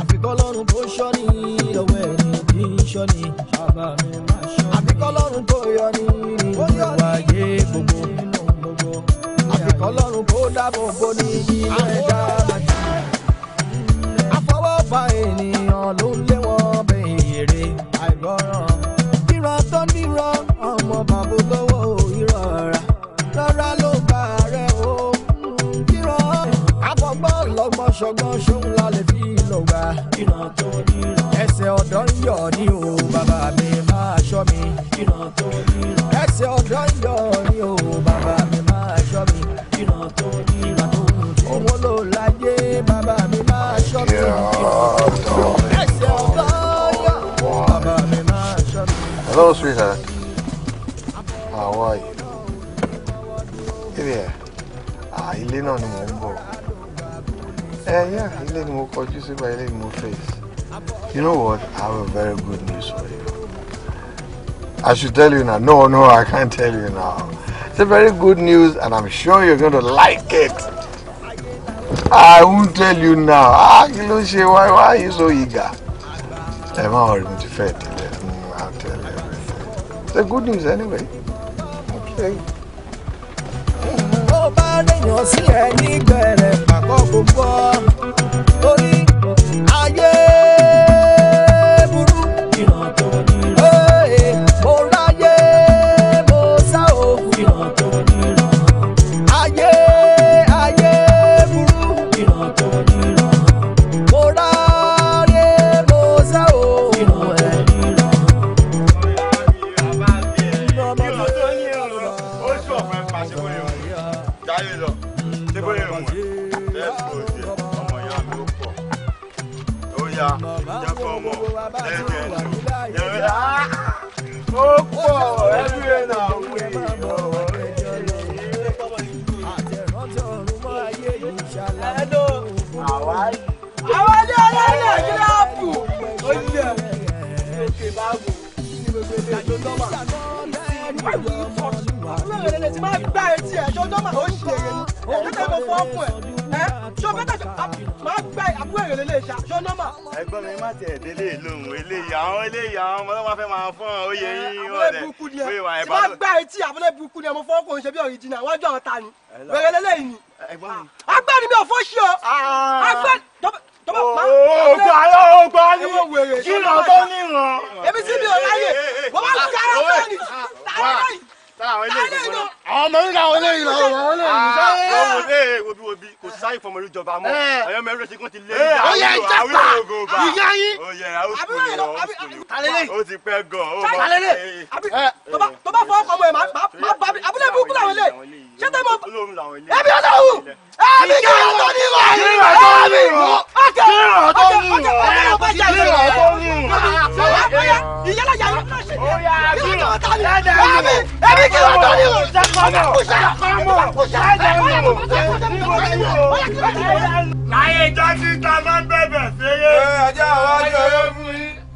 àfikọ́lọ́run tó ṣọ́ ni ọwọ́ ẹni tí ń ṣọ́ ni ṣàbà mi máa ṣọ́ ni àfikọ́lọ́run tó yọ ni nínú ayé gbogbo àfikọ́lọ́run tó dáàbò bò ní ilé dáadáa àfọwọ́fà ènìyàn ló ń lé wọn bẹ̀rẹ̀ àìgbọràn. ṣọgbọ́n ṣóun lálẹ́ fi lọ́gbà. iná tó níran. ẹsẹ̀ ọ̀dọ́ ń yọ̀ ni o bàbá mi máa ṣọ́ mi. iná tó níran. ẹsẹ̀ ọ̀dọ́ ń yọ̀ ni o bàbá mi máa ṣọ́ mi. iná tó níran. owó ló láyé bàbá mi máa ṣọ́ mi. ẹsẹ̀ ọ̀dọ́ ń yọ̀ bàbá mi máa ṣọ́ mi. Hello, sweetheart. How are you? Ilé ẹ̀, ah, ilé náà ni mò ń bọ̀. Uh, yeah, ilé ni mo kọjú sí báyìí, ilé ni mo face. You know what? I have a very good news for you. I should tell you now. No, no, I can't tell you now. It's a very good news and I'm sure you're going to like it. I won't tell you now. Ah, kí ló why why are you so eager? I'm already worry mo ti I'll tell you everything. It's a good news anyway. Okay. Ó kọ́kọ́ kò gbọ́. létí ẹ̀ ṣọjọ́ mà ó ń ṣe èrè ni èyí tẹ́ mo fọ́ ọkùn ẹ̀ ẹ́ ṣọ bẹ́tà ṣọ máa gbẹ àbúrò èrè lè ṣá ṣọ nọ́mà. ẹ̀gbọ́n mi má tiẹ̀ délé lóhùn eléyà àwọn eléyà àwọn ọmọ tó máa fẹ́ máa fún ọ oyè yín wọn dẹ pé wà ẹ̀ bá lọ. tí wọ́n gbá etí àbúlé burúkú ni mo fọ́ ọkùn ṣe bí ọ̀rìjìnà wájú àwọn ta ni wẹ̀rẹ̀ lélẹ́yìn ni. Ah, agbẹ́ni mi ò fọ́ ṣe o agbẹ́ni ògbà yóò gbà ní kí lọ tó níran. èmi sì mi ò ráyè wọ́n bá kára fún ẹni sáwọn eléyìí kò gbọ́dọ̀. àwọn ọmọ yìí làwọn eléyìí lọ wọn lè ní. àwọn wo lè wobi wobi kò sáyé fọmọ ìlú ìjọba mọ àwọn eh. ọmọ ìlú ṣe ti lé eh, ìyá àwọn ìlú ògo bá yín. oyè àwọn sùkúlù yẹn àwọn sùkúlù o ti pẹ́ gan. Oh, tálẹ́lẹ̀ eh. tó bá fọwọ́ kọ́ mọ́ ẹ̀ máa bá mi olórí burúkú làwọn ilé ṣé tẹ́ mọ. ẹbí ọlọ́wù ẹbí kí ló tó ní ìwà yìí ẹbí ìwọ. ọkẹ ọkẹ ọkẹ ọkẹ ọkẹ jà yìí rẹ ọwọ́ bóyá ìyálà yà yọ náà ṣe ní ìwà tó tà mí ẹbí ẹbí kí ló tó ní ìwà ọkẹ kùsà kùsà ẹbí kùsà. láyé ìjọ́sí ta máa ń bẹ̀bẹ̀ fèrè. ẹ ajá wa ni ọyọ́ fún yín.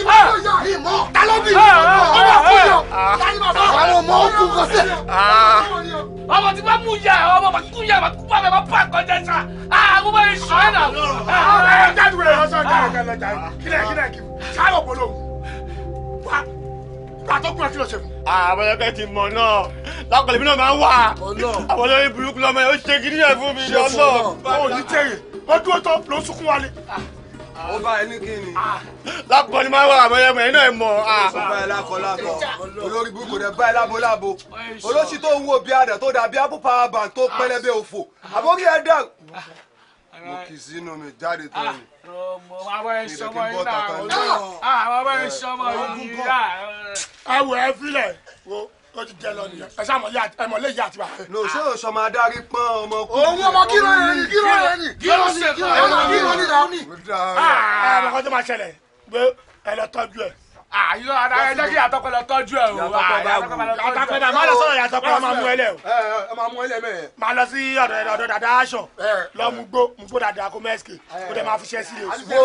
ìmọ̀ yóò yọ ìmọ̀ tálọ́bì ọmọ àkójọ tani bàbá àwọn ọmọ òkú kọsẹ̀. ọmọ tí wọn mú ya ọmọ bá kú ya bá kú bá bẹ bá bá kọjá sa àwọn bá yẹ sọ ẹ náà. ọmọ ẹ jáde wẹrẹ lọsọ jáde jáde jáde kílẹ̀ kílẹ̀ kí sáyọ bolo wa gbàtọ́kùn àti lọ́sẹ̀ fún. àwọn ẹgbẹ́ ti mọ̀ náà lápẹ̀lẹ́ mi náà máa ń wà àwọn olórí burúkú lọ́mọ yẹn ó ṣe kí níyẹn fún mi lọ́sọ̀ọ́. báwo ni tẹ̀yìn ọdún ọ̀tọ̀ ló ń sunkún wálé ó bá ẹni kí ni. Ah, lápò ni máa wà àmọ́yẹ iná ẹ̀ mọ̀. Ah. ó ẹ lákọ lákọ olórí burúkú rẹ bá lábo lábo olóṣì tó ń wo bí tó dàbí apple power bank tó pẹlẹbẹ òfò àbórí ẹ dà mo kì í sínú mi jáde tó ah, yìí. àwọn ẹ̀ṣọ́ ọmọ yìí náà àwọn ẹ̀ṣọ́ ọmọ yìí náà. awọ ẹ filẹ ó ti jẹ lọ nìyẹn ẹ sàmọ yá ẹmọ lè yá àti bàbá. lò ṣé o sọ máa darí pọ́n ọmọ kú. òun ọmọ kí ló yẹ ni kí ló yẹ ni kí ló ṣe kí ló yẹ ni kí ló ní ìdáhùn ni. Ah, ẹ ẹ mọ̀kọ́ tó máa ṣẹlẹ̀ pé ẹ lọ tọ́jú ẹ̀ àyọ ara ẹ jẹ́ kí àtọ́kọ lọ tọ́jú ẹ o àtọ́kọ bá má lọ sọ̀rọ̀ àtọ́kọ máa mú ẹlẹ́ o. ẹ máa mú ẹlẹ́ mẹ́ẹ̀. máa lọ sí ọ̀dọ̀ ẹ̀rọ ọ̀dọ̀ dada aṣọ lọ mú gbó mú gbó dada kó mẹ́sìkì kó dẹ̀ máa fi ṣẹ́ sí i o.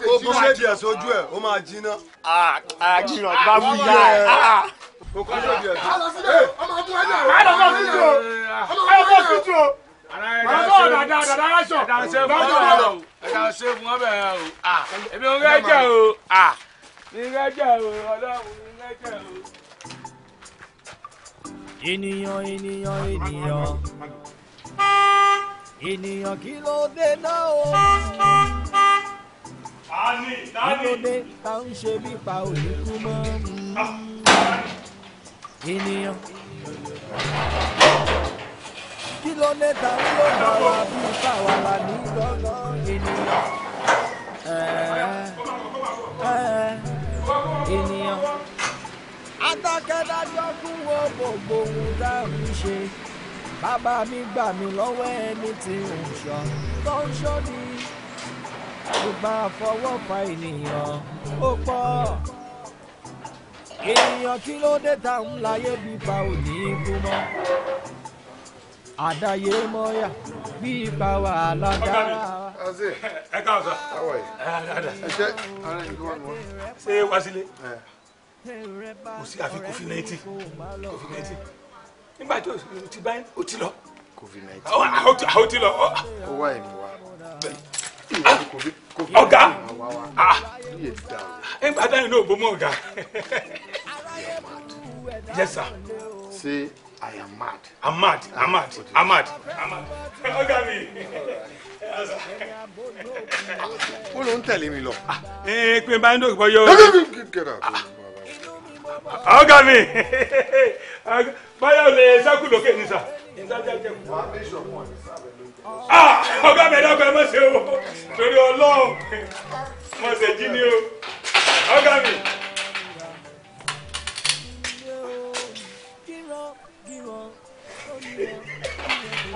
gbogbo méjì ẹ̀ sójú ẹ̀ ó máa jiná. àjìnà bá mú yá ẹ̀. gbogbo méjì ẹ̀ sójú ẹ̀ ó máa mú ẹlẹ́ o. Bàbá dada dada aṣọ. Ẹ kà ṣe fún ọ bẹ̀rẹ̀ o. Èmi ò rẹ́ jẹ́ o ìrẹ́jẹ̀ o ọlọ́run ìrẹ́jẹ̀ o. ènìyàn ènìyàn ènìyàn ènìyàn kí ló dé náà o. tani tani. kí ló dé ta ń ṣe bí pa òyìnbó mọ́. ènìyàn kí ló dé ta ń lò bàwà bí bàwà ní gbọ̀ngàn ènìyàn. 哎。ènìyàn. adákẹ́dájọ́ kún wo gbogbo ohun tá a ń ṣe bàbá mi gbà mí lọ́wọ́ ẹni tí ò ń ṣọ́ tó ń ṣọ́ ni ìgbà àfọwọ́fà ènìyàn ó pọ̀ ènìyàn kí ló dé tá ń láyé bípa ò ní kú mọ́ àdáyé mọ́yà bí ipa wàhálà dára it? ọsẹ ẹ ká ọsọ awọ yìí ẹ ṣe ara ẹni tó wà mọ. ṣé Wásílé kò sí àfi covid nineteen covid nineteen nígbà tí o ti báyìí You ti lọ. covid nineteen o ti lọ. ó ah. wá ẹ̀mí wa ah. ọ̀gá ah. nígbà táyà náà bó mọ ọ̀gá. yes sir. ṣé I am mad. I'm mad. I'm mad. I'm mad. I'm mad. ọ̀gá mi ó ló ń tẹ̀lé mi lọ. ee pé n bá ń dògbò yọ. ọ̀gá mi báyọ̀ lè sẹ́kù lókè ní sà. ọ̀gá mi ẹ̀dá kan ẹ má ṣe o torí ọlọ́run mo ṣe jí ni o ọ̀gá mi.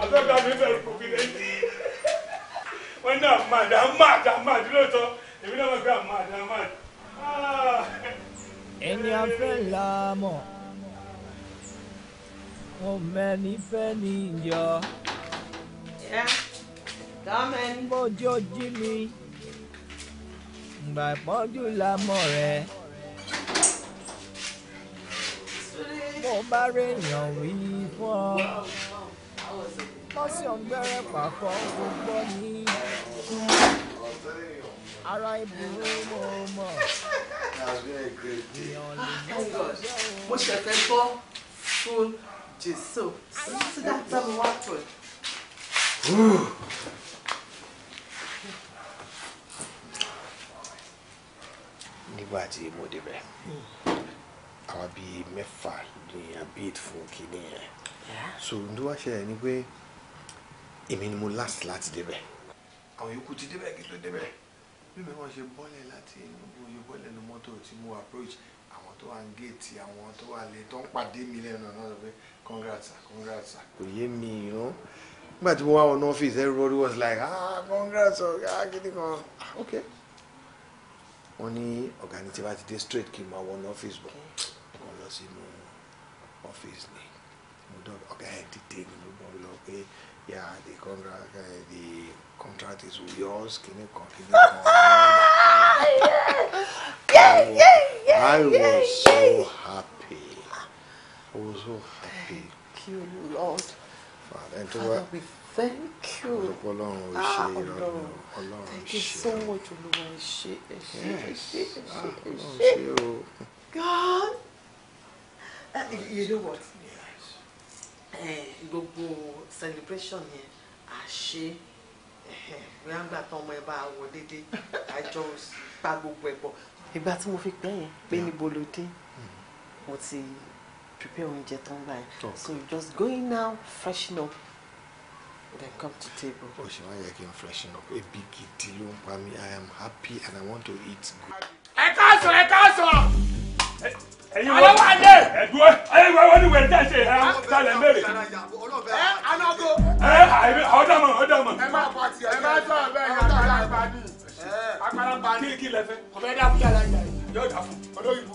àtọ́ka mi bẹ̀rù kò fi lẹ́yìn ó ní àmàdà àmàdà àmàdà lóòótọ́ èmi náà máa gbé àmàdà àmàdà. ẹni afẹ́ la mọ̀ ọmọ ẹni fẹ́ ni yọ. mọ́jọ́ jí mi ìgbà ìpọ́njú la mọ̀ rẹ̀. mo bá rèèyàn wí fún ọ lọ́sọ̀ngbẹ́rẹ́ pàkọ́ gbogbo ní ara ìbúrú mọ̀ mọ̀. mo ṣẹ̀fẹ̀ gbọ́ fún jésù sí dáadáa mo wá pọ̀. nígbà tí mo débẹ̀ àwa bíi mẹ́fà ni a bid fún kinní yẹn so ǹdó wá ṣẹlẹ̀ ni pé. Yeah èmi ni mo last láti débẹ̀. àwọn yòókù ti débẹ̀ kí ló débẹ̀ bí mi wọ́n ṣe bọ́lẹ̀ láti inú oyè bọ́lẹ̀ ní mọ́tò tí mo approach àwọn tó wà ń géètì àwọn tó wà lè tó ń pàdé mi lẹ́nu ọ̀nà sọ pé congrats congrats sir. kò yé mi rán nígbà tí mo wá wọn ọ́fíìsì everybody was like ah congrats ọ̀gá gidi ah, kan ah, ok wọ́n ní ọ̀gá ni tí bá ti dé straight kí n máa wọ ọ́fíìsì bọ̀ kàn lọ sínú ọ́fíìsì ni mo dọ̀ ọ̀gá ẹ̀ dìde ni mo bọ̀ pé. Okay Eh, yeah, the contract, uh, the contract is yours. Can you come? yeah, yeah, yeah, I was, yeah, I was yeah. so happy. I was so happy. Thank you, Lord. Father, Father we thank you. Ọlọ́run ò ah, ṣe Thank you so much, Olúwa ẹ ṣé ẹ ah, God, uh, you know what? Yeah gbogbo celebration yẹn àṣe bí wọ́n gbà tán ọmọ ẹ bá wọ dédé àjọ pa gbogbo ẹ̀ bọ̀. ìgbà tí mo fi pẹ́ yẹn pé níbo ló dé hmm. mo ti prepare oúnjẹ tó ń gbà yẹn oh. so you just go in now freshen up then come to table. o ṣe wá yẹ kí n freshen up ebi gidi ló ń pa mí i am happy and i want to eat good. ẹ káàsán ẹ káàsán ẹ̀yin wọ́n ẹ̀dúró ẹ̀yin wọ́n wọ́n ní wẹ̀rẹ̀ tẹ̀sí ẹ̀ sálẹ̀ mẹ́rẹ̀. ẹ anago. ẹ àìbí ọ̀dàmọ̀ ọ̀dàmọ̀. ẹ má bọ̀ àti ẹ má tọ̀ ẹ bẹ́ẹ̀ yàtọ̀ àgbà ni. àgbàlagbà ni. kí kí lẹ fẹ́. ọ̀bẹ yàrá yàrá yóò dà fún olóyìnbó.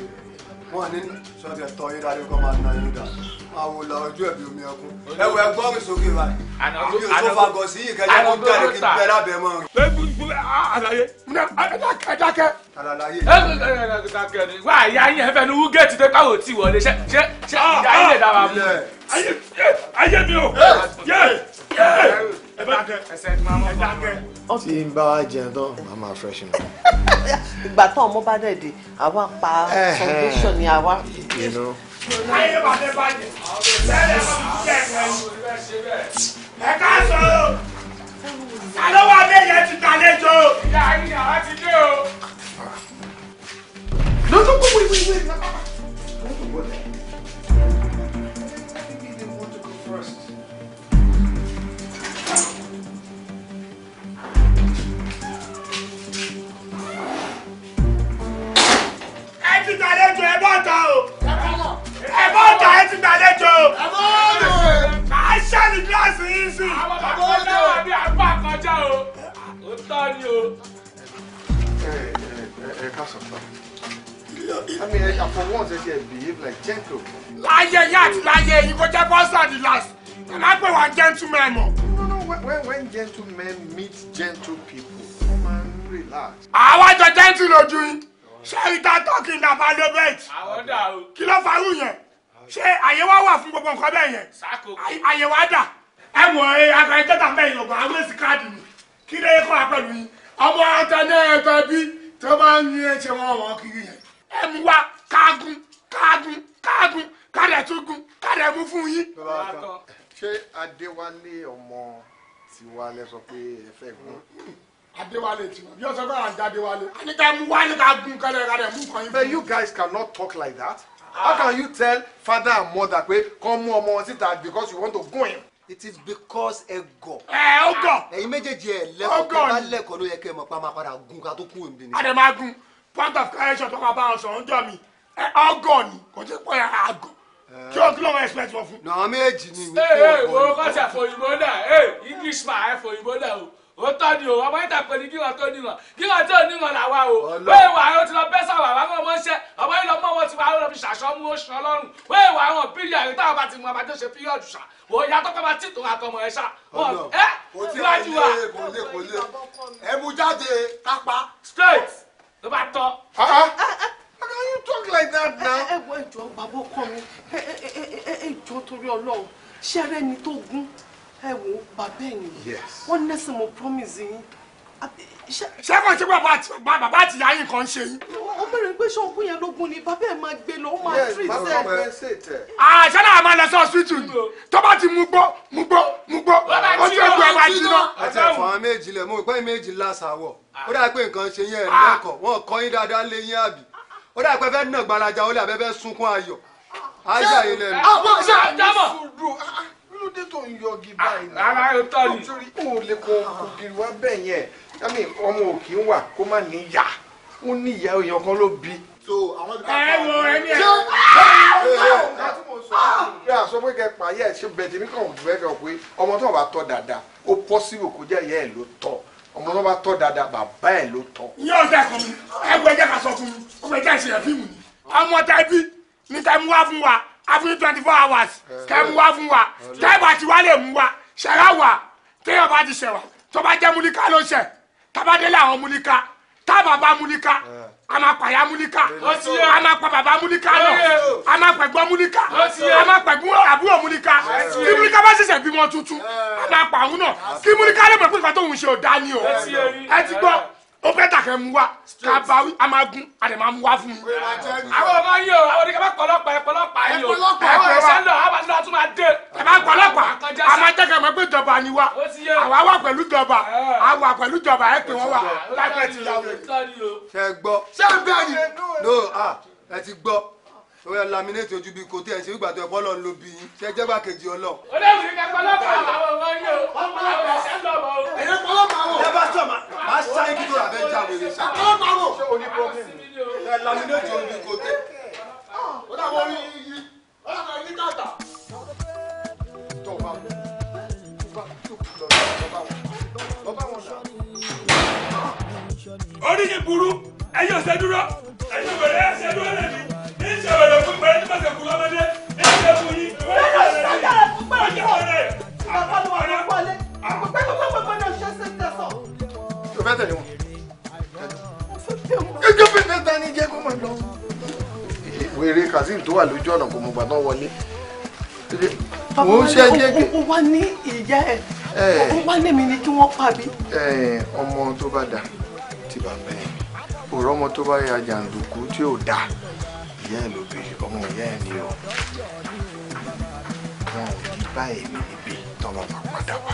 wọn ní sọ́kẹ̀ tọ́ yín dáadé kọ́ máa na yín dá máa wò la ojú ẹ̀bí omi ẹkún ẹ wọ ẹgbọ́n mi sókè báyìí àbí òṣòfò àgọ̀ sí yìí kẹjá kó jáde kí bẹ́ẹ̀ lábẹ́ mọ́. àlàyé ẹ̀dákẹ́. àlàyé. ẹ̀dákẹ́ ni wà á yá yín ẹ̀fẹ̀ ní wúgẹ́ẹ̀tì tó káwọ́ tí wọlé ṣe ṣe ṣe ìyá yín lè dá wa ah, mú. ayé mi ò yẹ yẹ tí n bá wá jẹun tán màá máa fresh nù. ìgbà tán ọmọ bá dẹ̀ di àwa pa foundation ni àwa. ayé wà fẹ́ bàjẹ́ lẹ́yìn ẹ̀rọ mi jẹ́ ẹ̀kọ́ ẹ̀ka sọ̀rọ̀ àlọ́ wà bẹ́ẹ̀ yẹn ti gbàlejò. ìyá yín àwa ti dé o. lọ́sọ̀kọ̀ wíwíwí. ti gbàlejò ẹ bọ́ta o ẹ bọ́ta ẹ ti gbàlejò máa ṣàlù gíláàsì yìí sí. àwọn bàbá olówó bí apá kọjá o ó tọ́ ni o. ẹ ká sọ fún mi. I mean, I, for once, I can behave like gentle. Lie yá lie. You go kò jẹ́ the di last. Màmá pè wá gentleman mọ̀. No no when when gentlemen meet gentle people, come and relax. Àwọn àjọ gentle lójú yín ṣé ìta tọ́kì ní abalobet kí ló farú yẹn ṣé àyẹ̀wò wà fún gbogbo nǹkan bẹ́ẹ̀ yẹn àyẹ̀wò àdà ẹ wọ ẹ akẹ́kẹ́ta bẹ́ẹ̀ yọ̀gbọ̀n àwọn èsì káàdì mi kí ló yẹ kó wà pẹ̀lú yín ọmọ ọ̀tẹ̀lẹ̀ ẹ̀tọ́ bí tó bá ń yín ẹ̀ṣẹ̀ wọn wọ̀ kiri yẹn ẹ mú wa káàgùn káàgùn káàgùn kádẹ̀ tún gùn kádẹ̀ mú fún yín. ṣé adéwálé ọmọ tiwa lẹ sọ pé ẹ fẹ́ gbọ́n Adéwálé ti wọn. Bí o sọ pé àwọn Adéwálé. A ká mú ká gun kẹlẹ̀ ká mú kan yín. But you guys cannot talk like that. Ah. How can you tell father and mother pé kán mú ọmọ wọn síta because you want to gun him? It is because ẹ gọ̀. Ẹ ó gọ̀. Ah, ẹ̀yin méjèèjì ẹ̀ lẹ́kọ̀ọ́ tó bá lẹ́kọ̀ọ́ ló yẹ kẹ́ ẹ mọ̀ pa máa padà gun ká tó kú èmi Adé máa gun point of correction tó máa bá wọn sọ̀rọ̀ ń jọ mi. Ẹ ọgọ̀ ni kò tí pọ̀ yàrá àgọ̀. Kí o kí ló máa expect wọn fún? Nà méjì ni. Ee eh, eh, wo kọ́sà fòyìnbó náà, ee eh, English ma ẹ fòyìnbó náà o ó tọ́ ni o ọmọ ìta pè ní kí wọ́n tó nímọ̀ kí wọ́n tó nímọ̀ làwa o wéè wà ó ti lọ bẹ́ sàwà wà kó mọ́ ṣẹ́ ọmọ ìlọ mọ́ wọn ti wà ó lọ fi ṣàṣọ mú oṣù ọlọ́run wéè wà wọn bílíọ̀ àyè táwọn bá ti mú abájọ́ ṣe fíyọ̀dù ṣá wò ó yàtọ̀ pé bá ti tó àtọmọ ẹ ṣá wọn ẹ síwájú wa. kò lè kò lè ẹ mú jáde kápá. straight ló bá tọ. How can you talk like that now? Ẹ wo ìjọ bàbá ọkọ mi, ẹ ẹ ẹ ìjọ torí Ọlọ́run, ṣẹ́rẹ́ ni tó gún ẹ wò bàbá ẹ nìyí wọn nẹsìn mo promise yín. ṣé kò bàbá àti ìyá yín kan ṣe yín. ó bẹ̀rẹ̀ pé ṣọ́ọ̀kú yẹn lógún ni bàbá ẹ̀ máa gbé lọ ó máa treat ẹ̀. Ah, àṣẹ náà máa lọ sí ọsibítù tó bá ti mú gbó mú gbó mú gbó ó ti gbó ẹ̀ máa jiná. àti ẹ̀fọn àwọn méjì lẹ̀ mo rò méjì lásàwọ̀ ah. ó dà pé nǹkan ṣe yẹn ah. lẹ́kọ̀ọ́ wọn kọ́ yín dáadáa lé ló dé tó ń yọgi báyìí ah, ah, ah, náà ara ẹ tọ́ ni nítorí o lè kó ògiri wá bẹ́ẹ̀ yẹn yàmi ọmọ òkì wà kó má níyà ó níyà èèyàn kan ló bí. ẹ wo ẹni ẹ bí sọ pé kẹ pààyà ẹ ṣe bẹ̀tẹ̀ mi kàn fẹ́ fẹ́ pé ọmọ tó bá tọ́ dáadáa ó pọ́sibù kó jẹ́ ìyá ẹ̀ ló tọ́ ọmọ náà bá tọ́ dáadáa bàbá ẹ̀ ló tọ́. yóò dẹ kàn mí ẹgbẹ́ ká sọ fún mi ó fẹ́ jẹ́ fíìmù ni ọmọ tẹ́bí ní tẹ́mú wá fún wa a twenty four hours kẹ́ mú wá fún wa tẹ́ bá ti wá lè mú wa ṣẹ̀rá wa téèyàn bá ti ṣẹ̀wà tó bá jẹ́ múlíkà ló ṣẹ̀ tábàdélé àwọn múlíkà tábà bá múlíkà a máa pàyà múlíkà a máa pa bàbá múlíkà náà a máa pẹ̀gbọ́n múlíkà a máa pẹ̀gbọ́n àbúrò múlíkà kí múlíkà bá ṣẹ̀ṣẹ̀ bímọ tuntun a máa pa àwọn náà kí múlíkà lè mọ̀ pé ìfà tóun ṣe ò dá ni o ẹ ti gbọ́ ó fẹ́ tàkẹ́ mu wá ká bá wí a máa gun a lè máa mu wá fún un. àwọn ọmọ yìí o àwọn oníkẹ́ bá pọ̀lọ́pàá ẹ pọ̀lọ́pàá yìí o ẹ kò ṣe lọ àwọn àlọ́ àtúmọ̀ àdé. ẹ bá pọ̀lọ́pàá a máa jẹ́ kẹ́mọ́ pé ìjọba ni wa àwa wà pẹ̀lú ìjọba àwa pẹ̀lú ìjọba ẹ pè wọ́n wà láìpẹ́ ti yà wò. ṣe gbọ́ ṣe bẹ́ẹ̀ ni no ah ẹ ti gbọ́ o yà laminate ojú bíi kòtí ẹ ṣe ìgbà tó ẹ bọ́lọ̀ ló bí yín ṣe jẹ́ gbàkejì ọlọ. olóògùn ní ká pọ̀lọ́pàá àwọn ọmọ yìí o pọ̀lọ́pàá ṣẹlẹ̀ ọmọ o. ẹ̀yẹ pọ̀lọ́pàá wò. ẹ bá sọ̀ ma má sáré kí lóra bẹ́ẹ̀ jáwé rẹ̀ ṣá. àtọ́ máa wò. ṣé o ní pọ́blẹ́mù. omi kò tẹ. ó dàbọ̀ orí yìí ó dàbọ̀ orí tàtà. ìjọba burú ẹyọ ṣe dúró ẹyọ bẹ̀rẹ̀ ẹ dúró lẹ́nu ní ìṣẹ̀lẹ̀ fún pẹ̀lú ní pàṣẹ fún lọ́mọdé ní fún yín. ẹyọ ṣe dúró lẹ́nu ní ìṣẹ̀lẹ̀ fún pẹ̀lú ní pàṣẹ fún lọ́mọdé tẹ̀lé wọn. gẹ́gẹ́ bí mẹ́ta ni jẹ́ kó máa lọ. wèrè kazeem tó wà lójú ọ̀nà kò mọ̀ gbà tán wọlé. mo ń ṣe jẹ́gẹ́. ó wá ní ìyá ẹ̀ ó wá lẹ́mi ni kí wọ́n pàbí. ọmọ tó bá dà tí bàbá ẹ̀ òrọ́ ọmọ tó bá ya jàǹdùkú tí ò dà ìyá ẹ̀ ló bí ọmọ ìyá ẹ̀ ni o wọn ò ní báyìí níbi tọ́lọ́ máa padà wá.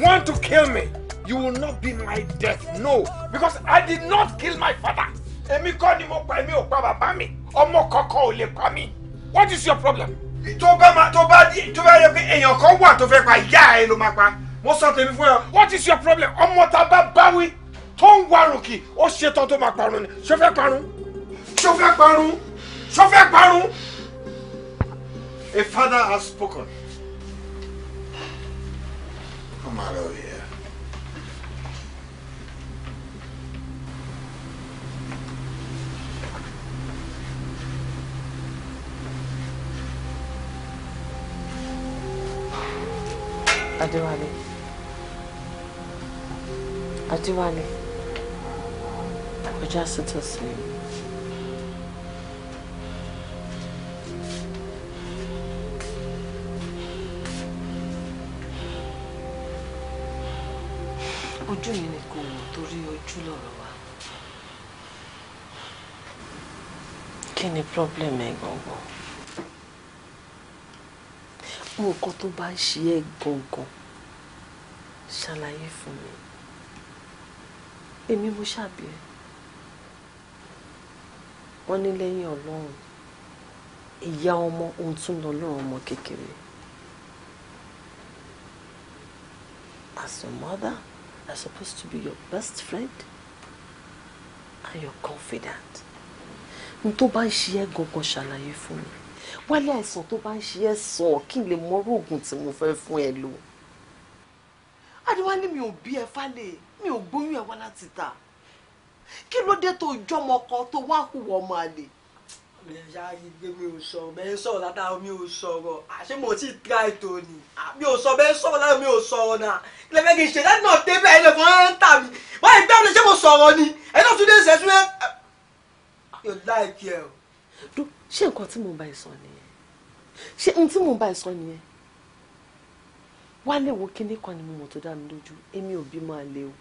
want to kill me, you will not be my death. No, because I did not kill my father. Èmi kọ́ ni mo pa èmi ò pa bàbá mi. Ọmọ kankan ò lè pa mí. What is your problem? Tó bá ma tó bá di tó bá yẹ pé èèyàn kan wà tó fẹ́ pa ìyá ẹ ló máa pa. Mo sọ tèmi fún ẹ. What is your problem? Ọmọ tá bá báwí tó ń warùn kì ó ṣetán tó máa parun ni. Ṣé fẹ́ parun? Ṣé fẹ́ parun? Ṣé fẹ́ parun? A father has spoken. i out of here. I do, honey. I do, honey. We're just to sleep. ojú yìí ni kò wò torí ojú lọ̀rọ̀ wa. kí ni problem ẹ gangan nǹkan tó bá ń ṣe ẹ gangan ṣàlàyé fún mi èmi mo ṣàbí ẹ wọn ní lẹ́yìn Ọlọ́run ìyá ọmọ ohun tún lọ lọ́rùn ọmọ kékeré as a mother are supposed to be your best friend and your confidant. n tó bá ń ṣe ẹ́ gangan ṣàlàyé fún mi wálé àìsàn tó bá ń ṣe ẹ́ sọ kí n lè mọ irú oògùn tí mo fẹ́ fún ẹ lò. adéwálé mi ò bí ẹ fálẹ̀ mi ò gbóyún ẹ wá láti ta kí ló dé tó jọmọ kan tó wá hùwà ọmọ àlè mi ṣáà yí gbé mi ò sọ bẹ́ẹ̀ ń sọ̀rọ̀ látara mi ò sọ̀rọ̀ àṣé mo ti tra ètò ni mi ò sọ bẹ́ẹ̀ ń sọ̀rọ̀ látara mi ò sọ̀rọ̀ náà ilẹ̀ fẹ́ kí n ṣe láti náà bẹ́ẹ̀ ẹ̀lẹ́ fún ẹ̀ ń tà mí wọ́n yìí gbẹ́rù ṣé mo sọ̀rọ̀ ni ẹ̀ náà tún dé ṣẹ́ ẹ̀ yóò láìkí o. ṣé nǹkan tí mo bá ẹ sọ nìyẹn ṣé n tí mo bá ẹ sọ nìyẹn wálé wo kíní kan ni mo mọ̀ tó dá mi lójú èmi ò bí máa le o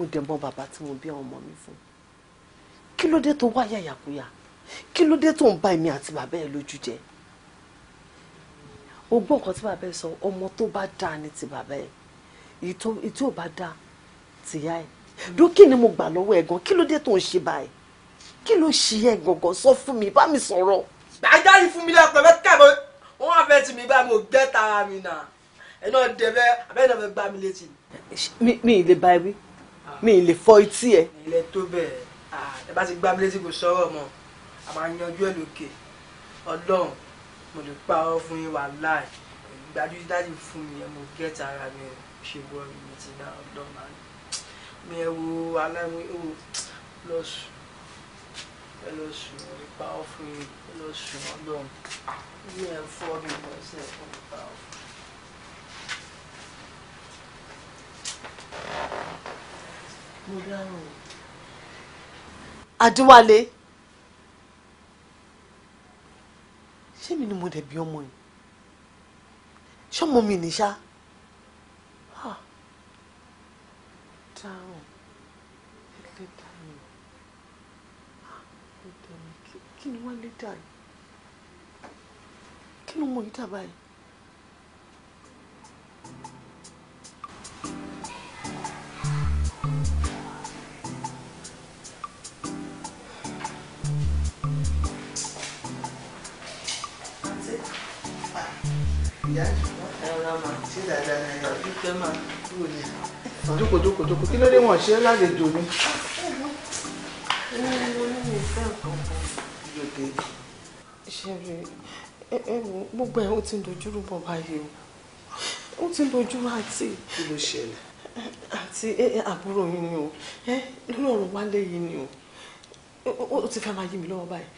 mo dẹ̀ mọ bàbá tí mo bí ọmọ mi fún kí ló dé tó wáyà yàkúyà kí ló dé tó ń bá èmi àti bàbá ẹ lójú jẹ o gbọ́ nǹkan tí bàbá ẹ sọ ọmọ tó bá dáa ni ti bàbá ẹ èyí tí ò bá dáa tìyá ẹ dókì ni mo gbà lọ́wọ́ ẹ gan kí ló dé tó ń ṣe báyìí kí ló ṣe ẹ gangan sọ fún mi bá mi sọ̀rọ̀. ajá yìí fún mi lẹ́pẹ́ bẹ́ẹ̀ kẹ́bọ̀ wọ́n wá fẹ́ tì mí báyìí mo gbẹ́ tara mi nà ẹ náà dẹ bẹ́ẹ̀ abẹ́rẹ́ náà fẹ́ gbá mi létí. mi ì lè ba ewé mi ì lè fọ etí ẹ. ilẹ̀ tó bẹ́ẹ̀ ẹ bá ti gbá mi létí kò sọ̀rọ̀ mọ́ a máa yanjú ẹ̀ lókè mo lè pa ọ fún yín wà láì ìgbàdú dájú fún mi ẹ mo gẹ́tì ara mi ṣe wọ mi ti dá ọlọ́run máa ní mi ẹ wo aláìmọ ẹ wò lọ sùn ẹ lọ sùn mo lè pa ọ fún yín ẹ lọ sùn ọlọ́run yín ẹ fọ́ mi lọ sí ẹ fọ́ pa ọ fún yín. mo dáhùn. Adéwálé. ṣé mi ni mo dẹ̀ bí ọmọ yìí ṣọmọ mi ní ṣá dáhùn ilé dáhùn kí ni wọ́n lé dà yìí kí ni mo yí dà báyìí. ìyá ẹ̀rọ mà tí dàda ẹ̀rọ dúpẹ́ mà kúrò ní. jókòó jókòó jókòó kí ló dé wọn ṣe lálejò ni. inú mi ní mi fẹ́ nǹkan kan. lóde. ṣe rí gbogbo ẹ̀ ó ti ń dojúrú bọ̀ báyìí o ó ti ń dojúrú àti. kí ló ṣẹlẹ̀. àti àbúrò mi ni o lórí ọ̀rọ̀ wálé yìí ni o ó ti fẹ́ máa yí mi lọ́wọ́ báyìí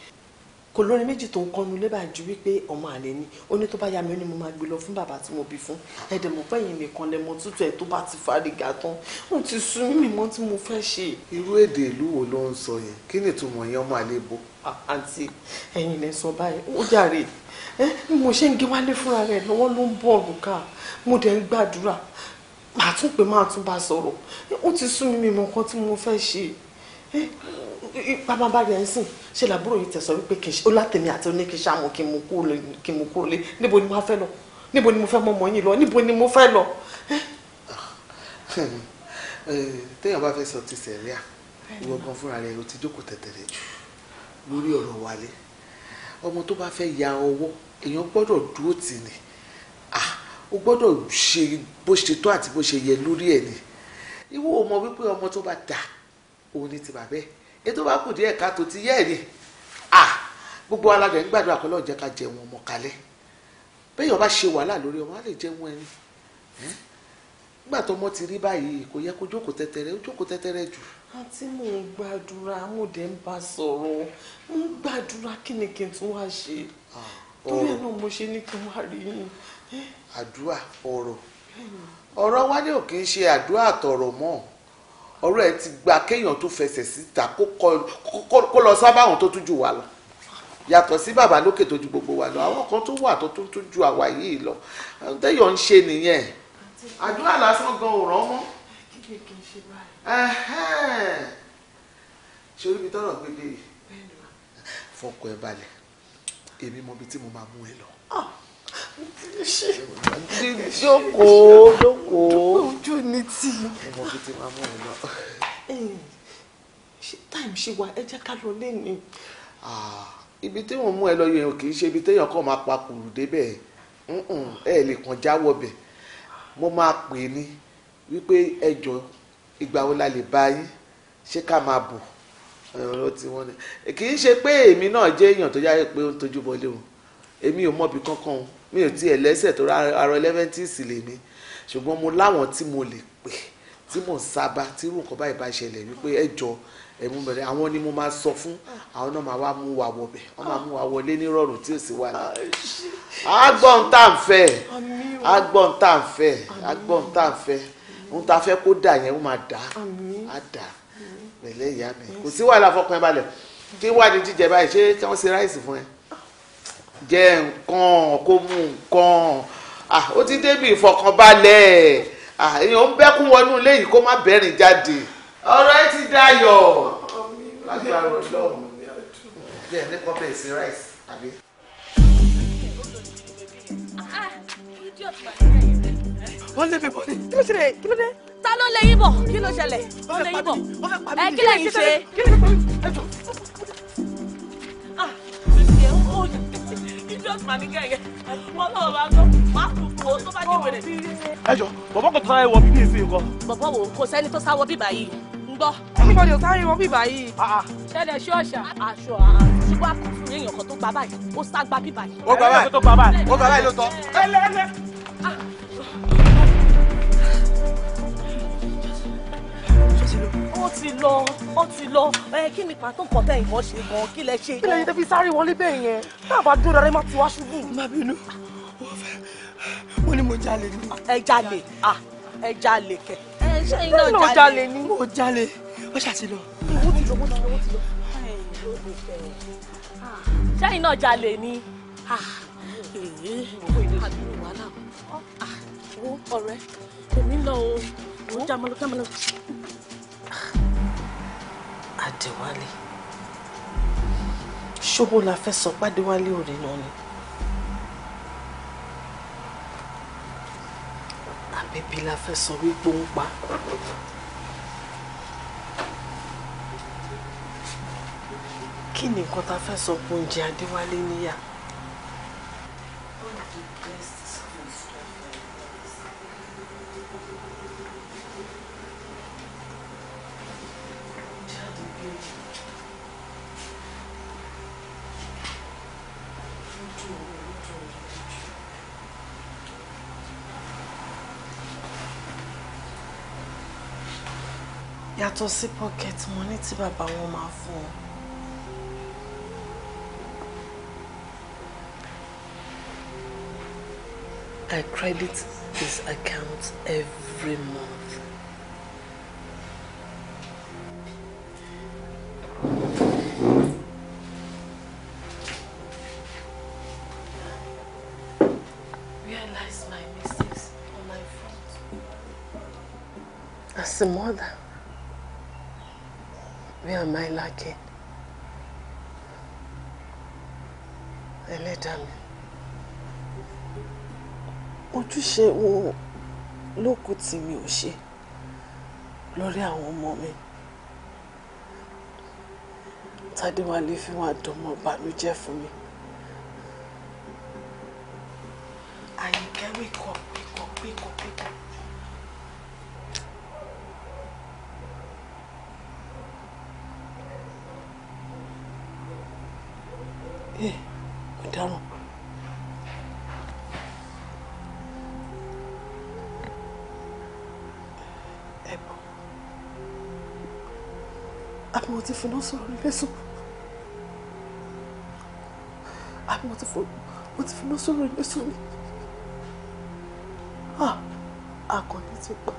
kò lórin méjì tó ń kọ́nu lébà ju wípé ọmọ àlè ni ó ní tó bá yá mi ó ní mo máa gbé lọ fún bàbá tí mo bí fún ẹ̀dẹ̀ mo fẹ́ yìí nìkan lẹ́mọ tútù ẹ̀ tó bá ti fàrígà tán ó ti sú mi mọ́ tí mo fẹ́ ṣe. irú èdè ìlú wo ló ń sọ yẹn kí ni ìtumọ̀ yẹn ọmọ àlè bo. àǹtí ẹ̀yin lè sọ báyìí ó jàre bí mo ṣe ń gé wálé fúnra rẹ̀ lọ́wọ́ ló ń bọ̀ ọ̀rùn ká mo dẹ̀ ń gbàdúrà màá tún pè máa tún bá sọ̀rọ̀ ó ti sú mi mọ́ nǹkan tí mo fẹ́ ṣe pàmàbà rẹ̀ ń sìn ṣe làbúrò yìí tẹ̀sọ̀ wípé kì í ṣe ó látẹ̀mí àti oníkìṣà mọ̀ kí n mú kúrò lé níbo ni mo fẹ́ lọ níbo ni mo fẹ́ mọ ọmọ yín lọ níbo ni mo fẹ́ lọ. Eh, téèyàn bá fẹ́ sọ ti sẹ̀ríà ìwọ gan fúnra rẹ̀ o ti jókòó tẹ̀tẹ̀rẹ̀ jù lórí ọ̀rọ̀ wálé ọmọ tó bá fẹ́ ya ọwọ́ èèyàn gbọ́dọ̀ dúró tì ní o gbọ́dọ̀ ṣe bó ṣe tó àti bó ṣe yẹ lórí ẹ̀ ni ìwọ ò mọ wípé ọmọ tó bá dà òun ni ti bàbá ètò wa kù díẹ̀ ká tó ti yẹ́ ẹ̀ ni à gbogbo aládẹ̀ ń gbàdúrà kọ́ lọ́ọ̀ jẹ́ ká jẹun ọmọ kalẹ̀ bẹ́yàn bá ṣe wàhálà lórí ọmọ á lè jẹun ẹni nígbà tó ọmọ ti rí báyìí kò yẹ kó jókòó tẹ́tẹ́rẹ́ ó jókòó tẹ́tẹ́rẹ́ jù. àǹtí mò ń gbàdúrà mo dẹ̀ ń bá sọ̀rọ̀ mo ń gbàdúrà kí ni kí n tún wá ṣe torí ẹ̀ náà mo ṣe ní kí n wá rí yín. àdúrà ọ̀rọ̀ ọ̀rọ̀ wa ni ò ṣe àdúrà àtọ̀rọ̀ mọ́ ọ̀rọ̀ ẹ ti gba kéèyàn tó fẹsẹ̀ síta kó lọ sábà àwọn tó tún jù wá lọ yàtọ̀ sí bàbá lókè tó ju gbogbo wa lọ àwọn kan tó wà tó tún ju àwa yìí lọ tẹ́yọ̀ ń ṣe nìyẹn àdúrà lásán gan ò rán mọ́ ṣé orí mi tọrọ gbélé fọkọ ẹ balẹ̀ èmi mọ ibi tí mo máa mú ẹ lọ. Ah jókòó jókòó. ojú ni tí. ọmọ bíi ti máa mú un lọ. ṣé táìmù ṣe wà ẹ jẹ́ ká lọ lẹ́nu. Ah, ibi tí wọ́n mú ẹ lọ yẹn kì í ṣe ibi téèyàn kàn máa pa kùrù débẹ̀ ẹ lè kàn jáwọ́ bẹ̀ mo máa pè é ní wípé ẹ jọ ìgbà wo la lè bá yín ṣé ká máa bọ̀ ọ̀rọ̀ tí wọ́n ní kì í ṣe pé èmi náà jẹ́ èèyàn tó yára pé ó ń tójú bọlé o èmi ò mọ̀bi kankan o mi ò tiẹ̀ lẹ́sẹ̀ tó arọ eleventies lè mi ṣùgbọ́n mo láwọn tí mo lè pè tí mò ń sábà tí irú nǹkan báyìí bá ṣẹlẹ̀ wípé ẹ jọ ẹ̀mú bẹ̀rẹ̀ àwọn ni mo máa sọ fún àwọn náà máa wá mú wa wọbẹ̀ wọ́n máa mú wa wọlé nírọ̀rùn tí ò sí wa náà. agbọ́n tá à fẹ́ agbọ́n tá à ń fẹ́ agbọ́n tá à ń fẹ́ ohun tá a fẹ́ kó dà yẹn ó máa dà á dà pẹ̀lẹ́ ìyá mi kò sí wàhálà fọkàn balẹ̀ kí wàá ní jíjẹ báyìí ṣé kí wọ́n ṣe ráìsì fún ẹ jẹ nǹkan kó mu nǹkan ó ti débi ìfọ̀kànbalẹ̀ èèyàn ń bẹ́kún wọnú ilé kó má bẹ́rìn jáde ọ̀rọ̀ ẹ ti dayọ̀ wọ́n lé mi ni. kí ló ṣẹlẹ̀ kí ló dé. ta ló lè yín bọ̀ kí ló ṣẹlẹ̀ ó lè yín bọ̀ ẹ kí lè ṣe. ṣe. máa ní gẹ̀yẹ́ ọlọ́run máa gbọ́ máa kú kú o tó bá jí wèrè. ẹ jọ bọ̀bọ̀ kò tó sáré wọ bíbí èsì nǹkan. bọ̀bọ̀ wo kò sẹ́ni tó sáwọ́ bíbá yìí ń gbọ́. anybody ò sáré wọ bíbá yìí. Ah, ah. ṣẹlẹ̀ ṣé ọ̀ṣà. aṣọ ah, ṣùgbọ́n akọ fún èèyàn tó gbà báyìí ó sá gbà bíbá yìí. ó gbà báyìí ó gbà báyìí ló tọ́. ti lọ. ó ti lọ ó ti lọ ẹ kí ni pàtó nǹkan bẹ́ẹ̀ ìwọ ṣe gan-an kí lẹ ṣe. kí lẹ́yìn tó fi sáré wọlé bẹ́ẹ̀ yẹn náà bá dúró rárá má ti wá ṣubú. má bínú wọ́n ní mo jalè ni. ẹ jalè ẹ jalè kẹ. ẹ ṣe iná jalè ni. mo jalè ó ṣàtìlọ. ìwọ ti lọ wọ́n ti lọ wọ́n ti lọ. ṣé iná jalè ni ọ̀rẹ́ èmi lọ o ó já mọ́lọ́ já mọ́lọ́. Adéwálé ṣòwò la fẹ́ sọ pádéwálé ò rìnà ni àbẹ̀bí la fẹ́ sọ wípé ó ń pa. kí ni nǹkan tá a fẹ́ sọ pé oúnjẹ Adéwálé níyà. yàtọ̀ sí pocket money tí bàbá wọn máa fún ọ. I credit his account every month. Realize my mistakes on my front. As a mother am I lacking? ẹlẹ́dàá mi ojúṣe wo ló kù tí mi ò ṣe lórí àwọn ọmọ mi tádéwálé fi wá dọmọ ìbànújẹ́ fún mi. àyíkẹ́ wíkọ̀ wíkọ̀ wíkọ̀ wíkọ̀. ẹ kò dáràn. ẹ bọ̀ àbí mo ti fúnná sọ̀rọ̀ nílé sùn àbí mo ti fúnná sọ̀rọ̀ nílé sùn ni àkànní ti pa.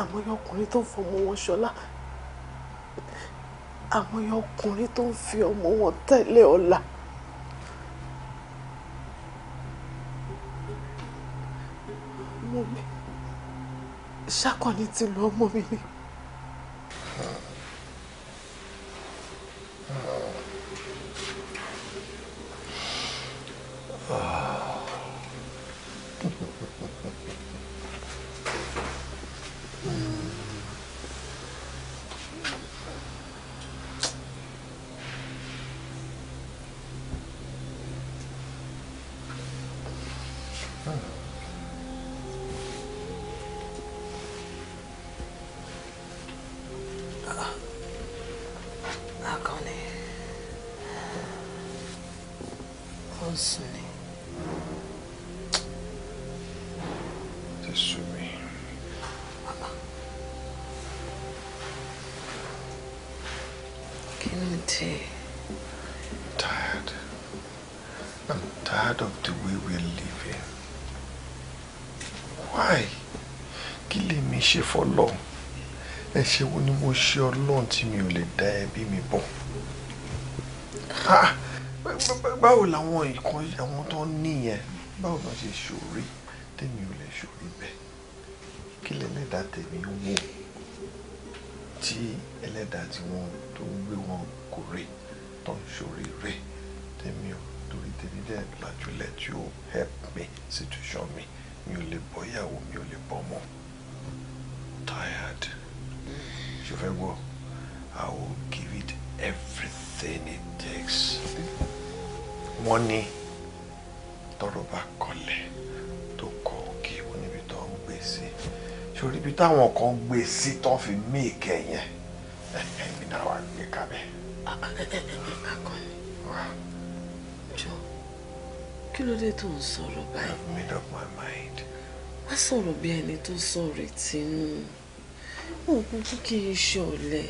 àmọ́ ọkùnrin tó fọmọ wọn ṣọlá àwọn èèyàn ọkùnrin tó ń fi ọmọ wọn tẹ̀lé ọ̀la. ọmọ mi ṣàkànnì ti lu ọmọ mi ni. ṣe ọlọ́run tí mi ò lè dá ẹbí mi bọ̀ báwo làwọn nǹkan àwọn tó ń níyẹn báwo ló ṣe ṣòrí tèmi ò lè ṣòrí bẹ́ẹ̀ kí lẹ́lẹ́dà tèmi wò tí ẹlẹ́dà tí wọ́n tó ń gbé wọn kò rè tó ń ṣòrí rè tèmi ò torí tèmi dẹ̀ lajúlẹ̀ tí ó help me situation mi mi ò lè bọ́ ìyàwó mi ò lè bọ́ ọmọ tire fẹ́ I will give it everything it takes. wọ́n ní tọrọ bá kọlẹ̀ tó kọ òkè wọn níbi tó ń gbé sí sórí ibi táwọn kan gbé sí tó fi mí ìkẹyìn ẹ̀mí náà wà gbé kábẹ́. akọni kí ló dé tó ń sọ̀rọ̀ báyìí. made up my mind. wá sọ̀rọ̀ bí ẹni tó sọ̀rọ̀ ìtinú. No òkùnkùn kì í ṣe ọ̀lẹ.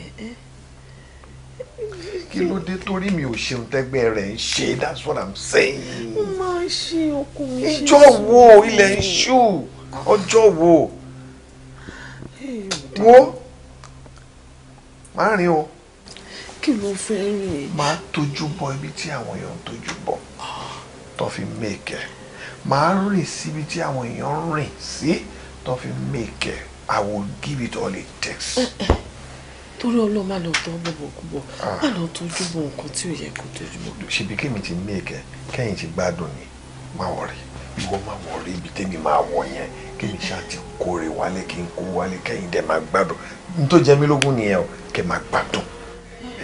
kí ló dé torí mi ò ṣeun tẹ́gbẹ́ rẹ̀ ń ṣe that's what i'm saying. mo máa ń ṣe ọkùnrin ṣe sùn. ìjọ wo ilẹ̀ ń ṣú ọjọ́ wo wo má rìn o. kí ló fẹ́ rìn. máa tójú bọ ibi tí àwọn èèyàn ń tójú bọ tó fi mèkẹ́ e. máa rìn síbi tí àwọn èèyàn ń rìn sí tó fi mèkẹ́. I will give it all it takes. Eh, eh. torí ọlọ́run má lọ tọ́ bọ̀bọ̀ kú bọ̀ ah. má lọ tójú bọ̀ nǹkan tí ò yẹ kó tójú bọ̀. ṣebí kémi ti mí èkẹ́ e, kẹ́yìn ti gbádùn ni má wọ̀rí ìwọ má wọ̀rí ibi tẹ́mi máa wọ̀ yẹn kémi ṣáà ti kórè wálé kí n kó wálé kẹ́yìn dẹ̀ máa gbádùn n tó jẹ mí lógún nìyẹn o kẹ́ máa gbádùn.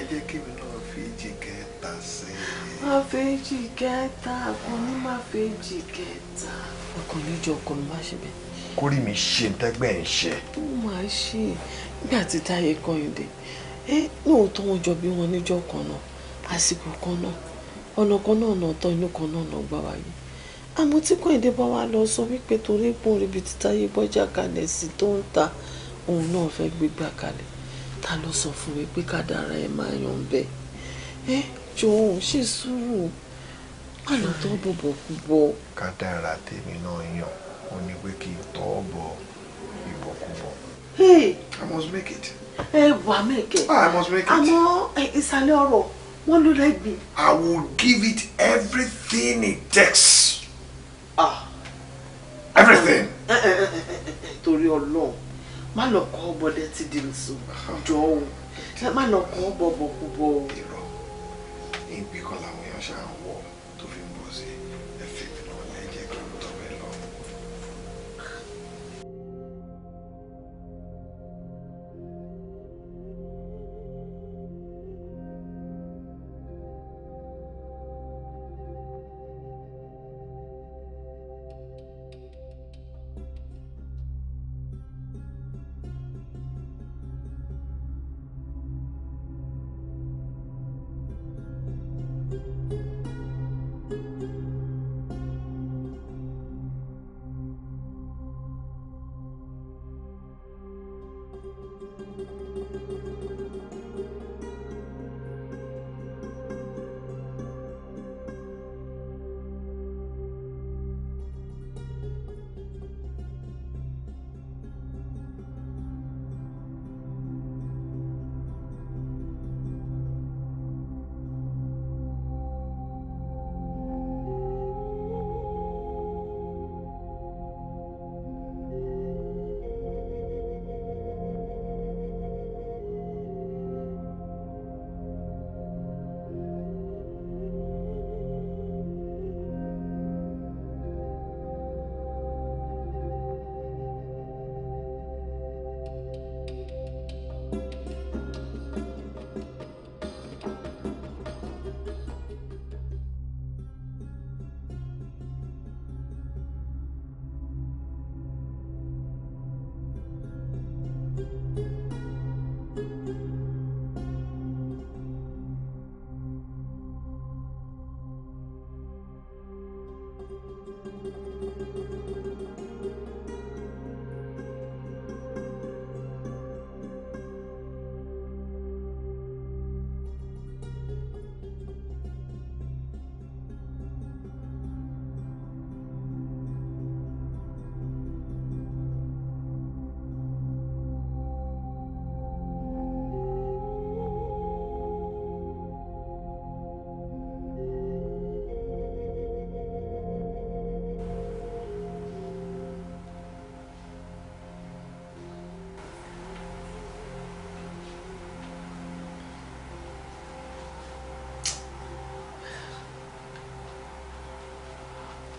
ẹ jẹ́ kémi náà fèjì kẹta sí i. má fèjì kẹta kò má fèjì kẹta kórì mi ṣe ntẹ́gbẹ́ ń ṣe. ó máa ṣe nígbà tí táyé kọ́yìndé ẹ lóòótọ́ wọn jọ bí wọn níjọ́ kan náà àsìkò kan náà ọ̀nà kan náà náà tán inú kan náà náà gbà wáyé àmọ́ tí kọ́yìndé bá wá lọ sọ wípé torí pọ́n ríbi tí táyé bọ́jà kalẹ̀ sí tó ń ta òun náà fẹ́ gbégbá kalẹ̀ ta ló sọ fún mi pé kádàrá ẹ máa yan bẹ́ẹ̀ ẹ jọ̀ọ́ ṣe sùúrù má lọ bọ̀bọ̀ kú bọ̀. kádàrá tèmi náà yàn ó ní pé kí n tọ́ bọ ìbọ̀kúbọ̀. I must make it. ẹ wà mẹ́kẹ̀. Ah, I must make it. àmọ́ ìsàlẹ̀ ọ̀rọ̀ wọ́n ló lẹ́gbìn. I will give it everything it takes. Ah. Everything. torí ọlọ́run má lọ kọ́ ọ bọ́dẹ tí di nìṣó jọ òun má lọ kọ́ ọ bọ̀ bọ̀ kú bọ̀. irọ́ ìbí làwọn èèyàn ṣáà ń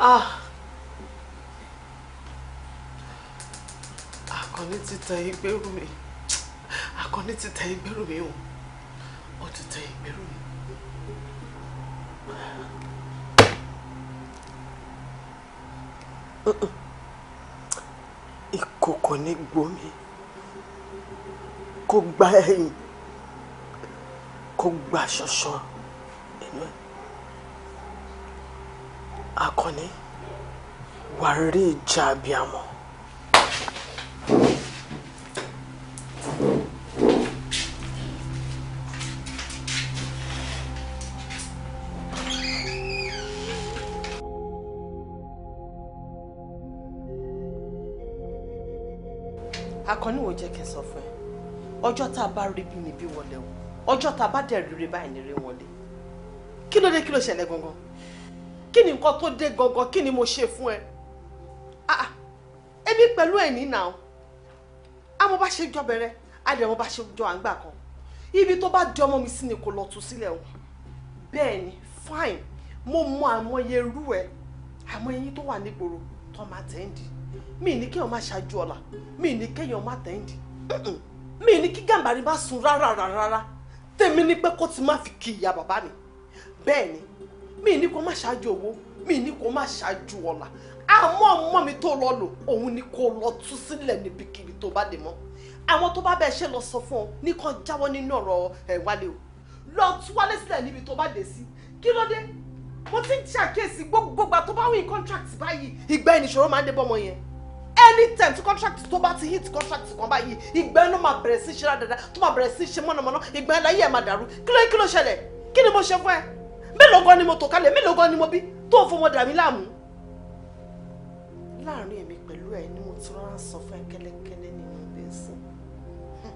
Ah. Àkànní ti tàn ìgbérù mi. Àkànní ti tàn ìgbérù mi o. Ó ti tàn ìgbérù mi. Ìkòkò ní gbomi. Kò gba ẹ̀yìn. Kò gba ṣọ̀ṣọ̀. Àkànní wà rí ìjà abiyamọ. Àkànní wo jẹ́ kí n sọ fún ẹ ọjọ́ tá a bá rí bí ni bí wọlé o ọjọ́ tá a bá dẹ̀ rí rí báyìí ni rí wọlé kí ló dé kí ló ṣẹlẹ̀ gangan kí ni nǹkan tó dé gangan kí ni mo ṣe fún ẹ ah, ah. èmi pẹ̀lú ẹ̀ nínà o àmọ́ bá ṣe jọ bẹ̀rẹ̀ àdẹ̀mọ́ bá ṣe jọ àǹgbà kan ibi tó bá di ọmọ mi sí ni kò lọ tú sílẹ̀ o bẹ́ẹ̀ ni fine mo mọ àmọye irú ẹ àmọ́ eyín tó wà nígboro tó máa tẹ̀ ń di mi ní kéèyàn má ṣáájú ọ̀la mi ní kéèyàn má tẹ̀ ń di mi ní kí gàmbàrí má sun rárá rárá tèmi ní pé kó ti má fi kí ìyá bàbá mi bẹ́ẹ̀ ni mi ní kó má ṣáájú owó mi ní kó má ṣáájú ọ̀la àmọ́ ọmọ mi tó lọ lò òun ni kó lọ tú sílẹ̀ níbikíbi tó bá dé mọ́ àwọn tó bá bẹ́ẹ̀ ṣe lọ sọ fún ọ nìkan jáwọ́ nínú ọ̀rọ̀ ẹ̀ wálé o lọ tú wálé sílẹ̀ níbi tó bá dé sí kí ló dé mo ti ń ṣàkíyèsí gbogbogbà tó bá win contract báyìí ìgbà ìnìṣòro máa ń dé bọ́mọ yẹn anytime tí contract tó bá ti hit contract kan báyìí ìgbà ẹnu máa bẹ̀rẹ̀ sí ṣe rádàdà tó máa bẹ̀rẹ̀ sí ṣe mọ̀nàmọ́ná ìgbà ẹnu ayé ẹ̀ máa dàrú kí ló kí ló ṣẹlẹ̀ kí ni mo ṣe fún ẹ mélòó gan ni mo tò kalẹ̀ mélòó gan ni mo bí tó fún wọn dà mí láàmú. láàrin èmi pẹ̀lú ẹ ni mo ti rọra sọ fún ẹ kẹ́lẹ́kẹ́lẹ́ nínú ilé sìn. Hm,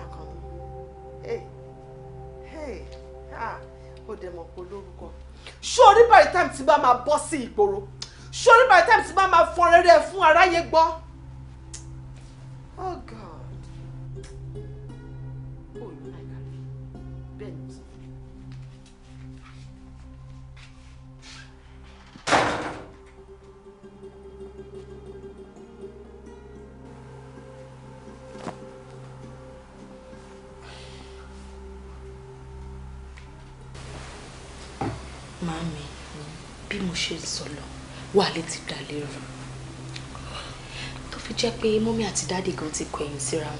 akọni ah, ó dẹ̀ mọ̀ pé olórúkọ sórí by the time tí bá máa bọ́ sí ìgboro sórí by the time tí bá máa fọn rere fún aráyé gbọ́. wàhálẹ̀ ti dà lérò tó fi jẹ́ pé mọ́mí àti dáàdì gan ti kọ̀yìn síra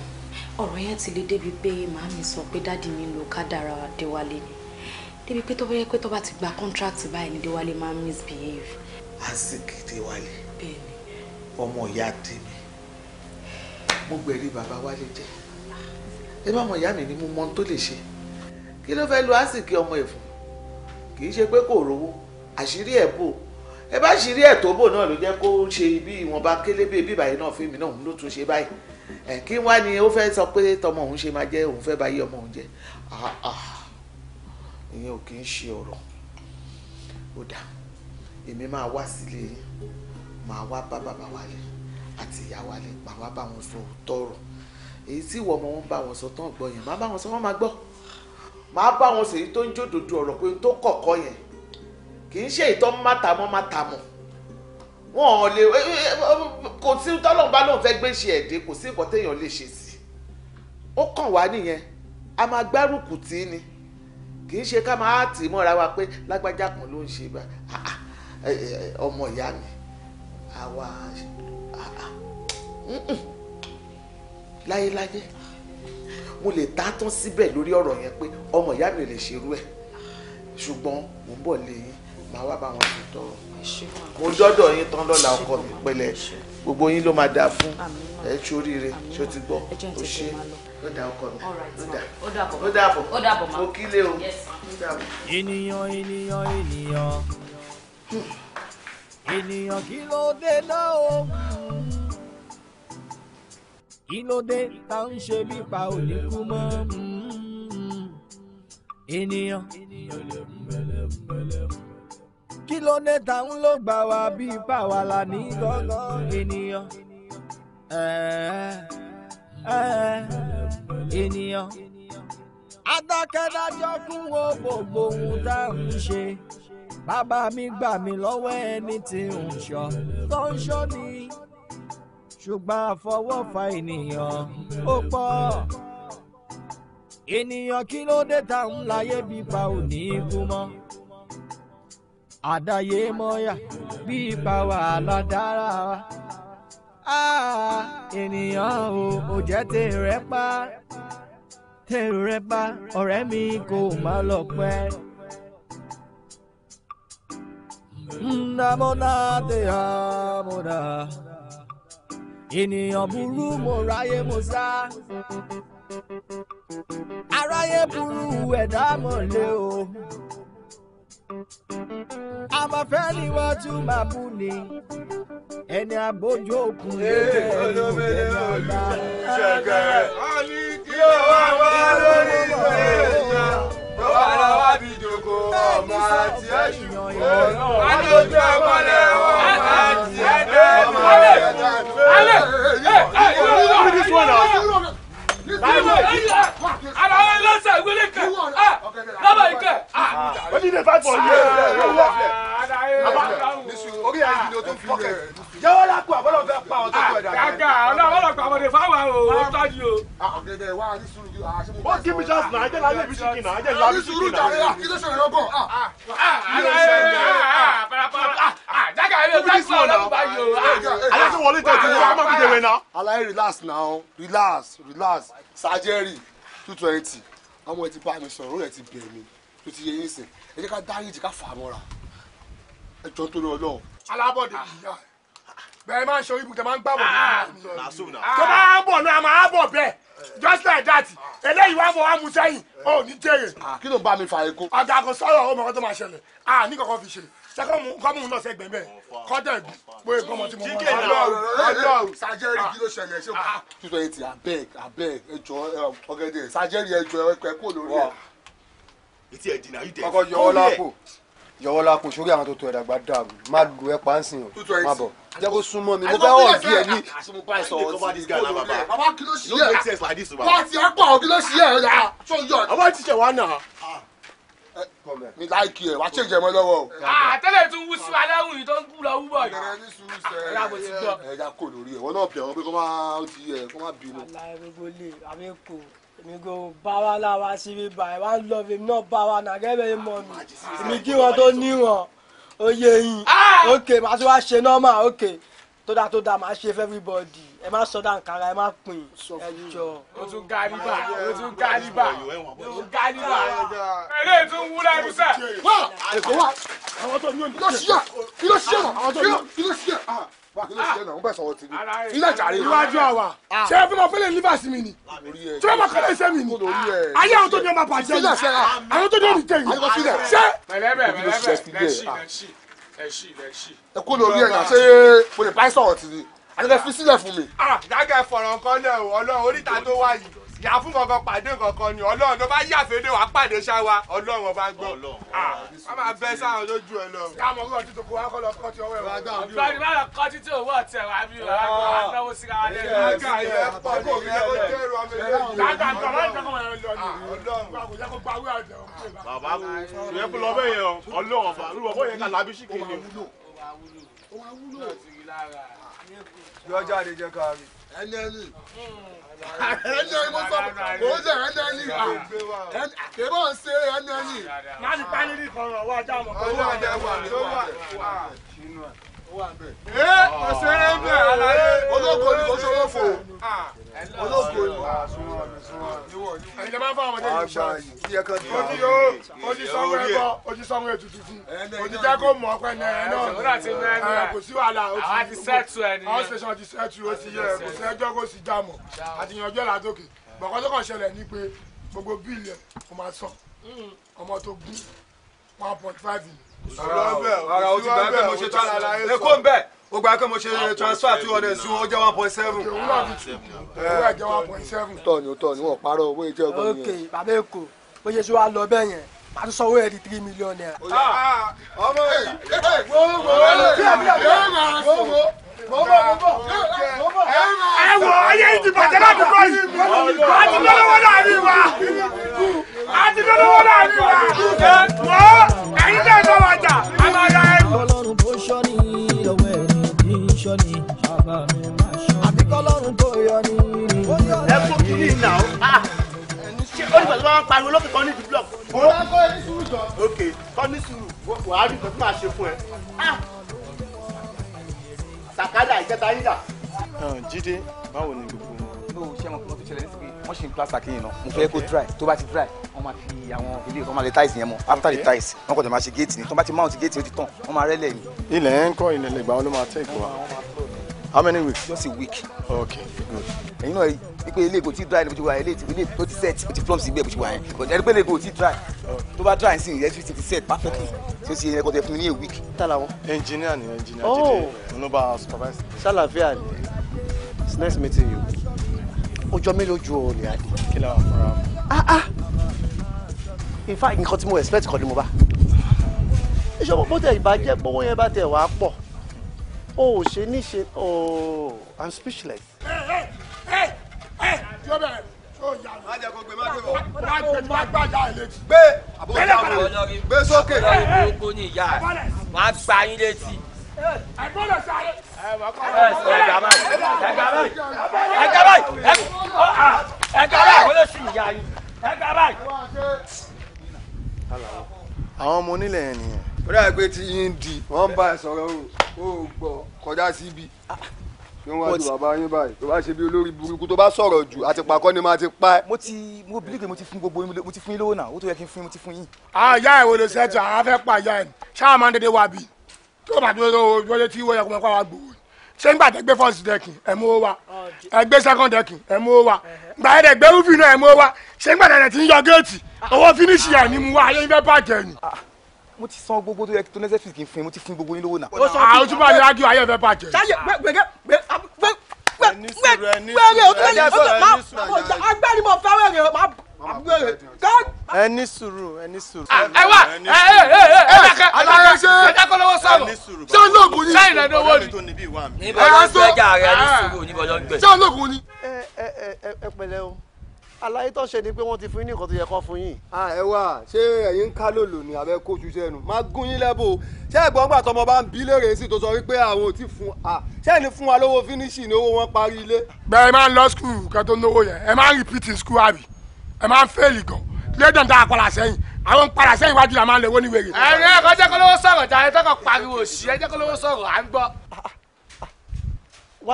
wọn ọ̀rọ̀ yẹn ti lé débi pé màámi sọ pé dáàdì mi ń lo kádàrà déwálé ni débi pé tó bá yẹ pé tó bá ti gba contract báyìí ni déwálé máa ń misbehave. asik déwálé bẹ́ẹ̀ni ọmọ ìyá tèmi mo gbẹ̀rí bàbá wálé jẹ́ ẹ bá ọmọ ìyá mi ni mo mọ ohun tó lè ṣe kí ló fẹ́ lo asik ọmọ ẹ̀ kì í ṣe pé kò rówó àṣírí ẹ̀ bò ẹ bá ṣì rí ẹ̀tọ́ bò náà ló jẹ́ kó ṣe bí ìwọ̀nba kélébé bí báyìí náà fíìmù náà òun ló tún ṣe báyìí kí wá ni ó fẹ́ sọ pé tọmọ òun ṣe máa jẹ́ òun fẹ́ bá yí ọmọ òun jẹ́ ah, ah, ìyẹn ò kì í ṣe ọ̀rọ̀ ó dà èmi máa wá sílé yín máa wá bá bàbá wálé àti ìyá wálé máa wá bá wọn sọ tọrọ èyí tí ìwọ ọmọ wọn bá wọn sọ tán gbọ́ yẹn máa bá wọn sọ wọn máa gbọ́ máa bá wọn sèyí tó ń jódòdó ọ̀rọ̀ pé tó kọ̀kọ́ yẹn kì í ṣe ìtọ́ mátamọ́ mátamọ́ wọn ò lè kò sí tọ́lọ́run bá lóun fẹ́ gbé ṣe ẹ̀dẹ́ kò sí nǹkan téèyàn lè ṣe sí ó kàn wá nìyẹn a máa gbárùkù tì í ni kì í ṣe ká máa tì í mọ́ra wa pé lágbájá kan ló ń ṣe bá ọmọ ìyá mi àwa láyéláyé mo lè tá tán síbẹ̀ lórí ọ̀rọ̀ yẹn pé ọmọ ìyá mi lè ṣerú ẹ̀ ṣùgbọ́n mò ń bọ̀ lẹ́yìn máa wá bá wọn ṣe tọrọ mo dọ́dọ̀ yín tán lọ́la ọkọ mi pẹ̀lẹ́ gbogbo yín ló máa dáa fún ẹ ṣe oríire ṣe ó ti gbọ́ ó ṣe ó dá ọkọ mi ó dà ó dàbọ̀ ó dàbọ̀ mo kílé o ó dàbọ̀. ènìyàn ènìyàn ènìyàn hmm. ènìyàn kí ló dé náà o kí ló dé tá ń ṣe bí pa òníkú mọ́ hmm. ènìyàn kí ló nẹ́ta ń ló gbà wá bíi báwa la ní gángan ènìyàn ènìyàn adákẹ́dájọ́ kún wo gbogbo ohun tá à ń ṣe bàbá mi gbà mí lọ́wọ́ ẹni tí ń ṣọ́ tó ń ṣọ́ ni ṣùgbọ́n àfọwọ́fà ènìyàn ó pọ̀ ènìyàn kí ló dé tá à ń láyé bí pa ò ní kú mọ́. àdáyémọ́yà bí báwa lọ́dára wa ènìyàn o ò jẹ́ tèrè pa tèrè pa ọ̀rẹ́ mi kò má lọ pẹ́. nnamọ́nà tẹ̀yà mọ́nà ènìyàn burú mo ráyé mo sá aráyé burú ẹ̀dá mọ̀lẹ́ o. amafẹ́niwájú máa bú ni ẹni abójú òkun lè bẹ̀rù lẹ́nu ọ̀la. ṣẹ̀kẹ̀rẹ̀ ọ̀ní kí ó wá wá lórí ìfẹ́ ìjà lọ́wọ́ ara wa bí jòkó ọmọ àti ẹ̀ṣù ọ̀nà àjọjú ẹ̀mọ́lẹ̀ ọmọ àti ẹ̀dẹ́ ẹ̀mọ́lẹ̀ ara wọn Ah. ìwélé kẹ lọ́bà yìí Ah. wọ́n ní ní five hundred. Ah orí ẹ̀ yìí ni o tó fi yẹ. jẹ́wọ́ lápò àbọ̀lọ̀ fẹ́ pa ọ̀tọ́ tó ẹ̀dá. kàkà ọlọ́wọ́lọ́ pa ọmọdé fáwọn o tọ́ ni o. ọ̀gẹ̀dẹ̀ wa ní sùúrù yìí. ó kí mi just náà ajẹ́ lálẹ́ mi sì kì náà ajẹ́ lálẹ́ mi sì kì náà. kí ló ṣe ìrọ́bọ̀? jágà ẹ̀rọ jágà ọlọ́wọ́ bá yọ. alẹ́ tó wọlé tẹ̀sí wọn a máa fi jẹ̀wẹ̀ náà. aláì relax now relax relax surgery two twenty ọmọ ẹ ti bá mi sọ̀rọ̀ ó rẹ̀ ti bẹ̀ mi tó ti yẹ yín sìn ẹ jẹ́ ká dáríjì ká fà á mọ́ra ẹjọ́ tó lọ lọ. alábọ̀dé ìyá bẹ́ẹ̀ máa ń ṣe ibùdó máa ń gbàbọ̀ ah, tó bá bọ̀ náà máa bọ̀ bẹ́ẹ̀ just like that eléyìí wàá bọ̀ wàá mú sẹ́yìn ó ní jèrè. Ah, kí ló ń bá mi fa eko. ọjà kò sọ̀rọ̀ ọmọ kan tó máa ṣẹlẹ̀ à ní kankan fi ṣe sẹ́kọ̀ mú kọ́ mú un lọ sẹ́gbẹ̀ẹ́ bẹ́ẹ̀ kọ́dẹ̀ pé kọ́ mọ tí mo mọ. ọlọ́run ọlọ́run sajẹ́rì kí ló ṣẹlẹ̀ ṣe. Ah, two twenty abeg abeg ẹjọ ọgẹdẹ sajẹ́rì ẹjọ ẹkọ lórí ẹ. ìtì ẹ̀dínà yìí dẹ̀ kọ́kọ́ yọ yọwọ́ la kò sórí àwọn tó tó ẹ̀dá gba má lu ẹ pa ń sìn o má bọ̀ jẹ́ kó súnmọ́ mi mo fẹ́ ọ̀ bí ẹ ní. sumupa ẹ sọ ọtí this guy na baba baba kí ló ṣí ti ẹ pọ̀ kí ló ṣí ah, ah. ẹ ya tó ti ṣe wàá nà. mi láìkì ẹ wàá ṣèjẹ mọ lọ́wọ́ o. àtẹlẹ ah, tún wú sí aláwùn yìí tó ń kú lọ wú yìí. ẹ̀yà kò lórí ẹ̀ wọ́n náà bẹ̀ wọ́n pé kó má ti ẹ̀ kó má bínú èmi kò bá wa láwa síbi báyìí wá ń lọ fèmí náà bá wa nàgẹ́bẹ̀ yìí mọ̀ mi èmi kí wọn tó níwọ̀n oyè yìí òkè màá tún wá ṣe nọ́mà òkè tó dáa tó dáa màá ṣe fún everybody ẹ má sọdá nkàrà ẹ má pin ẹ jọ. o tún gálíbà o tún gálíbà o tún gálíbà eré tún wú lẹ́nu sẹ́. wá àlùkò wa àwọn tó ní òní. ilé ṣíṣe àwọn tó ní òní ilé ṣíṣe kí ló ṣe náà ń bẹ̀ sọ̀rọ̀ tìrì ilé ìjàre. iwájú àwa ah. ṣé ẹ fún ọ fẹlẹ nípa sí ni tí wọn bá kọ́lé iṣẹ́ mi ni ayé àwọn tó ní ọmọ bàjẹ́ ni ah, àwọn tó ní omi tẹ̀yìn ṣé. ẹ kó lórí ẹ̀ náà ṣé mo lè bá sọ̀rọ̀ tìrì àti ẹ fi sílẹ̀ fún mi. Ah, dákẹ́ fọ̀rọ̀ kan náà ọlọ́run oríta tó wáyé yà fún kankan pàdé kankan ni ọlọ́run tó bá yàfẹ́lẹ́ wàá pàdé ṣáwa ọlọ́run ọba gbọ́ a máa bẹ sáwọn lójú ẹ lọ. káàmù ọgbọ́n títún kó wá kọ́ lọ kọ́ tí ọwọ́ ẹ̀ wá gbà bí o. ọ̀gbọ́n ìbára kọ́ títí òwú ọ̀tẹ̀ wá bí o wá náwó sí ara lẹ́nu. ọ̀gá ilẹ̀ pọ̀ kó kí ló dé ru ọmọ ilé yìí. láti àgbà máa ń tẹ́kọ̀ wọn lọ nù. bàbá kò yẹ kó lọ bẹ́ẹ̀ yẹn ọlọ́run ọba rúbọ̀ bóyá ká làbísí kéde. ó wá wúlò. yọjá àdéjẹ káàrí. ẹni ẹni ẹ̀ẹ́dẹ́ ni mo sọ kò ó jẹ́ ẹ̀ẹ́dẹ́ ni àkébọ̀ ń ṣe ẹ̀ẹ́dẹ́ ni. má ti pálí nìkan rọ̀ ee ọ̀sẹ̀rẹ̀ ń bẹ̀ àlàyé. ológo ni kò ṣòro fò ológo ni. ẹ̀jẹ̀ máa ń fọ àwọn ọmọdé yìí ṣáà. o ti yóò o ti sọ wẹ́ẹ́ bọ́ o ti sọ wẹ́ẹ́ tuntun fún o ti jẹ́ kó mọ̀ ọpẹ́ nẹ́ẹ̀ náà kò sí wàhálà o ti sẹ́tù ẹ̀ nìyẹn. àwọn ṣẹ̀ṣẹ̀ ti sẹ́tù o ti yẹ kò sí ẹjọ́ kó sì jámọ̀ àtìyànjọ́ làdókè bọ̀kọ́ tó kàn ṣẹlẹ̀ ni pé gbogbo bíìlì ẹ̀ kò máa sàn ọmọ tó gún one point five million ara o ti gbà mo ṣe transfer èkó ń bẹ̀ o gbà pé mo ṣe transfer two hundred sí o one point seven. òwúrọ̀ ti tù òwúrọ̀ jẹ́ one point seven. tọ́ ni o tọ́ ni wọ́n parọ́ owó ìjẹ́ ọgbọ́n yẹn. ok bàbá èkó bó ṣe ṣe wá lọ bẹ́ẹ̀ yẹn a tún sanwó ẹ di three million naira. ọmọ yìí wo wo wo wo wo wo wo ẹ wọ ayé ìdìbò jẹ láti kọ yìí a ti lọ́wọ́ láàrin wa a ti lọ́wọ́ láàrin wa wọ́ ẹ̀yin náà lọ wà jà a máa ra ẹrù. ọlọ́run tó ṣọ́ ni lọ́wọ́ ẹni tí ń ṣọ́ ni àbí kọ́lọ́run tó yọ ni. ẹ kó kí ni ìnà ó ṣe ó nígbà tó bá wọn pariwo lókè kan ní ìdúgbò. mo máa ń kọ́ ẹni sùúrù jọ. ok kọ́ ní sùúrù wàá rí nǹkan tó máa ṣe fún ẹ sàkádà ìjẹta yín dà. jíde báwo ni gbogbo wọn. ní o ṣe mọ fún ọtún ṣẹlẹ̀ nísìnyí wọn ṣì ń plas àkín náà mo fẹ́ kó dry tó bá ti dry wọn máa fi àwọn ilé wọn máa lè tiles yẹn mọ after the tiles wọn kò tẹ̀ máa ṣe géètì ni tó bá ti mount géètì ó ti tàn wọn máa rẹ́lẹ̀ yìí. ilẹ̀ ń kọ́ ilẹ̀ lè ló máa tẹ̀ ìkọ́ wa how many weeks. just a week. okay good. ẹ̀yin náà ipe ilé kò tí dry ní bó ti wà ilé ilé tó ti set ó ti plumb sí ibẹ̀ bó ti wà yẹn but ẹni pé ilé kò tí dry tó bá dry sí ìyẹn ti ti set perfectly so ti yẹ kó tẹ fún mi ní a week. tala wọn. engineer ni engineer jíde oh. onuba supervisor. sálàfíà ni it's nice meeting you ọjọ́ mélòó ju òòlì àdé. kí la wà fúnra. ah ah in fact nǹkan tí mo expect kọ́ ni mo bá. iṣẹ́ mo bó tẹ̀ ìbàjẹ́ gbowó yẹn bá tẹ̀ wá pọ̀ o oh, ò ṣe níṣe ooo oh, i'm speechless. ẹ ẹ ẹ ẹ tí ó bẹ̀rẹ̀ gbé sókè kó ní ìyá ẹ wàá gba yín létí. ẹ gbọ́dọ̀ sáré. ẹ gbà báyìí ẹ gbà báyìí ẹ gbà báyìí ẹ gbà báyìí kó lè sùn ìyá yín ẹ gbà báyìí. àwọn ọmọ onílẹ̀ yẹn nìyẹn. ó dàgbé tí yín di wọ́n ń bá ẹ sọ̀rọ̀ o o gbọ́ kọjá síbi tí ah. wọ́n wá ju bàbá yín báyìí tó bá ṣe bí olórí burúkú tó bá sọ̀rọ̀ jù àti pàkọ́ ni máa ti pa ẹ́. mo ti mo believe mo ti fún gbogbo yín mo ti fún yín lówó náà ó tó yẹ kí n fún yín mo ti fún yín. àyà ìwé ló ṣẹ́tù àwọn afẹ́ pa àyà ẹ̀ ṣáà máa ń dédé wá bí tó bá dúró lóye tí ìwé yẹ kó máa kó àwọn gbòòrò ṣé ńgbà tẹ gbé first decking ẹ mú wa ẹ gbé second decking ẹ mú wa gbà ẹ dẹ gbé rúfin náà ẹ mú wa ṣé ńgbà tẹ ti ń yọ géètì owó fínísì ẹ ní mu wa ayé ń fẹ́ bàjẹ́ ni. Ah mo ti san gbogbo tó yẹ tó nẹ́sẹ̀ fìkì fún yín mo ti fún gbogbo yín lówó náà. àwọn ah, ojú bá ní ágí ayé fẹ́ bàjẹ́. sáyé gbẹgẹ gbẹgẹ o tún lè ọjọ agbẹrin mọ fẹrẹ rẹ ma ẹ ní sùúrù ẹ ní sùúrù. ẹ wá ẹ ẹ ẹ ẹ ẹ dákẹ́ ẹ dákẹ́ ẹ dákẹ́ lọ́wọ́ sọ̀rọ̀ ṣé olóògùn ni ṣáìlẹ̀ ní owó ni. níbo ló ń gbẹ́jà rẹ ní sùúrù níbo ló ń gbẹ. ṣé olóògùn ni. ẹ ẹ ẹ pẹ̀lẹ́ o àlàyé tó ṣe ni pé wọ́n ti fún yín ní nǹkan tó yẹ kó fún yín. ẹ wá ṣé ẹ̀yin ń ká lòlò ní abẹ́ kójú sẹ́nu máa gún yín lẹ́bù ṣé ẹ̀gbọ́n gbà tọmọ bá ń bí léèrè sí tó sọ wípé àwọn ò tí fún a ṣé ẹni fún wa lówó fínísì ní owó wọn parí ilé. bẹ́ẹ̀ ẹ máa ń lọ skul kan tó náwó yẹn ẹ máa ń rìpítì skul àbí ẹ máa ń fẹ́ẹ̀lì gan lẹ́dọ̀ ń àpàlà sẹ́yìn àwọn ń sẹ́yìn wájú la máa ń lè wó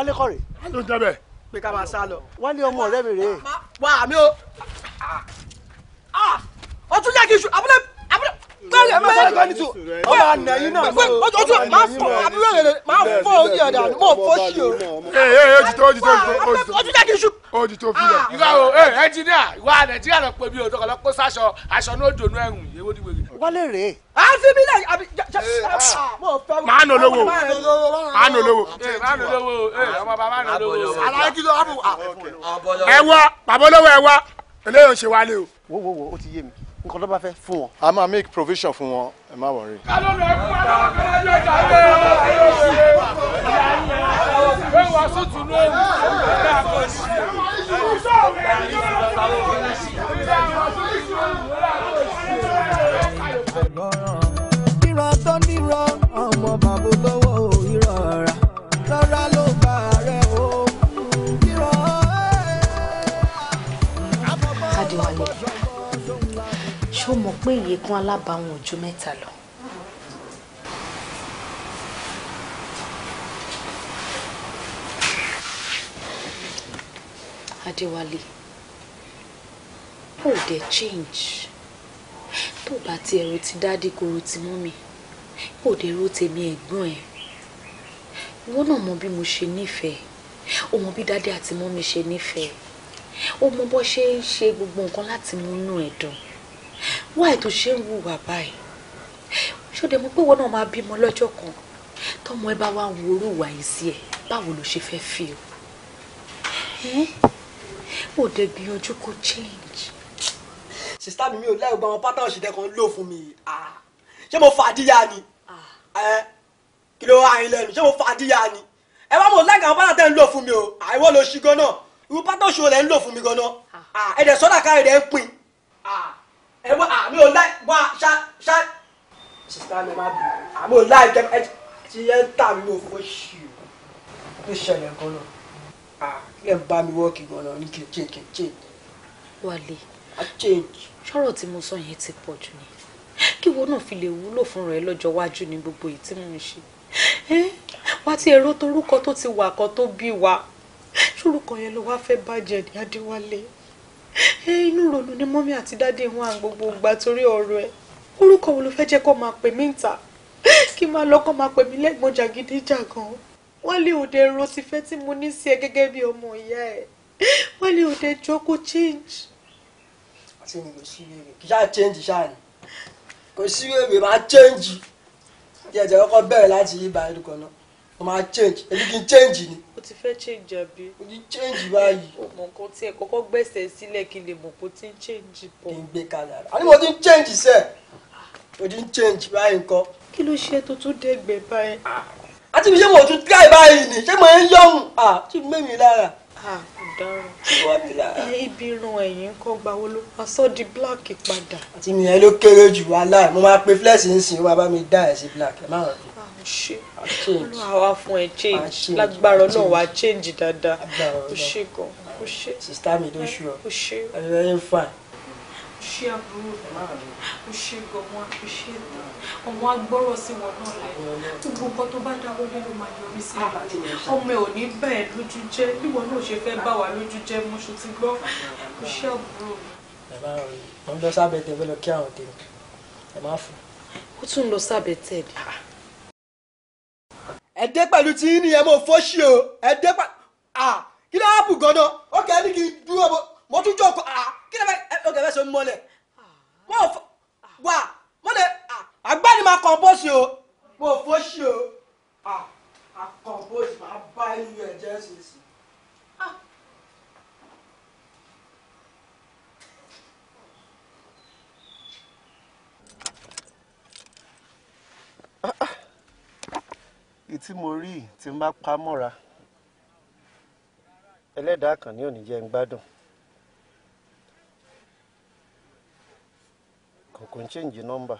ní ẹ pé ká máa sá lọ. wọ́n ní ọmọ ọ̀rẹ́ mi rèé. wà á mi ah, ó tún yẹ kí n ṣu abúlé tẹ́lẹ̀ mẹ́rin sáré gbọ́n nítú ọmọ ànàyìn náà pé ojú máa fọ àbúrò rẹ máa fọ orí ọ̀dà mọ̀ fọ́ sí o. ee ee ojú tó ojú tó ojú tó ojú tó kìí ṣu. ojú tó fi yà. ìgbà wo ẹnjiníà wa nàìjíríà lọ pé mi ò lọ kó sáṣọ aṣọ ní òjò ní ẹ̀rùn yẹwò ní wèrè. wálé rèé. a ah, ti bí lẹ àbí eh, ah. máa nà olówó máa nà olówó eh, máa nà olówó eh, ọmọ nà olówó. àlàyé kí ló wà ah. fún. olówó ẹ wá eléyìí nǹkan tó bá fẹ́ fún wọn. a máa make provision fún wọn ẹ má wọrí. kálọ̀ lọ ẹkún adáwọ̀ kẹlẹ́ ẹjọ́ ìjà ilé ẹ̀ ẹ̀ wà sùtù lóhùn ẹ̀ àkọsí. mọ̀ pé ìyẹ̀kan alábàáwọn ojú mẹ́ta lọ. Adéwálé ó dẹ̀ change tó bá ti ẹ̀rọ ti dádì koro ti mú mi ó dẹ̀ ro tèmi ẹ̀gbọ́n ẹ̀ ìwọ náà mọ bí mo ṣe nífẹ̀ẹ́ ó mọ bí dádì àti mú mi ṣe nífẹ̀ẹ́ ó mọ bó ṣe ń ṣe gbogbo nǹkan láti múnú ẹ̀ dùn wáì tó ṣe ń wùwà báyìí ṣọdẹ mo pé wọn náà máa bímọ lọ́jọ́ kan tọmọ ẹ bá wá ń worú ìwà yìí sí ẹ báwo ló ṣe fẹ́ fi o ò dé gbìyànjú kó change. sista mi mi ò láì gba àwọn pátá òṣìṣẹ́ kan lò fún mi ṣé mo fàdíyà ni kí ló wá yín lẹ́nu ṣé mo fàdíyà ni ẹ bá mo láì gba àwọn pátá tẹ́ ń lò fún mi o àìwọ́ ló ṣí gan náà irú pátá òṣìṣẹ́ rẹ̀ ń lò fún mi gan náà ẹ̀dẹ̀ sọ́dà káyọ̀ rẹ̀ ń pin. Ah ẹ mọ àmì ò láì bọ́ ṣá ṣá sista mi má bì àmì ò láì jẹ ẹ ti yẹ ń tà mí ní òfófó ṣì ó tó ṣẹlẹ̀ gan-an àkílẹ̀ ń bá mi wọ́ọ̀kì gan-an ní kí n change kí n change. wálé ṣọ́rọ̀ tí mo sọ yẹn ti pọ̀ jù ni kí wo náà fi lè wúlò fúnra ẹ lọ́jọ́ iwájú ní gbogbo èyí tí mò ń ṣe wá tí ẹ̀rọ torúkọ tó ti wà kan tó bí wa ṣórúkọ yẹn ló wá fẹ́ bàjẹ́ ní adéwálé. inú ìrònú ni mọ́mí àti dáàdì wọn à gbogbo ìgbà torí ọ̀rọ̀ ẹ̀ orúkọ wo ló fẹ́ jẹ́ kó máa pè mí ìta kí máa lọ́kọ́ máa pè mí lẹ́gbọ́n jàgídíjàgan wọ́n lè òde ro ti fẹ́ tí mo ní sí ẹ gẹ́gẹ́ bí ọmọ ìyá ẹ̀ wọ́n lè òde jọ change. àti mi ò sí wèrè kì í ṣáà change ṣáà ni kò sí wèrè máa change kí ẹ̀jẹ̀ kọ́kọ́ bẹ̀rẹ̀ láti yí ìbáraẹ̀dùn kan náà mo máa change èmi kì í change ni ti fẹ́ change àbí. o ti change báyìí. ọmọ nǹkan tí ẹ kọ́kọ́ gbẹ̀sẹ̀ sílẹ̀ kí n lè mọ̀ pé ti ń change bọ̀. kí n gbé kalẹ̀ ara àní mo ti ń change sẹ́ẹ̀ o ti ń change báyìí nǹkan. kí ló ṣe tó tún dẹ́gbẹ̀ẹ́ báyìí. àti ah. mi ṣé mo tún try báyìí ni ṣé mo ń yọ̀hún à ah, tí mi mẹ́mi lára. a ah, kò dára ibi irun ẹ̀yìn ń kọ́ gba wo ló wá sọ di black padà. àti mi yẹn ló kéré jù wá láì mo máa pe flex ń wá bá mi dá ẹ̀ sí black ẹ̀ má rọ̀ olúwa wá fún ẹ change lágbára náà wá change dáadáa ó ṣe gan ó ṣe. sista mi ló ṣù ọ ó ṣe ọ ẹ ẹ fà. ó ṣe àbúrò ó ṣe gan wọn ó ṣe tán ọmọ agbọ́rọ̀ sí wọn náà lẹ́yìn tí gbogbo tó bá dáwọ́ lẹ́nu máa yọrí sí ìbàdí ọmọ ẹ̀ ò ní bá ẹ̀ lójú jẹ́ bí wọn náà ṣe fẹ́ bá wa lójú jẹ́ mo ṣe ti gbọ́ ó ṣe àbúrò. ẹ máa rọrùn mo ń lọ sábẹ́ tẹ fẹ́ lọ kí àwọn tèmi ẹ máa fún. ó tún lọ sábẹ́ tẹ̀ dé ẹ dé pẹ̀lú tí yín nìyẹn mo fọ́ sí o ẹ dé pẹ̀lú ah kí ló hàpù gan-an ó kẹ́ ní kí n dúró mo mo tún jókòó ah kí ló fẹ́ ó kẹ́ fẹ́ so mọ́lẹ̀ mo fọ́ wà mọ́lẹ̀ ah agbáni máa kàn bó sí o mo fọ́ sí o ah àkànbó máa bá inú ẹ̀jẹ̀ ṣe sí. igi tí mo rí tí n bá pa mọ́ra ẹlẹ́dàá kan ní òní jẹ́ ń gbádùn kòkó ń ṣèǹjì nọ́mbà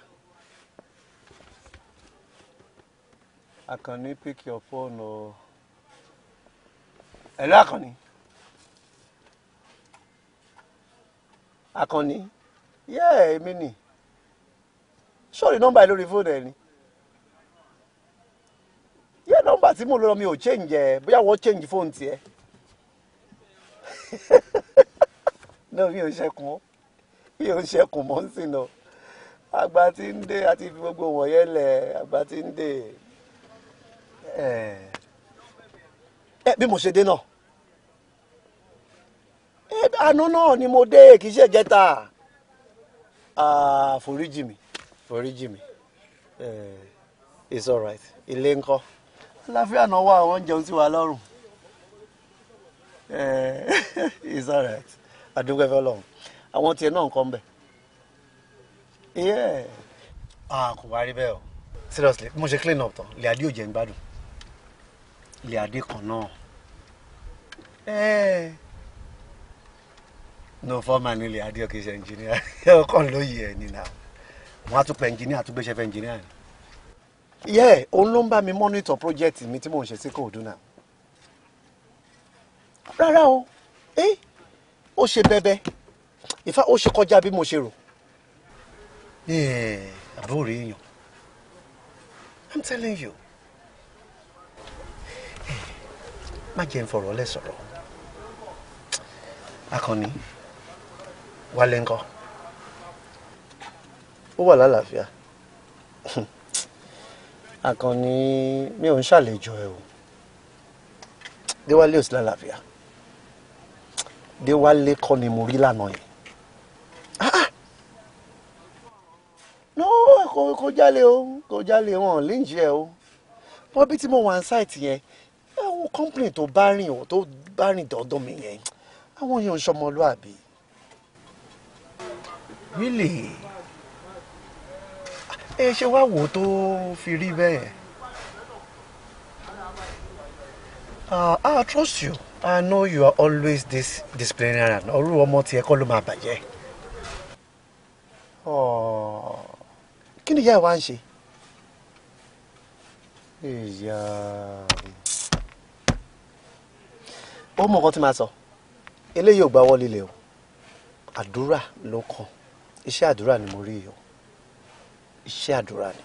Àkànní pick your phone o ẹ̀lọ́ Àkànní Àkànní yẹ́ẹ̀ èmi nì sórí nọ́mbà lórí fóònù ẹ̀ ni. nígbà tí mo lọ mi ò change ẹ bóyá wọ́n change fóònù tiẹ̀ náà mi ò ṣẹkùn mi ò ṣẹkùn mọ́ ń sìn náà àgbà tí ń dé àti fi gbogbo wọ̀nyẹn lẹ̀ àgbà tí ń dé ẹ bí mo ṣe dé náà àná náà ni mo dé kì í ṣe ìjẹta foríjì mi foríjì mi it's all right ilé ńkọ́ aláfíà náà wà wọ́n jẹun sí wa lọ́rùn eh, it's alright adúgbẹ́fẹ́ lọ́hùn àwọn tiẹ̀ náà nǹkan bẹ̀ kò wá rí bẹ́ẹ̀ o seriously mo ṣe clean up tán ilé adé ò jẹ́ ń gbádùn ilé adé kan náà eh. no foreman ilé adé ò kì í ṣe engineer ọkàn ló yẹ ẹ nínú àwọn àtúpẹ̀ engineer àtúgbẹ́sẹ̀fẹ̀ engineer yeah òun ló ń bá mi monitor project mi tí mò ń ṣe sí Kaduna rárá o ẹ eh, ó ṣe bẹbẹ ìfá ó ṣe kọjá bí mo ṣe rò. Eh, àbúrò èèyàn i'm telling you eh, má jẹ́ ń fọ̀rọ̀ lẹ́ sọ̀rọ̀ akọni wálé ńkọ́ ó wà lálàáfíà. Àkànní mi ò ń ṣàlejò ẹ o Déwálé ò sí lálàáfíà Déwálé kọ́ ni mo rí lánàá yẹn ah, ah! no kò jálè o kò jálè wọn léǹjì ẹ o wọ́n bí tí mo wà ń ṣáìtì yẹn àwọn kọ́ńpìnì tó bá rìn o tó bá rìn dọ́dọ́ mi yẹn àwọn èèyàn ń ṣọmọlúàbí. really ẹ ṣe wá wò tó fi rí bẹ́ẹ̀. Ah, ah, I trust you. I know you are always this disciplinarian. Ọrú ọmọ tiẹ̀ kọ́ ló máa bàjẹ́. Oh, kí ni ìyá ẹ̀ wá ń ṣe? Ìyá ó mọ̀ nǹkan tí màá sọ. Eléyìí ò gbá wọlé lẹ̀ o. Àdúrà ló kàn. Iṣẹ́ àdúrà ni mo rí o iṣẹ́ àdúrà ni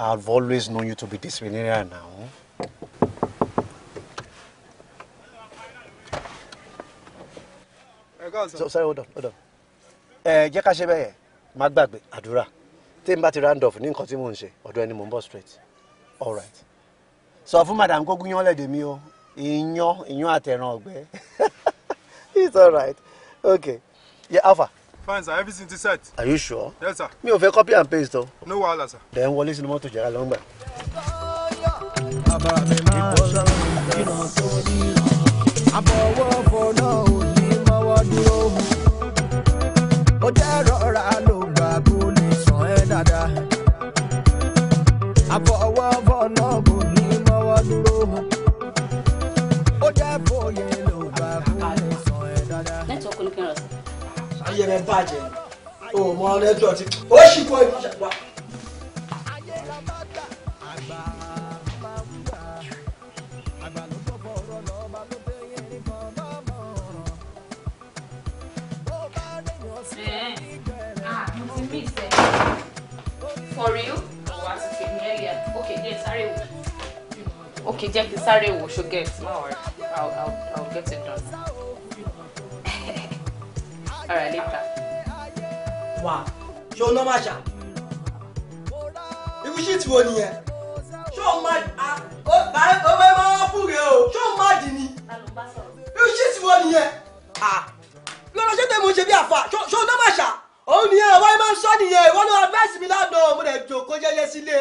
I've always known you to be disciplinarian now. so sorry hold on hold on ẹ jẹ́ ká ṣe bẹ́ẹ̀ má gbàgbé àdúrà tí n bá ti round off ní nǹkan tí mò ń ṣe ọ̀dọ̀ ẹni mò ń bọ̀ straight all right sọ fún madam kó gúnyán lẹ́dẹ̀ mi o iyán iyán àtẹ̀ràn ọ̀gbẹ́ it's all right okay yeah alpha fine sir everything ti set. are you sure. yes sir. Me, ò fẹ́ copy and paste though. no wahala sir. then what is the jẹ́ra lọ́ngbà. abàmì máa ń sọ ìgbà ayé rẹ bàjẹ́ o mọ nẹ́tíwọ̀tì ó sì kọ́ ìfúnṣàpá. Eh, ah, For Okay, Jackie, sorry, we should get. No worries. I'll, I'll, I'll get it done. Alright. right, later. Wow. Ṣé o normal ṣá? Irú ṣì tí wo nìyẹn? Ṣé o máa ó bá ó bá máa fún rẹ̀ o? Ṣé o máa dì ní? Irú ṣì tí wo nìyẹn? Lọ́dọ̀ Oh tẹ̀mú ṣe bí àfà? Ṣé o normal ṣá? Òun nìyẹn àwọn ẹ̀ máa ń sọ nìyẹn. Ìwọ ló advice mi lánàá, mo lè jòkó jẹ́jẹ́ sílé.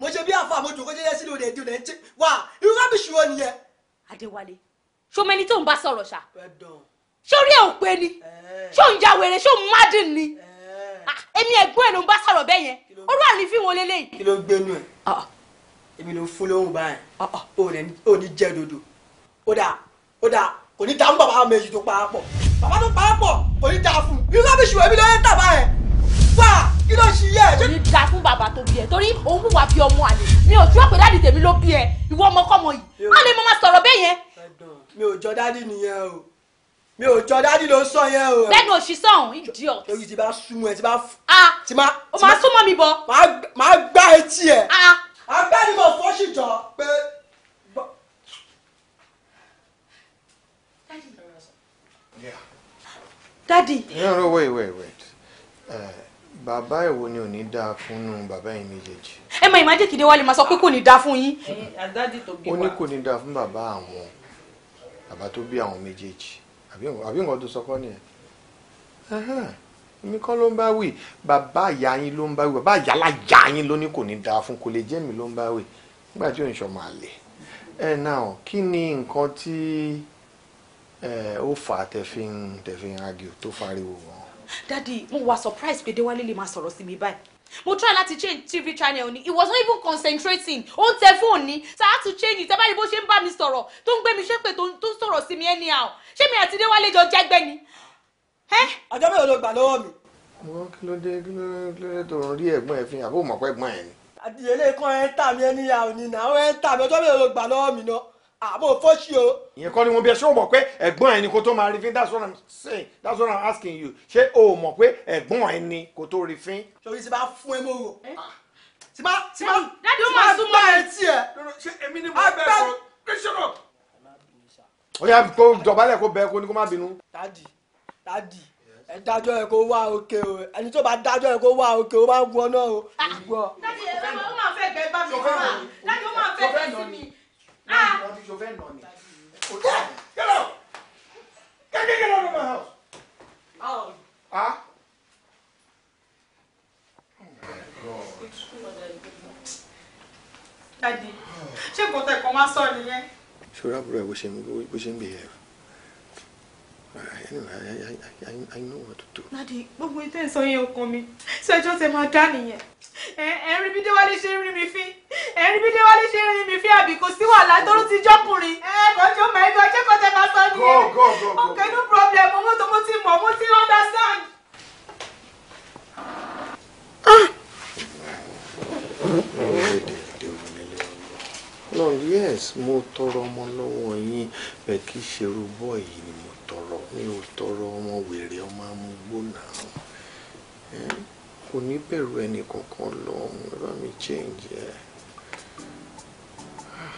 Mo ṣe bí àfà, mo jòkó jẹ́jẹ́ sílé, o lè di o lè ń ṣe. Wà irú rábìṣì wo nìyẹn? Adéwálé, ṣo mẹni tó ń bá sọ̀rọ̀ ṣá? Ẹ dán sórí ẹ̀ ò pé ni eh. ṣó ń ya wèrè ṣó ń mádìn ni eh. ah, èmi ẹ̀gbọ́n ẹ̀ ló ń bá sọ̀rọ̀ bẹ́ẹ̀ yẹn orú àlè fi wọn lélẹ́yìí. kí ló gbé nù ẹ ah, ah. èmi ló fún lóhùn báyìí ò ní jẹ dodo ó dà ó dà kò ní ta fún bàbá méjì tó pa á pọ̀ bàbá tó pa á pọ̀ kò ní ta fún irú àbíṣù ẹ̀mí ló yẹ tàbá ẹ̀ wá kí ló ṣe yẹ. kò ní da fún bàbá tó bí ẹ torí òun wùwà bí ọmọ àlè mi ò jọ́ pé dáàdì tèmi ló bí ẹ ìwọ ọmọkọ́mọ yìí má lè mọ́ máa sọ̀rọ̀ bẹ́ẹ̀ yẹn. mi ò jọ dáàdì nìyẹn o mi ò jọ dájú ló ń sọ yẹn o. lẹ́nu òṣìṣẹ́ ọ̀hún idiot. oyin ti bá súnmọ́ ẹ ti bá. a ah, ti ma. o ma súnmọ́ mi bọ̀. màá gbá etí ẹ. a. Ah, ah. abẹ́ni mo fọ́ṣì jọ pé. dadi. no no wait wait wait. Uh, bàbá ìwo ni ò ní dáa fúnnú bàbá yìí méjèèjì. ẹ mọ ìmájẹ́ kìdé wálé máa sọ pé kò ní dáa fún yín. Eh, ó ní kò ní dáa fún bàbá àwọn bàbá tó bí àwọn méjèèjì àbí nǹkan tó sọkọ nìyẹn èmi kọ́ ló ń bá wì bàbá ìyá yín ló ń bá wì bàbá ìyálà ìyá yín ló ní kò ní dáa fún kò lè jẹ́ mi ló ń bá wì nígbà tí òun ṣọmọ àlè ẹ náà kí ni nǹkan tí ó fà á tẹ̀fín tẹ̀fín agio tó fariwo wọn. dadi mo wà surprise pé déwálé lè máa sọ̀rọ̀ sí mi báyìí mo try láti change tv channel ni it was not even concentrating ó ń tẹ fóònù ni so i had to change it ẹ báyìí bó ṣe ń bá mi sọ̀rọ̀ tó ń gbé mi ṣépè tó ń sọ̀rọ̀ sí mi anyhow ṣé mi àti déwálé jọ jẹ́gbẹ́ ni. ọjọ́ mélòó ló gbà lọ́wọ́ mi. wọ́n kí ló dé kí ló dé tó ń rí ẹ̀gbọ́n ẹ̀ fi hàn àbó mọ̀ pé ẹ̀gbọ́n ẹ̀ ni. àdìyẹlé kan ẹ̀ ń tà mí ẹni àwọn ènìyàn àwọn ẹ̀ ń tà mí ọjọ́ mélòó ló gbà lọ́wọ́ mi náà àbò fọ́ṣì o. ìyẹn kọ́ ni mo bí ẹ ṣé o mọ̀ pé ẹ̀gbọ́n ẹ̀ ni kò tó máa rí fín that's what I'm saying that's what I'm asking you ṣé o mọ̀ pé ẹ̀gbọ́n ẹ̀ ni kò tó rí fín. sori ti bá fún ẹ mọ́ o ti bá ti bá ti bá bá ẹ tiẹ̀ ṣé èmi ni mo bẹ̀rù kí ṣe náà ó yà kó dọ̀bálẹ̀ kó bẹ kó ní kó má bínú. dadi dadi ẹ dájọ́ ẹ kó wá òkè o ẹni tó bá dájọ́ ẹ kó wá òkè o bá ń gbọ́ náà o. Ah, dadi ẹ sọ ma fẹ́ gẹ bá mi wá dadi ó ma fẹ́ gẹ sí mi. Ah. Get out! Get, get, house! Out. Huh? Daddy, ṣé kò tẹ̀ kàn wá sọ ṣòro àbúrò ẹ̀ We ṣe bó ṣe ń behave anyway I, I, I, I know what to do. Nadi but we ìsọ yẹn ọkàn mi sí ẹjọ́ tẹ máa dá nìyẹn ẹ̀rí bí Every ṣe rí mi fín ẹ̀rí bí Déwálé ṣe rí mi fín àbí kò sí wàhálà tóró ti jọ́kùnrin ẹ̀ẹ́dọ̀ jọ́ mọ̀ ẹ̀dọ̀ ṣé kò tẹ máa sọ nìyẹn okay no problem mo mọ̀ tó mo ti mọ̀ mo ti understand. Ọlọ́run yes mo tọrọ ọmọ lọ́wọ́ yín bẹ́ẹ̀ kí ṣerú bọ́ọ̀yì ni mo tọrọ mi ò tọrọ ọmọ wèrè ọmọ amúgbó náà eh, kò ní bẹ̀rù ẹnì kankan lọ ọmọ mi change ẹ. Ah,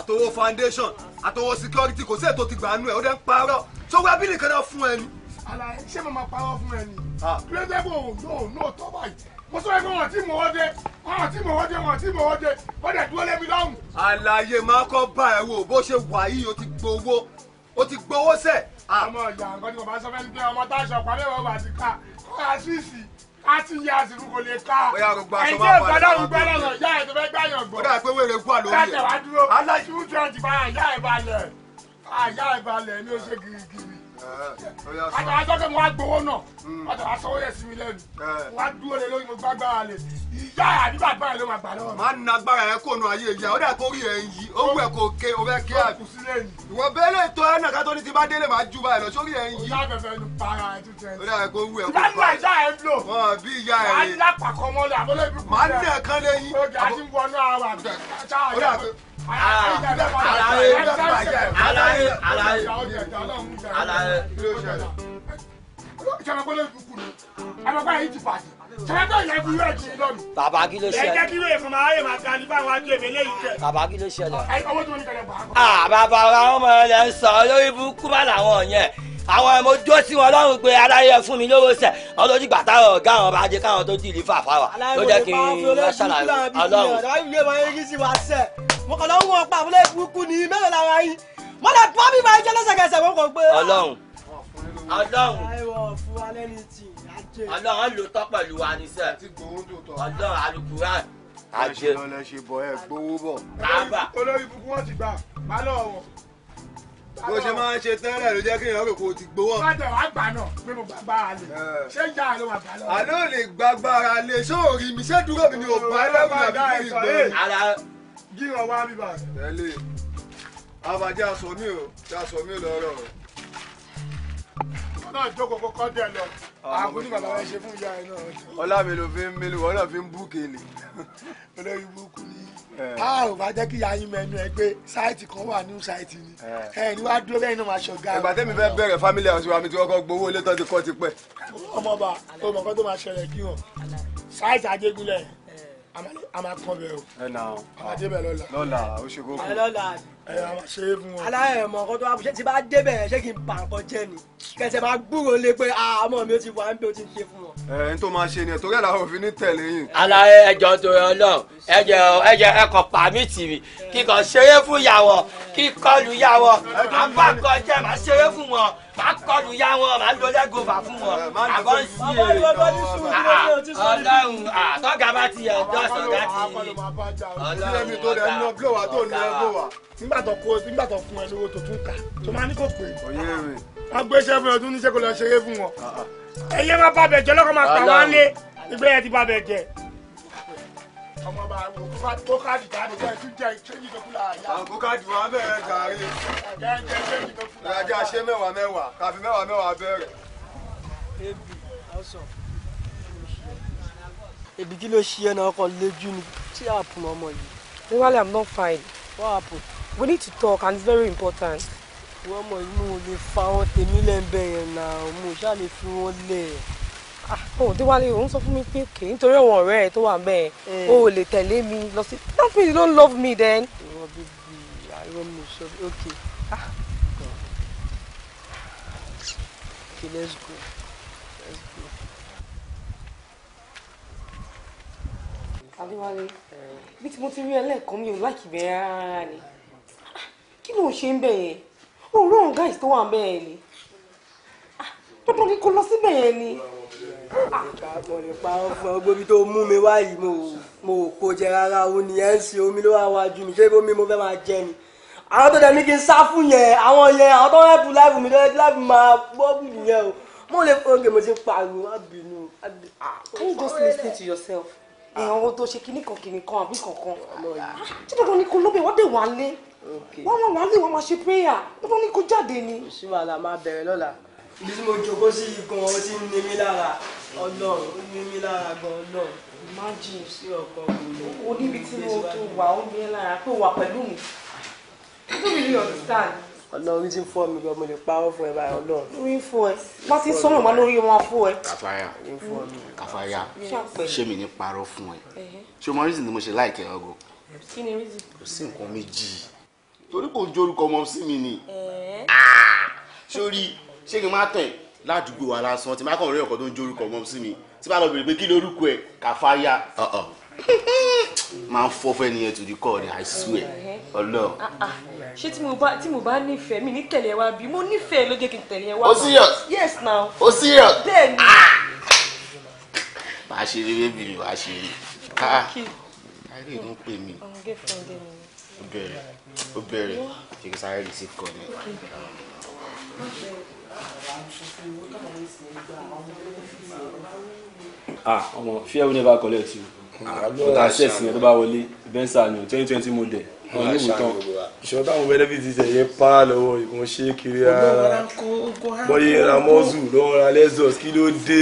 àtọwọ́ foundation àtọwọ́ security kò sí ètò ti gbà á nú ẹ ó dẹ́ ń parọ́ sọ wá bílì kan náà fún ẹ ni. Ala ṣé mo máa parọ́ fún ẹ ni kílódé bò yóò náà tọ́ báyìí mo sọ pé wọn ti mọ ọ dé wọn ti mọ ọ dé wọn ti mọ ọ dé wọn dẹ̀ dúró lẹ́mi lọ́hùn. àlàyé máa kọ́ bá ẹ wò bó ṣe wà yìí o ti gbowó o ti gbowó sẹ̀. ọmọ ìyá nǹkan ni bàbá sọ fẹ́ ní pé ọmọ tá a ṣe ọ̀pá mẹ́wàá bá ti ká kọ́ àṣìṣì a ti yà àṣìṣì kò lè ká. ó yà rò gba aṣọ ìyá ẹ̀ tó fẹ́ gbáyàn gbọ́. ó dà àtàwọn àtọ́kẹ́ mo wá náà àtàwọn aṣọ oyè sí mi lẹ́nu eh. wá dúró lórí mo gbá gbára ìyá àbí bàbá ló máa gbà lọ́wọ́. máa na agbára ẹ kò nu ayé ìyá ó dà kó rí ẹ yí ó wù ẹ kó ké o fẹ́ ké àbí. ìwọ bẹ́ẹ̀ lè tó ẹ nàka tó ní ti bá délé máa ju báyìí lọ sórí ẹ yí. ó dà fẹ́fẹ́ nu ẹ kó wù ẹ kó para. ìbánu ẹ lò. ọ bí ìyá ẹ rè. máa ń dà pàkọ́ mọ́lẹ̀ àbọ̀lẹ́ bí kò àlàyé bàbá kí ló ṣẹlẹ̀. ẹ jẹ́ kí wéè fún máa yé màá ga ní báwọn ajé mi léyìí tẹ̀. bàbá kí ló ṣẹlẹ̀. owó tí wọ́n ní kẹlẹ̀ bàá. bàbá àwọn ọmọ rẹ̀ ń sọ lórí burúkú bá làwọn yẹn àwọn ọmọ ojú sí wọn lọ́rùn pé aláyẹ fún mi lówó sẹ̀ wọn lójú gbàtà ọ̀gá àwọn bàjẹ́ káwọn tó ti rí fàfà wà ló jẹ́ kí n lọ́ ṣàlàyé ọlọ́run mo kàn lọ ń wọn pa burúkú ni mélòó lára yín mo lè tún ábí máa jẹ́ lẹ́sẹ̀kẹsẹ̀ mo kàn pé. ọlọ́run ah! ọlọ́run ọlọ́run á lò tọ́ pẹ̀lú wa ní sẹ́ẹ̀ ọlọ́run àlùkùrá àjẹ ọlọ́run ṣe bọ̀ ẹ gbowó bọ̀. olórí burúkú wọn ti gbà má lọ́wọ́ bó ṣe máa ń ṣe tẹ́lẹ̀ ló jẹ́ kí èèyàn rò pé ti gbowó. bàtà wàá náà pé mo gbàgbára lé ṣé ìyá ló máa gbà lọ. àlọ́ lè gbàgbára lé e. ṣé òòrì mi ṣé dúró mi ni ò bá ẹlẹ́gùn àbí kí n gbé gírọ̀ wá bíbà. tẹ́lẹ̀ abajá sọ mí o já sọ mí lọ́rọ̀ o. náà jókòó kọ́kọ́ dẹ̀ lọ ah, àgbo ní bàbá rẹ ṣe fún ìyá rẹ náà. ọlá mi ló fi ń mílí wọn náà fi ń bú kele. olórí burúkú ni eh. a ò bá jẹ́ kí ìyá yín mẹ́nu ẹ pé sáìtì kan wà ní sáìtì ni eh. ẹ ní wàá dúró bẹ́ẹ̀ náà máa ṣọ̀gá. ìgbà tẹ́mi fẹ́ bẹ̀rẹ̀ family house wa mi ti kọ́kọ́ gbowó ilé tó ti kọ́ ti pẹ́. ọmọọba o mọ̀ kó tó máa ṣẹlẹ̀ kí wọn sáìtì Ajégúnlẹ̀ a máa kàn bẹ́ẹ̀ o. ẹ nà a máa débẹ̀ lọ́la. lọ́la o ṣe kókó. ẹ lọ́la. ẹ a máa ṣe é fún wọn. aláyẹ̀ mọ̀ ọkọ tó wá ṣé ti bá débẹ̀ ṣé kí n pa nǹkan jẹ ni. kẹsẹ̀ máa gbúròó lé pé àmọ́ ah, mi ti wà ń bẹ o ti ṣe fún wọn ẹ n tó máa ṣe ni torí ẹ làwọn òfin tẹ̀lé yìí. alaye ẹjọ tó yọ náà ẹjẹ ẹjẹ ẹkọ pàmì tìmí kíkọ ṣeré fún yàwọ kíkọlù yàwọ abákọjẹ máa ṣeré fún wọn máa kọlù yà máa lọ lẹgọfà fún wọn àbọ ń sí èrè ah, ah, Ọlọ́run àtọgà ah, bá ti yẹ ọjọ́ sọgá ti yé Ọlọ́run ọgá nígbà tó kó nígbà fún ẹ lówó tó tún kà tó máa ní kò pè é. fún ẹ tún níṣẹ́ kó lọ ṣeré fún wọn ẹyẹ máa bá bẹ̀jẹ̀ lọ́kọ̀ máa pa wá lé ìgbéyà ti bá bẹ̀jẹ̀. àwọn káàdì jáde bẹ̀rẹ̀ gàrí. ìrajà ṣe mẹ́wàá mẹ́wàá kàfi mẹ́wàá mẹ́wàá bẹ̀rẹ̀. èbí kí ló ṣe ẹ náà ọkọ lójú ni tí àpò ọmọ yìí. wíwálé i'm not fine what happened we need to talk and it's very important wọ́n mọ̀ inú lè fa wọn tèmi lẹ́ńbẹ̀ yẹn náà mo ṣáà lè fi wọn lẹ̀. ohun tí wàá lè òun sọ fún mi pé kì í nítorí àwọn ọ̀rẹ́ ẹ̀ tó wà bẹ́ẹ̀ eh. o ò lè tẹ̀lé mi lọ sí nothing you don't love me then. ìwọ bíbí àìrọ mi sọ ok ah okay let's go. adéwálé eh. bí tí mo ti rí ẹlẹ́ẹ̀kan mi ò láìkí bẹ́ẹ̀ rárá ni ah, kí ló ń ṣe ń bẹ̀ yẹn òru oh, àwọn guys wà bẹ́ẹ̀ ni dandan ah, ni kò lọ síbẹ̀ yẹn ni. Ah. mo tó mú mi wá yìí mo ò kó jẹ rárá o ní ẹ̀ ń sin omi ló wà wájú mi ṣé omi mo fẹ́ máa jẹ ni àwọn tó dẹ̀ ní kí n sá fún yẹn àwọn yẹn àwọn tó ń rẹ́pù láìpù mi lọ́wọ́ láìpù máa gbọ́ bùbù yẹn o mo lè oge mo ti pariwo abinu. Ah. can you just listen to yourself? ẹ̀hàn o tó ṣe kíní kan kíní kan àbí kankan. tí dandan ni kò lóbẹ̀ wọ́n dé wà lé wọ́n wọ́n wálé wọ́n máa ṣe prayer wọ́n ní kó jáde ni. kò sí wàhálà máa bẹ̀rẹ̀ lọ́la. ibi tí mo jókòó sí gan ó ti ń ní mi lára ọlọ́run ó ní mi lára gan ọlọ́run. imagine sí ọkọ mi. o níbi tí mo tó wà ó ní lára pé wà pẹ̀lú mi. you don't really understand. ọlọ́run ti ń fọ́ mi gan mo lè parọ́ fún ẹ báyìí ọlọ́run. lórí fún ẹ wọ́n ti sọ̀rọ̀ wọn lórí wọn fún ẹ. kàfáyà kàfáyà ṣé mi ní parọ́ fún ẹ ṣé o mọ reason ni mo torí kò jorúkọ ọmọ sí mi ni sórí ah! ṣé kí n má tẹ̀ ládùúgbò wa lásán tí má kàn rí ọkọ tó ń jorúkọ ọmọ sí mi tí bá lọ bèrè pé kí lórúkọ ẹ Kàfáyà máa ń fọ́fẹ́ nìyẹn to the core I swear ọlọ. Ah, ah. ṣé tí mo bá tí mo bá nífẹ̀ẹ́ mi ní tẹ̀lé ẹ wá bí mo nífẹ̀ẹ́ ló jẹ́ kí n tẹ̀lé ẹ wá. o serious yes now. o serious bẹ́ẹ̀ni. máa ṣe eré bèbí mi máa ṣe eré. káà káà lè mú pè mí. bẹ́ẹ̀ ó bẹ̀rẹ̀ ṣe kí sáré receive call ah ọmọ fear we never collect you. ọ̀tá access yẹn tó bá wọlé bẹ́ńsà ni twenty twenty model wọn ní ìwòtán ìṣòro táwọn bẹ́lẹ́bí ti tẹ̀ yẹn pa lọ́wọ́ ìbọn ṣe kiri ara bọ́yé ra mọ́sù lọ́wọ́ ra lẹ́sọ̀s kí ló ti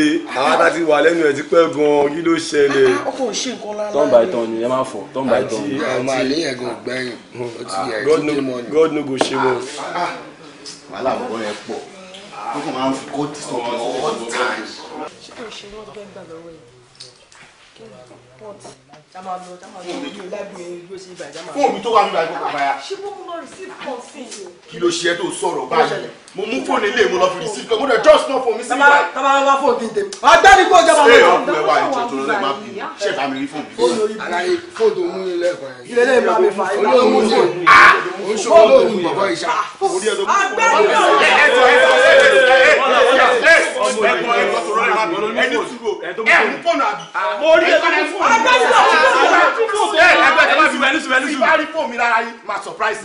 wà lẹ́nu ẹ̀ ti pẹ́ gan-an kí ló ṣẹlẹ̀. ọkọ ah, ah, ò ṣe nǹkan lára tọ́ǹbà ìtàn ni ẹ máa fọ tọ́ǹbà ìtàn ni. ọmọ àléyàn gan gbẹ̀yìn hmm. ó ti yẹ kí ah, ni. God no go ṣe mọ́. wàhálà bọ́ ẹ pọ̀ ó kàn máa ń fi kó ti sọ̀rọ̀ all time. ṣé òṣèlú ọgbẹ́ gbà lọ́wọ́ yìí fóònù tó wà nígbà ìgbà bàyà. ṣé mo mú kí ló ṣe é tó sọ̀rọ̀ báyìí mo mú fóònù ilé mo lọ fi rìsí pé mo dẹ̀ just náà fóònù mi sí ìwà. tọ́ba máa fóònù kí n tẹ̀. agbẹ́ni kó jọba mi. ṣé ọkùnrin ẹwà ìjọ tó lọ́lẹ̀ máa bí ṣé ìfàmì rí fóònù. fóònù yìí ara fóònù tó mú ilé ẹ̀kọ́ yẹn. ilé ilé máa mi fa ìgbà tó mú o ṣòwò olóògùn bàbá ìṣá. agbẹ́ni náà. rí ẹ lórí fóònù. agbẹ́ni náà mú fóònù. ẹ ẹgbẹ́ ẹ má fi wẹ̀ ní sùn wẹ̀ ní sùn. ìbá rí fóònù mi rárá yìí máa surprise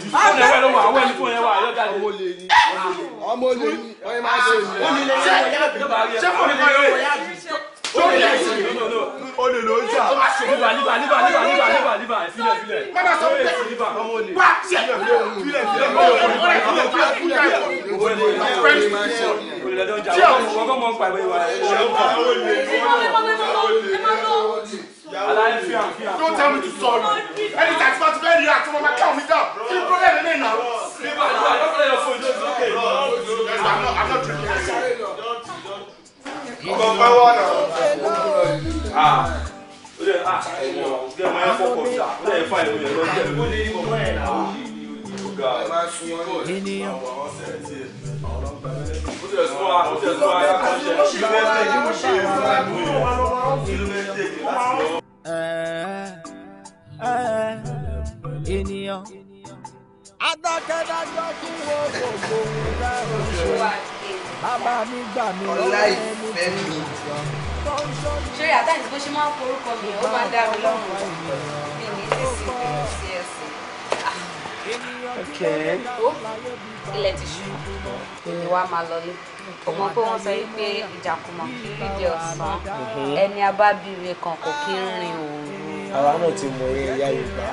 ọmọ olè yìí ọyẹ máa ṣe èyí. ó ní ilé yẹn fún mi kọ́ yóò wọ̀ yá bí. ó ní ilé yẹn ó lè lọ jà. ó máa ṣe nípa nípa nípa nípa nípa nípa nípa ìfilẹ̀ filẹ̀. bàbá sọ fún mi pé ọmọ olè wá ṣe filẹ̀ filẹ̀ filẹ̀ filẹ̀ filẹ̀ filẹ̀ filẹ̀ olè lọ́dọ̀ jà wọ́n kọ́ mọ́ ń pa ìwé wa. olè olè olè olè Don't tell me to sorry. Any time you very react, my count me down. You problem me now. I'm not. I'm not Don't. You come by one. Ah. Ah. Get my phone. Get my phone. Get my phone ènìyàn. ènìyàn. adákẹ́dájọ́ kí wo gbogbo ohun dáhùn ṣe bàbá mi gbà mí lọ́wọ́ ẹni tí mo jọ. ṣé àtàǹtí bó ṣe máa ń forúkọ mi ó máa dá mi lọ́rùn ilẹ̀ ti ṣú ni wàá máa lọlé ọmọ pé wọ́n sọ yìí pé ìjàkùmọ̀ kí rí di ọ̀sán mm-hmm. ẹni abábíire kan kò kí ń rin òru. àwa náà ti mọ eré ìyá yorùbá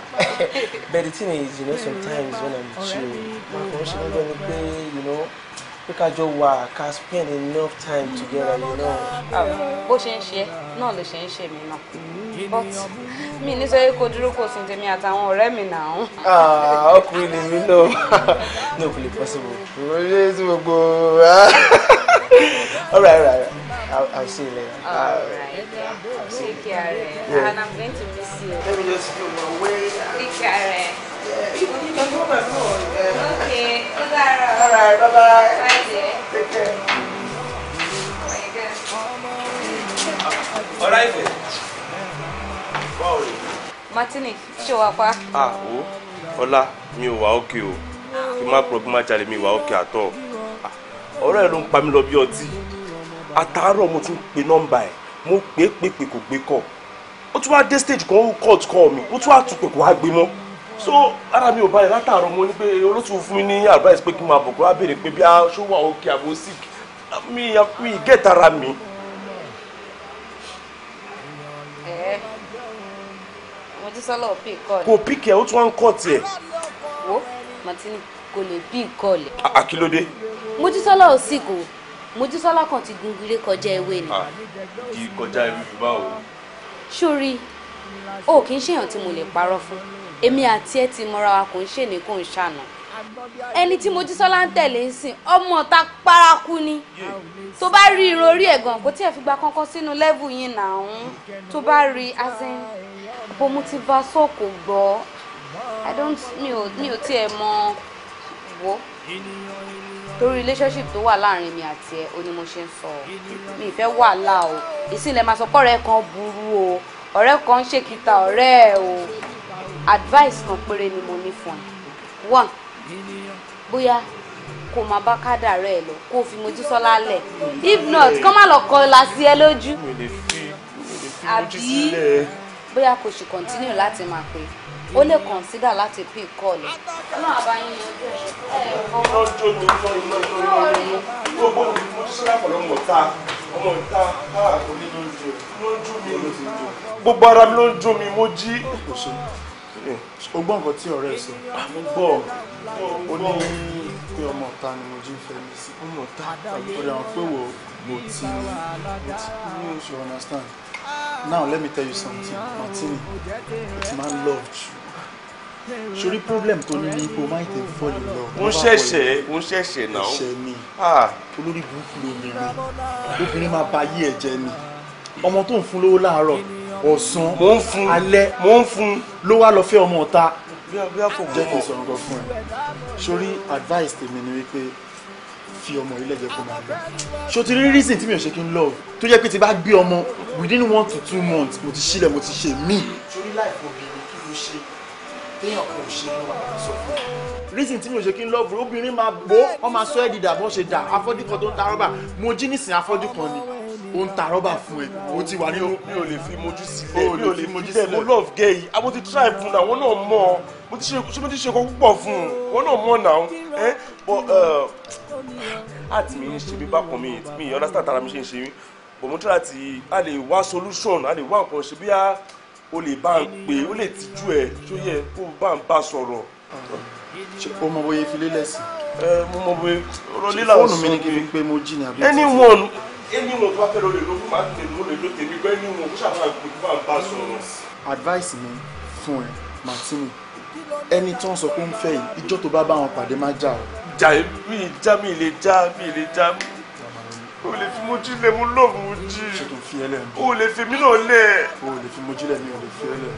but the thing is you know sometimes when i'm chill my function ọjọ́ ni pé you know pé ká jọ wà ká spend enough time together you know. bó ṣe ń ṣe náà ló ṣe ń ṣe mí náà. Mm-hmm but mi ní sọ́yẹ́ kó dúró kó sùn tèmi àtàwọn ọ̀rẹ́ mi náà. Ah, ọkùnrin ni mí náà no kò lè possible kò lè sí gbogbo ah. all right all right I'll, see you later. All ah. right. All right. Take care. Yeah. And I'm going to miss you. Let me just go my way. Take care. Yeah. You can my phone. Yeah. Okay. All right. Bye bye. Bye dear. Take care. Oh my God. All right martini ṣé wàá pa. ah wo ọlá mi ò wá òkè o kí n má pọ̀ kí n má jalè mi ò wá òkè àtọ̀ ọ̀rẹ́ ló ń pa mí lọ bí ọtí àtàárọ̀ mo tún pe nọ́mbà ẹ̀ mo pè é pè pè kò gbé kọ̀ ó tún wá dé stage kan ó court call mi ó tún wá tún pè kò wá gbé mọ́ so ara mi ò balẹ̀ látàárọ̀ mo ní pé olóṣù fún mi ní advice pé kí n máa bọ̀ kó wá béèrè pé bí aṣọ wà òkè àbò sick mi mi mi. Mojísọ́lá ò pè kọ́ọ̀lì. kò pìkì ẹ̀ ó tún wá ń kọ́ tiẹ̀. wo Martini kò lè bí ìkọ́ọ̀lì. àkìlódé. Mojísọ́lá ò sì kò Mojísọ́lá kan ti gungire kọjá ewé ni. kì í kọjá ewé bá o. sórí o kì í ṣèyàn tí mo lè parọ́ fún èmi àti ẹ ti mọra wa kò ń ṣèní kò ń ṣàná ẹni tí Mojísọ́lá ń tẹ̀lé ń sìn ọmọ ta paraku ni tó bá rí irun orí ẹ̀ gan kò tí ẹ̀ fi gba kankan sínú lẹ́vù yìí nàún tó bá rí azin bó mo ti bá sọ́ọ̀kò gbọ́ mi ò tiẹ̀ mọ wo torí relationship tó wà láàrin mi àti ẹ o ni mo ṣe ń sọ mi ìfẹ́ wàhálà o ìsìnlẹ̀ máa sọ pé ọ̀rẹ́ kan burú o ọ̀rẹ́ kan ṣèkìtà ọ̀rẹ́ ẹ o advice kan péré ni mo ní fún ẹ one bóyá kó máa bá kádà rẹ lọ kó fi mojú sọlá lẹ if not kó má lọ kọ lásì ẹ lójú àbí bóyá kò sì continue láti máa pè ó lè consider láti pín kọ́ọ̀lù. ọlọ́run àbáyé yanjú ẹ̀ ọmọ. lọ́jọ́ ló ń sọ iná iná iná iná gbogbo mojúsọ́lá pẹ̀lú ọmọ ta ọmọ ta káàkiri ló ń jó mi ló ń jó mi gbogbo ara mi ló ń jó mi mo jí. Eh, o gbọ́ nǹkan tí ọ̀rẹ́ sọ. àmú ah, gbọ́ ó ní pé ọmọ ọ̀tá ni mo jí fẹ́ mi sí. ọmọ ọ̀tá àbúrò àwọn pé wò mo ti mo ti ní oṣù understand now let me tell you something martini it man love you sori problem tó ní ní ipò máa ń tẹ̀ fall in love. ṣẹ̀ṣẹ̀ ń ṣẹ̀ṣẹ̀ náà. ẹ̀ṣẹ̀ ni ah. olórí burúkú lóbìnrin lóbìnrin máa ba ayé ẹ̀ jẹ́ ọmọ tó ń fún lówó láàárọ̀ ọ̀sán alẹ́ mò ń fún ló wá lọ fẹ́ ọmọ ọ̀ta jẹ́ kí n sọ̀rọ̀ kan fún ẹ sórí advice tèmi ni wípé fi ọmọ ilé jẹ kó máa lọ ṣó reason tí mi ò ṣe kí n love tó jẹ́ pé ti bá gbé ọmọ within one to two months mo ti ṣílẹ̀ mo ti ṣe mí. torí láìpọ̀ obìnrin kí ló ṣe téèyàn kan ò ṣe ló wà sọ fún mi. reason tí mi ò ṣe kí n lọ́ọ̀bù obìnrin máa bó wọ́n máa sọ ẹ́ di dà bọ́ ṣe dà afọ́jú kan tó ń ta rọ́bà mo jí nísìnyí afọ́jú kan ni ó ń ta rọ́bà fún ẹ o ti wà ní mi ò lè fi mojú sílẹ̀ mi ò lè fi mojú sílẹ̀ mo love gay yìí ah, abo ti try fún un náà wọn náà mọ̀ ọ́ mo ti ṣe ṣé mo ti ṣe kọ́ púpọ̀ fún un wọn náà mọ̀ náà ẹ bọ àti mi ń ṣe bí bákan mi mi understand tara mi ṣe ń ṣe mí bọ̀ mo try àti a lè wá solution a lè wá nǹkan ṣe bí a o lè bá ń pè o lè tijú ẹ tó yẹ kó o bá ń bá sọ̀rọ̀. o mọ bóyá fi lélẹ̀ sí. ẹ mo mọ bóyá ọ̀rọ̀ lílà ọ̀sán mi. fóònù mi ni kí n pé mo jí ni àbí. anyone anyone tó bá fẹ́ lọ lè lo fún màá tèmi mo lè lo tèmi gbọ́ anyone kó ṣàfihàn pé kó bá ń bá sọ̀rọ̀. advice mi fún ẹ Martini ẹni tí wọ́n sọ pé ń fẹ́ yìí ìjọ́ tó bá bá wọn pàdé má jà o. jà mí jà mí lè jà mí lè jà mí o lè fi mojú lẹ mo lọ mo jí o lè fi mí náà lẹ. o lè fi mojú lẹ mi ò lè fi ẹ lẹ.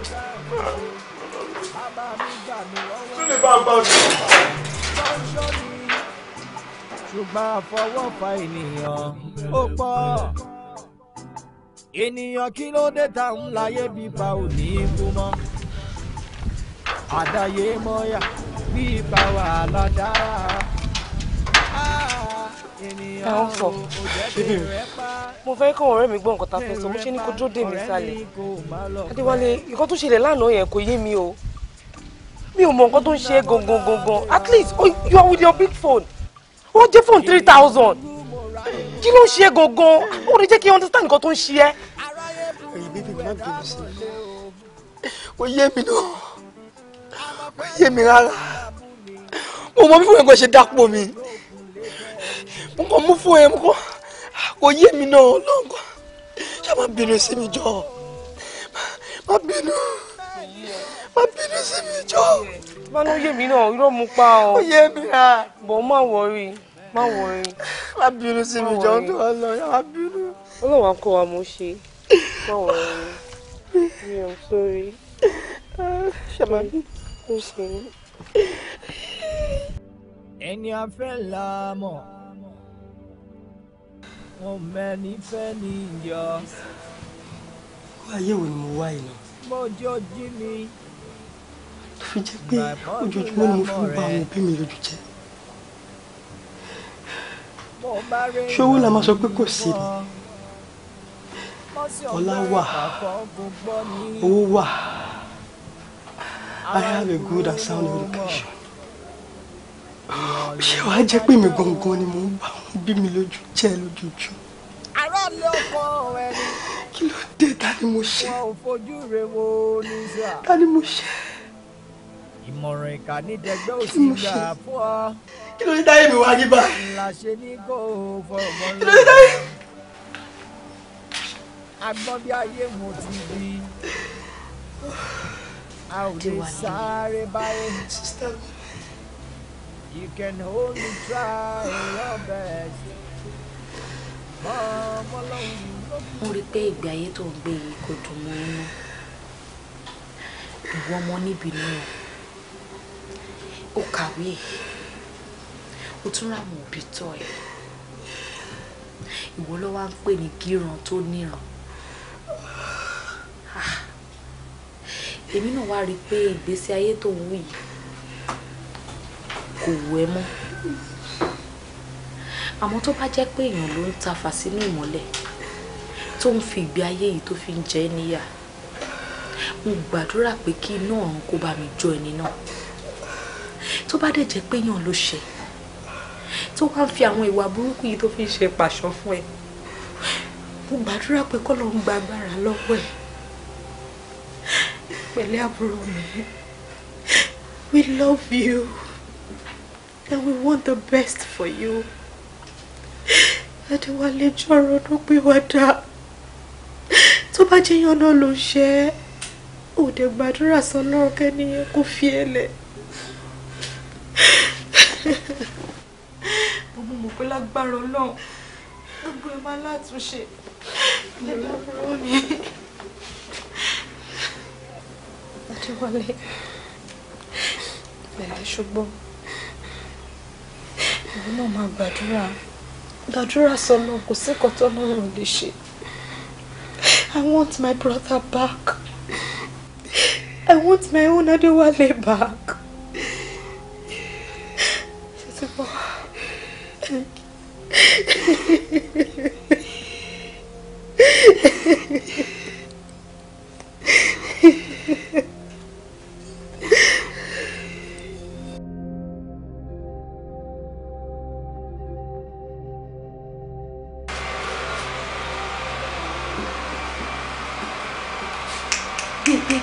tó lè bá a gbà ọdún. ṣùgbọ́n àfọwọ́fà ènìyàn ó pọ̀ ènìyàn kí ló dé ta ń láyé bíbá ò ní í kú mọ́ àdáyé mọ́yà bíbá wà ládàá. Ah ẹ ń sọ mo fẹ́ kọ́ ọ̀rẹ́ mi gbọ́ nǹkan tá a fẹ́ sọ mo ṣe ní kó dúró dè mí sálẹ̀ Adéwálé nǹkan tó ṣẹlẹ̀ lánàá yẹn kò yé mi o mi ò mọ nǹkan tó ń ṣe gangan gangan at least oh, you are with your big phone wọ́n jẹ́ phone three thousand kí ló ń ṣe gangan ó lè jẹ́ kí n understand nǹkan tó ń ṣe ẹ́. ẹyin bíbí mi máa ń bèrè sí i ó yé mi náà ó yé mi rárá mo mọ bí fún ẹgbẹ́ ṣe dápò mi mo kàn mú fún ẹ mo kàn kò yé mi náà lọ́nkọ́ ṣé má bínú sí mi jọ má bínú má bínú sí mi jọ. má ló yé mi náà irọ́ mu pa ọ. ó yé mi rà. bọ̀ má wọrí má wọrí. má bínú sí mi jọ ń tọ́ lọ yá má bínú. ọlọ́wà kọ́ wa mo ṣe má wọrí mi ò sórí. ṣé má bínú ẹni a fẹ́ la mọ̀ ọmọ ẹni fẹ́ ni kó ayé ni mo wá yìí náà. mọ́jọ́ jí mi. tó fi jẹ́ pé ojoojúmọ́ ni mo fi ń ba àwọn òbí mi lójú jẹ́. ṣówó la máa sọ pé kò sí ni ọlá wà owó wà I have a good and sound education ṣé wàá jẹ́ pé mi gangan ni mo ń bá wọn bí mi lójú jẹ́ lójoojú. ará mi ọkọ ẹni. kí ló dé ta ni mo ṣe. wọn ò fojú rẹ wo ní sà. ta ni mo ṣe. ìmọ̀ràn ìkà ní dẹgbẹ́ òsì gbà fún ọ. kí ló dé táyé mi wá ní báyìí. ńlá ní kó o lọ. kí ló dé táyé. agbọ́n bí ayé mo ti rí. a ò lè sáré báyé. You can only try your best. mo rí i pé ìgbé ayé tó ń gbé yìí kò dùn mọ́ inú ìwọ ọmọ níbi náà ó kàwé ó tún ra mọ̀ òbí tọ́ ẹ̀ ìwọ ló wá ń pè ní gíran tó níran ah. èmi náà wá rí pé ìgbésí ayé tó ń wù yìí kò wù ẹ́ mọ́ àmọ́ tó bá jẹ́ pé èèyàn ló ń ta fà sínú ìmọ́lẹ̀ tó ń fi ìgbé ayé yìí tó fi ń jẹ níyà mo gbàdúrà pé kí iná ọ̀run kó bá mi jó ẹni náà tó bá dẹ̀ jẹ́ pé èèyàn ló ṣe tó wá ń fi àwọn ìwà burúkú yìí tó fi ń ṣe pàṣọ fún ẹ mo gbàdúrà pé kọ́lọ́ ń gba agbára lọ́wọ́ ẹ pẹ̀lẹ́ àbúrò mi we love you and we want the best for you. Adéwálé jọ̀rọ̀ ló pé wá dá. Tó bá jẹ́ yan náà ló ṣe é, ò dẹ̀ gbàdúrà sọlọ́run kẹ́niyẹn kó fi ẹ lẹ̀. Gbogbo mọ̀ pé lágbára Ọlọ́run, gbogbo ẹ máa látúnṣe. Lẹ́bí àbúrò mi. Adéwálé, bẹ̀rẹ̀ ṣùgbọ́n ìwọ náà máa gbàdúrà gbàdúrà sọnà kò sí nǹkan tó lọ́rùn lè ṣe I want my brother back I want my own Adéwálé back ṣe ti bọ́. Hehehehe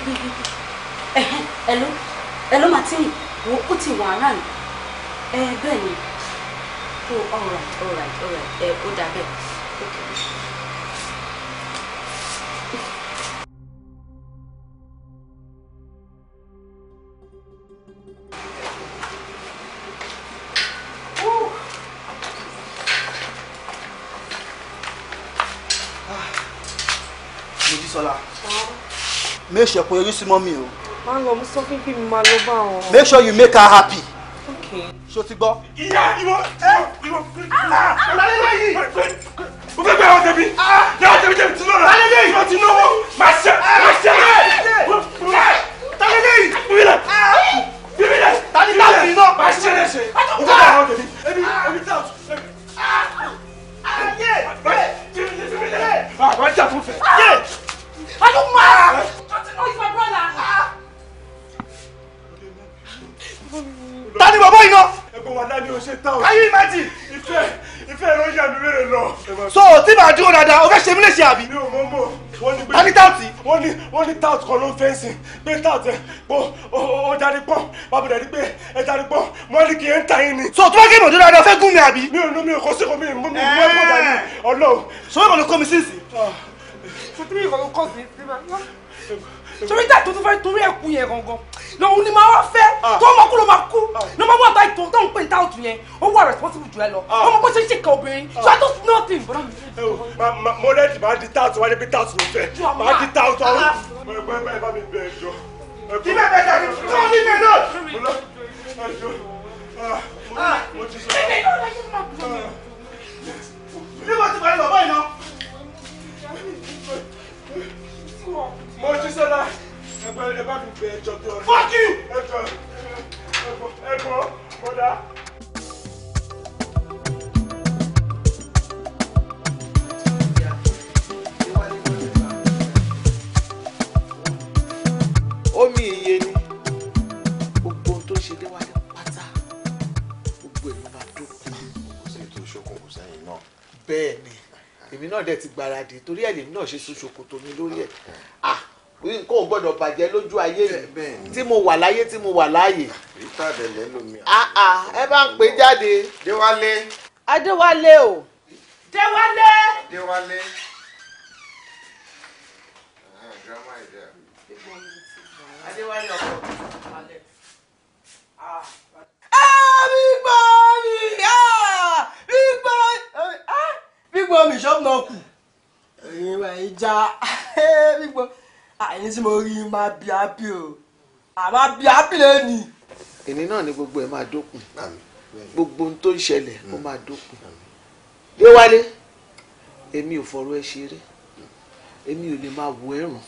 gbé gbé gbé ẹ̀lú ẹ̀lú Martini wo ó ti wà rán ẹ eh, bẹ́ẹ̀ ni oh all right all right all right ẹ eh, ó dà okay. make sure kò yọjú sí mọ́mì o. má lọ mú sọ́kí kí mi máa lọ bá wọn. make sure you make her happy. ṣó ti gbọ́. ìyá ìwọ ẹ ìwọ lálẹ́ lẹ́yìn mo fẹ́ gbé àwọn tẹ̀mí yàrá tẹ̀mí tẹ̀mí ti lọ́la lálẹ́ lẹ́yìn mo ti náwó máa ṣe máa ṣe ẹ̀ tálẹ́ lẹ́yìn bíbí lẹ̀ bíbí lẹ̀ tálẹ́ lẹ́yìn máa ṣe ẹ̀ ṣe. káyé ìmájì ìfẹ́ ìfẹ́ ló yà mí mẹ́rẹ̀ lọ. so tí màá dúró dáadáa o fẹ́ ṣe mí léṣe àbí. mi ò mọ mọ wọn ni pé a ní táùtì. wọn ní wọn ní táùtì kan ló ń fẹ́ǹsì pé táùtì ẹ o o jáde pọ́n bàbá rẹ̀ ni pé ẹ jáde pọ́n wọn ní kì í ń ta yín ni. so tí wọ́n gé ìmọ̀dúró dáadáa o fẹ́ gún mi àbí. mi ò ní mi ò kọ́ sí kò mi mi mi ò kọ́ dání ọlọ́run. sọ wọn kò lè kó mi sínsìn. sọ tí mi ì lòun ni màá wá fẹ́ ah. tó ọmọ kú ló máa kú ah. nọmba wọn ta ìtò tó ń pè ní táwùtù yẹn ó wà responsible jù ẹ lọ ah. ọmọ bó ṣe ń ṣèkà obìnrin so i just nothing. mo rẹ́ẹ̀dì máa di táwùtù wá níbi táwùtù ló fẹ́ máa di táwùtù àwọn ẹgbẹ́ bá mi bẹ ẹjọ́. ibẹ̀ bẹ̀ dàbí tí wọ́n ní ibẹ̀ náà. nígbà tí wàá lọ báyìí náà. mo jí sọ́dá. Fuck you! mi bẹ ẹjọ́ ni gbogbo ohun tó ṣe déwájú pátá gbogbo èmi máa dókun. kò sí ètò ìṣokùnkùn sẹ́yìn náà. bẹ́ẹ̀ ni èmi náà dẹ̀ ti gbáradì torí ẹ̀ lèmi náà ṣe sún ṣòkòtò mi lórí ẹ̀ ah nǹkan ò gbọ́dọ̀ bàjẹ́ lójú ayé mi tí mo wà láyé tí mo wà láàyè. ẹ bá ń pè jáde. déwálé. adéwálé o. déwálé. déwálé. adéwálé ọkọ ṣọ́ọ̀bù náà kù. ìwà ìjà gbígbọ́ àyìn tí mo rí máa bí ápì o àmọ́ bí ápì lè nì. èmi náà ni gbogbo ẹ máa dópin gbogbo ohun tó ń ṣẹlẹ̀ ó máa dópin bí wálé èmi ò fọ̀rọ̀ ẹ ṣeré èmi ò lè máa wo ẹ̀rùn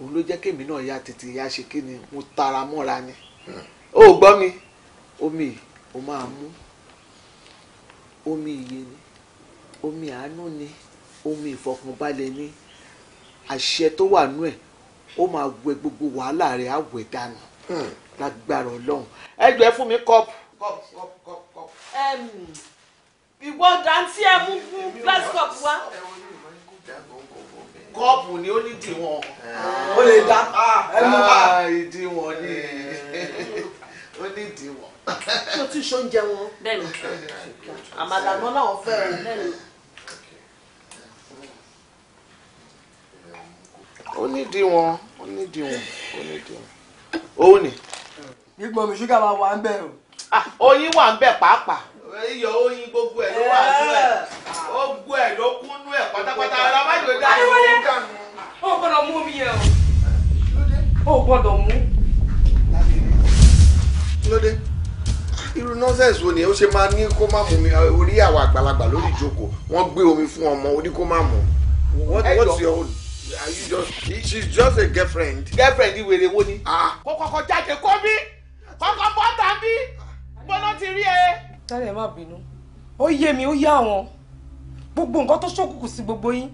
òun ló jẹ́ kémi náà ya tètè ya ṣe kí ni mo tara mọ́ra ni ó gbọ́ mi omi ò máa mú omi ìyè ni omi àánú ni omi ìfọkànbalẹ̀ ni àṣẹ tó wà nú ẹ̀ ó máa wẹ gbogbo wàhálà rẹ̀ á wẹ̀ dànù hmm. lágbára ọlọ́run ẹgbẹ́ fún mi kọ́ọ̀pù. kọ́ọ̀pù kọ́ọ̀pù kọ́ọ̀pù. ìwọ dantí ẹ mú fún glass cup wa. kọ́ọ̀pù ni ó ní dìwọ̀n ah. ó lè dá ah, ẹnu bá ah, ìdíwọ̀n ni ó ní dìwọ̀n. tó ti ṣoúnjẹ wọn. bẹ́ẹ̀ni àmàlà náà làwọn fẹ́ràn bẹ́ẹ̀ni. ó nídìí wọn ó nídìí wọn ó nídìí wọn owó ni. gbígbọ́n mi ṣúgà máa wà ń bẹ̀ o. Ah, oyin wà ń bẹ̀ pàápàá. iyọ̀ oyin gbogbo ẹ̀ ló wà nílẹ̀ eh. gbogbo ẹ̀ ló kúnnú ẹ̀ pátápátá ara má yóò dá ìwé wọn dànù. o gbọ́dọ̀ mú mi yẹn o. o gbọ́dọ̀ mú. lóde irú nọ́sẹ̀sì wo ni ó ṣe máa ní kó má mú mi orí àwọn àgbàlagbà lórí ìjókòó wọ́n gbé omi fún ọmọ ó ní kó má mú. wọ́n ti yọ ọ́ are you just she's just a girlfriend. girlfriend ìwèrè wo ni. Ah. kó kọ́kọ́ jáde kó bí kọ́kọ́ bọ́tà bí gbọ́dọ̀ ti rí ẹ. sáré ẹ má bínú ó yé mi ó yá wọn gbogbo nǹkan tó ṣókùnkùn sí gbogbo yín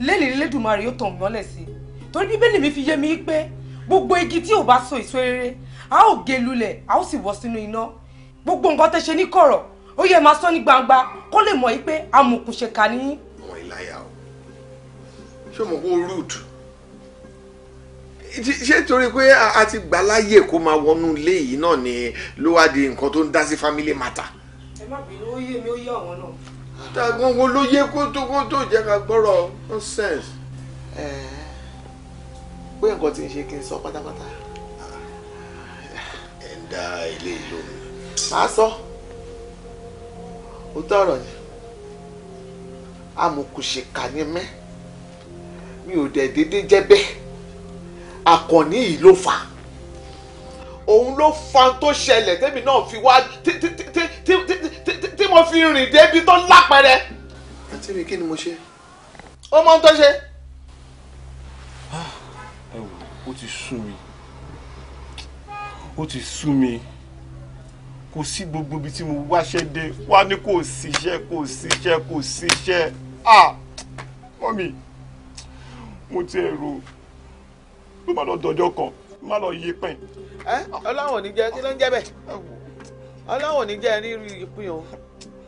lẹ́lẹ̀ lẹ́dùnmarè yóò tàn mọ́lẹ̀ sí i torí bíbélì mi fi yé mi pé gbogbo igi tí ò bá so èso rere a ó gé e lulẹ̀ a ó sì wọ́ sínú iná gbogbo nǹkan tẹ́ ṣe ní kọ̀rọ̀ ó yẹ máa sọ ní gbangba kó lè mọ̀ yí pé amòkùnṣèkà ni yín. ọmọ oh, ìláyà ṣé mo kó rude ṣé torí pé a ti gbà láyè kó máa wọnú ilé ni ló wá di nǹkan tó ń dá sí family matter. ẹ má bínú ó yé mi ó yé àwọn náà. dàgbọ́n wo ló yẹ kó tó kó tó jẹ́ ká gbọ́rọ̀ nonsense. pé n sọ pátápátá. ẹ ń da ilé mi lómi. a sọ òótọ́ ọ̀rọ̀ ni amòkùnṣèkà ni mẹ́ẹ́. mi ò dẹ̀ dédé jẹ́ bẹ́ẹ̀ àkànní yìí ló fà á òun ló fa tó ṣẹlẹ̀ tẹ́mi náà fi wá tí mo fi rìn débi tó lápẹ̀rẹ̀. àti mi kí ni mo ṣe. ó mọ ohun tó ṣe. Ah, ẹ wò ó ti sú mi ó ti sú mi kò sí gbogbo ibi tí mo wáṣẹ́ dé wá ní kò síṣẹ́ kò síṣẹ́ kò síṣẹ́ ah mọ́mì. mo ti ẹ̀ rò ló má lọ dọjọ́ kan má lọ yí pin. ẹ ọlọ́run ò ní jẹ́ kí ló ń jẹ́ bẹ́ẹ̀ ọlọ́run ò ní jẹ́ rírú ìpín o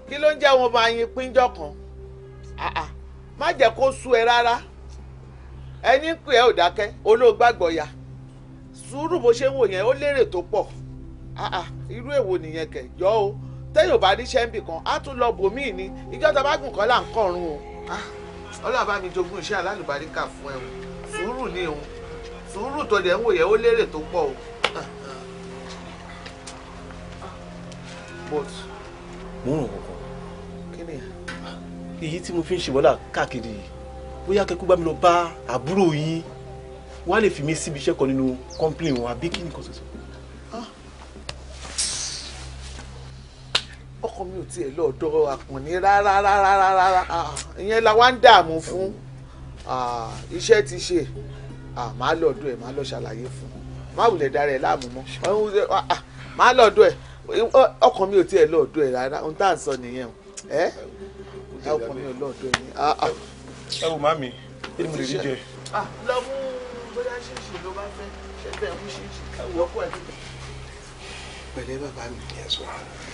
kí ló ń jẹ́ wọn máa yin pínjọ kan má jẹ́ kó su ẹ rárá ẹni pè ẹ́ ò dákẹ́ olóògbàgbọ́ ya sùúrù bó ṣe ń wò yẹn ó lérè tó pọ̀ irú èwo nìyẹn kẹ̀ yọ o tẹ́yìn bá ní ń kan á tún lọ bòmíì ni ìjọ́ tó bá gùn kọ́ là ń kọ̀run o. Ah. ọlọ́run bá mi jogún iṣẹ́ alálùbáríkà fún ẹ o sùúrù ni o sùúrù tó dẹ̀ ń wò ó lérè tó pọ̀ o. but mo ń rò kọ̀ọ̀kan. kí ni èyí tí mo fi ń ṣe wọ́lá káàkiri yìí bóyá kẹ́kú bá mi lọ bá àbúrò yín wọ́n á lè fi mí síbi iṣẹ́ kan nínú kọ́ńpìlì wọn àbí kí ni kò tuntun. ọkọ mi ò tiẹ̀ lọ́ọ̀dọ́ àpọ̀nì rárá rárá rárá ìyẹn la wá ń dààmú fún iṣẹ́ ti ṣe màá lọ́ọ̀dọ́ ẹ̀ màá lọ́ọ́ ṣàlàyé fún má wulẹ̀ dára ẹ̀ láàmú mọ́ màá lọ́ọ̀dọ́ ẹ̀ ọkọ mi ò tiẹ̀ lọ́ọ̀dọ́ ẹ̀ rárá ohun tá à ń sọ nìyẹn ẹ ọkọ mi ò lọ́ọ̀dọ́ ẹ̀ ní. ẹ wò màmí èmi lè rí jẹ. lọ mú bóyá ṣèṣì ló bá fẹ́ ṣẹ́gbẹ́ mú ṣèṣì lọ́kọ̀ ẹ̀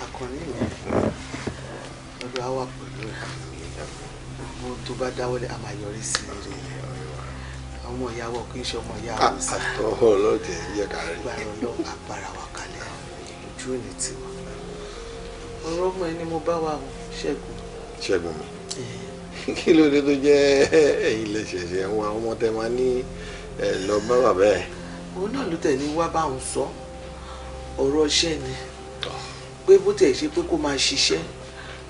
akọni mi lọ́dọ̀ àwa pẹ̀lú rẹ̀ àwọn tó bá dáwọ́lé a máa yọrí sí rere ọmọ ìyàwó kì í ṣe ọmọ ìyàwó sá àtọwọ́ ọlọ́dẹ yẹ ká rí gbàrà lọ àpàrà wà kalẹ̀ ojú òní tiwa ọ̀rọ̀ ọmọ ẹni mo bá wa ṣẹ́gun. ṣẹ́gun mi kí ló dé tó jẹ́ ẹ̀yin lè ṣẹ̀ṣẹ̀ wọn àwọn ọmọ tẹ máa ní lọ bá bàbá ẹ̀. òun náà ló tẹ̀ ní wá báwọn sọ ọ̀rọ̀ iṣẹ́ ni pé bó tiẹ̀ ṣe pé kó máa ṣiṣẹ́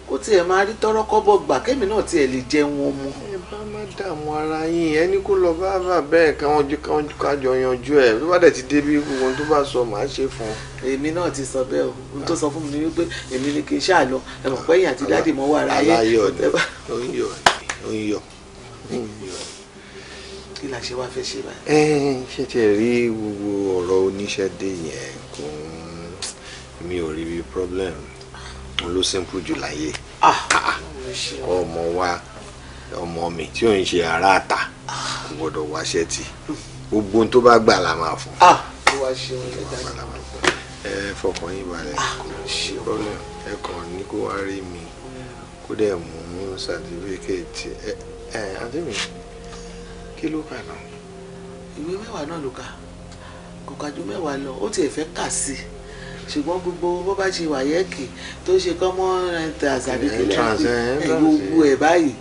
kó tiẹ̀ máa rí tọ́rọ́kọ́bọ̀ gbà kémi náà tiẹ̀ lè jẹun ọmọ. ẹ bá má dààmú ara yín ẹni kó lọ bá bàbá ẹ káwọn ju káwọn ju kájọ yanjú ẹ bí wàá dẹ̀ ti débi gbogbo ohun tó bá sọ màá ṣe fún un. èmi náà ti sọ bẹ́ẹ̀ o ohun tó sọ fún mi ni wípé èmi ni kì í ṣáà lọ ẹ mọ̀ àti dáàdì mọ́ wàrà yé. aláyọ̀ ni ó ń yọ̀ ó ó ń yọ̀ kí la ṣe wá fẹ́ ṣe báyìí. ẹ ṣe tiẹ̀ rí gbogbo ọ̀rọ̀ oníṣẹ́ dé yẹn kò ń mi ò rí bíi problem n ló simple jù láyé ah. Ah, ah. ọmọ wa ọmọ mi tí ò ń ṣe ara àtà kò gbọdọ̀ wá ṣẹ́tì gbogbo ohun tó bá gbà la máa fún ẹ fọkàn yín balẹ̀ problem ẹ kàn ní kó wá rí mi kó dẹ̀ mú certificate ẹ ẹ àti mi kí ló kà náà. ìwé mẹ́wàá náà ló kà kò kà ju mẹ́wàá lọ ó tiẹ̀ fẹ́ kà sí i ṣùgbọ́n gbogbo bó bá ṣe wàyẹ́ẹ̀kì tó ṣe common eh, renters àbí eh, kìlẹ̀ eh, gbogbo ẹ̀ báyìí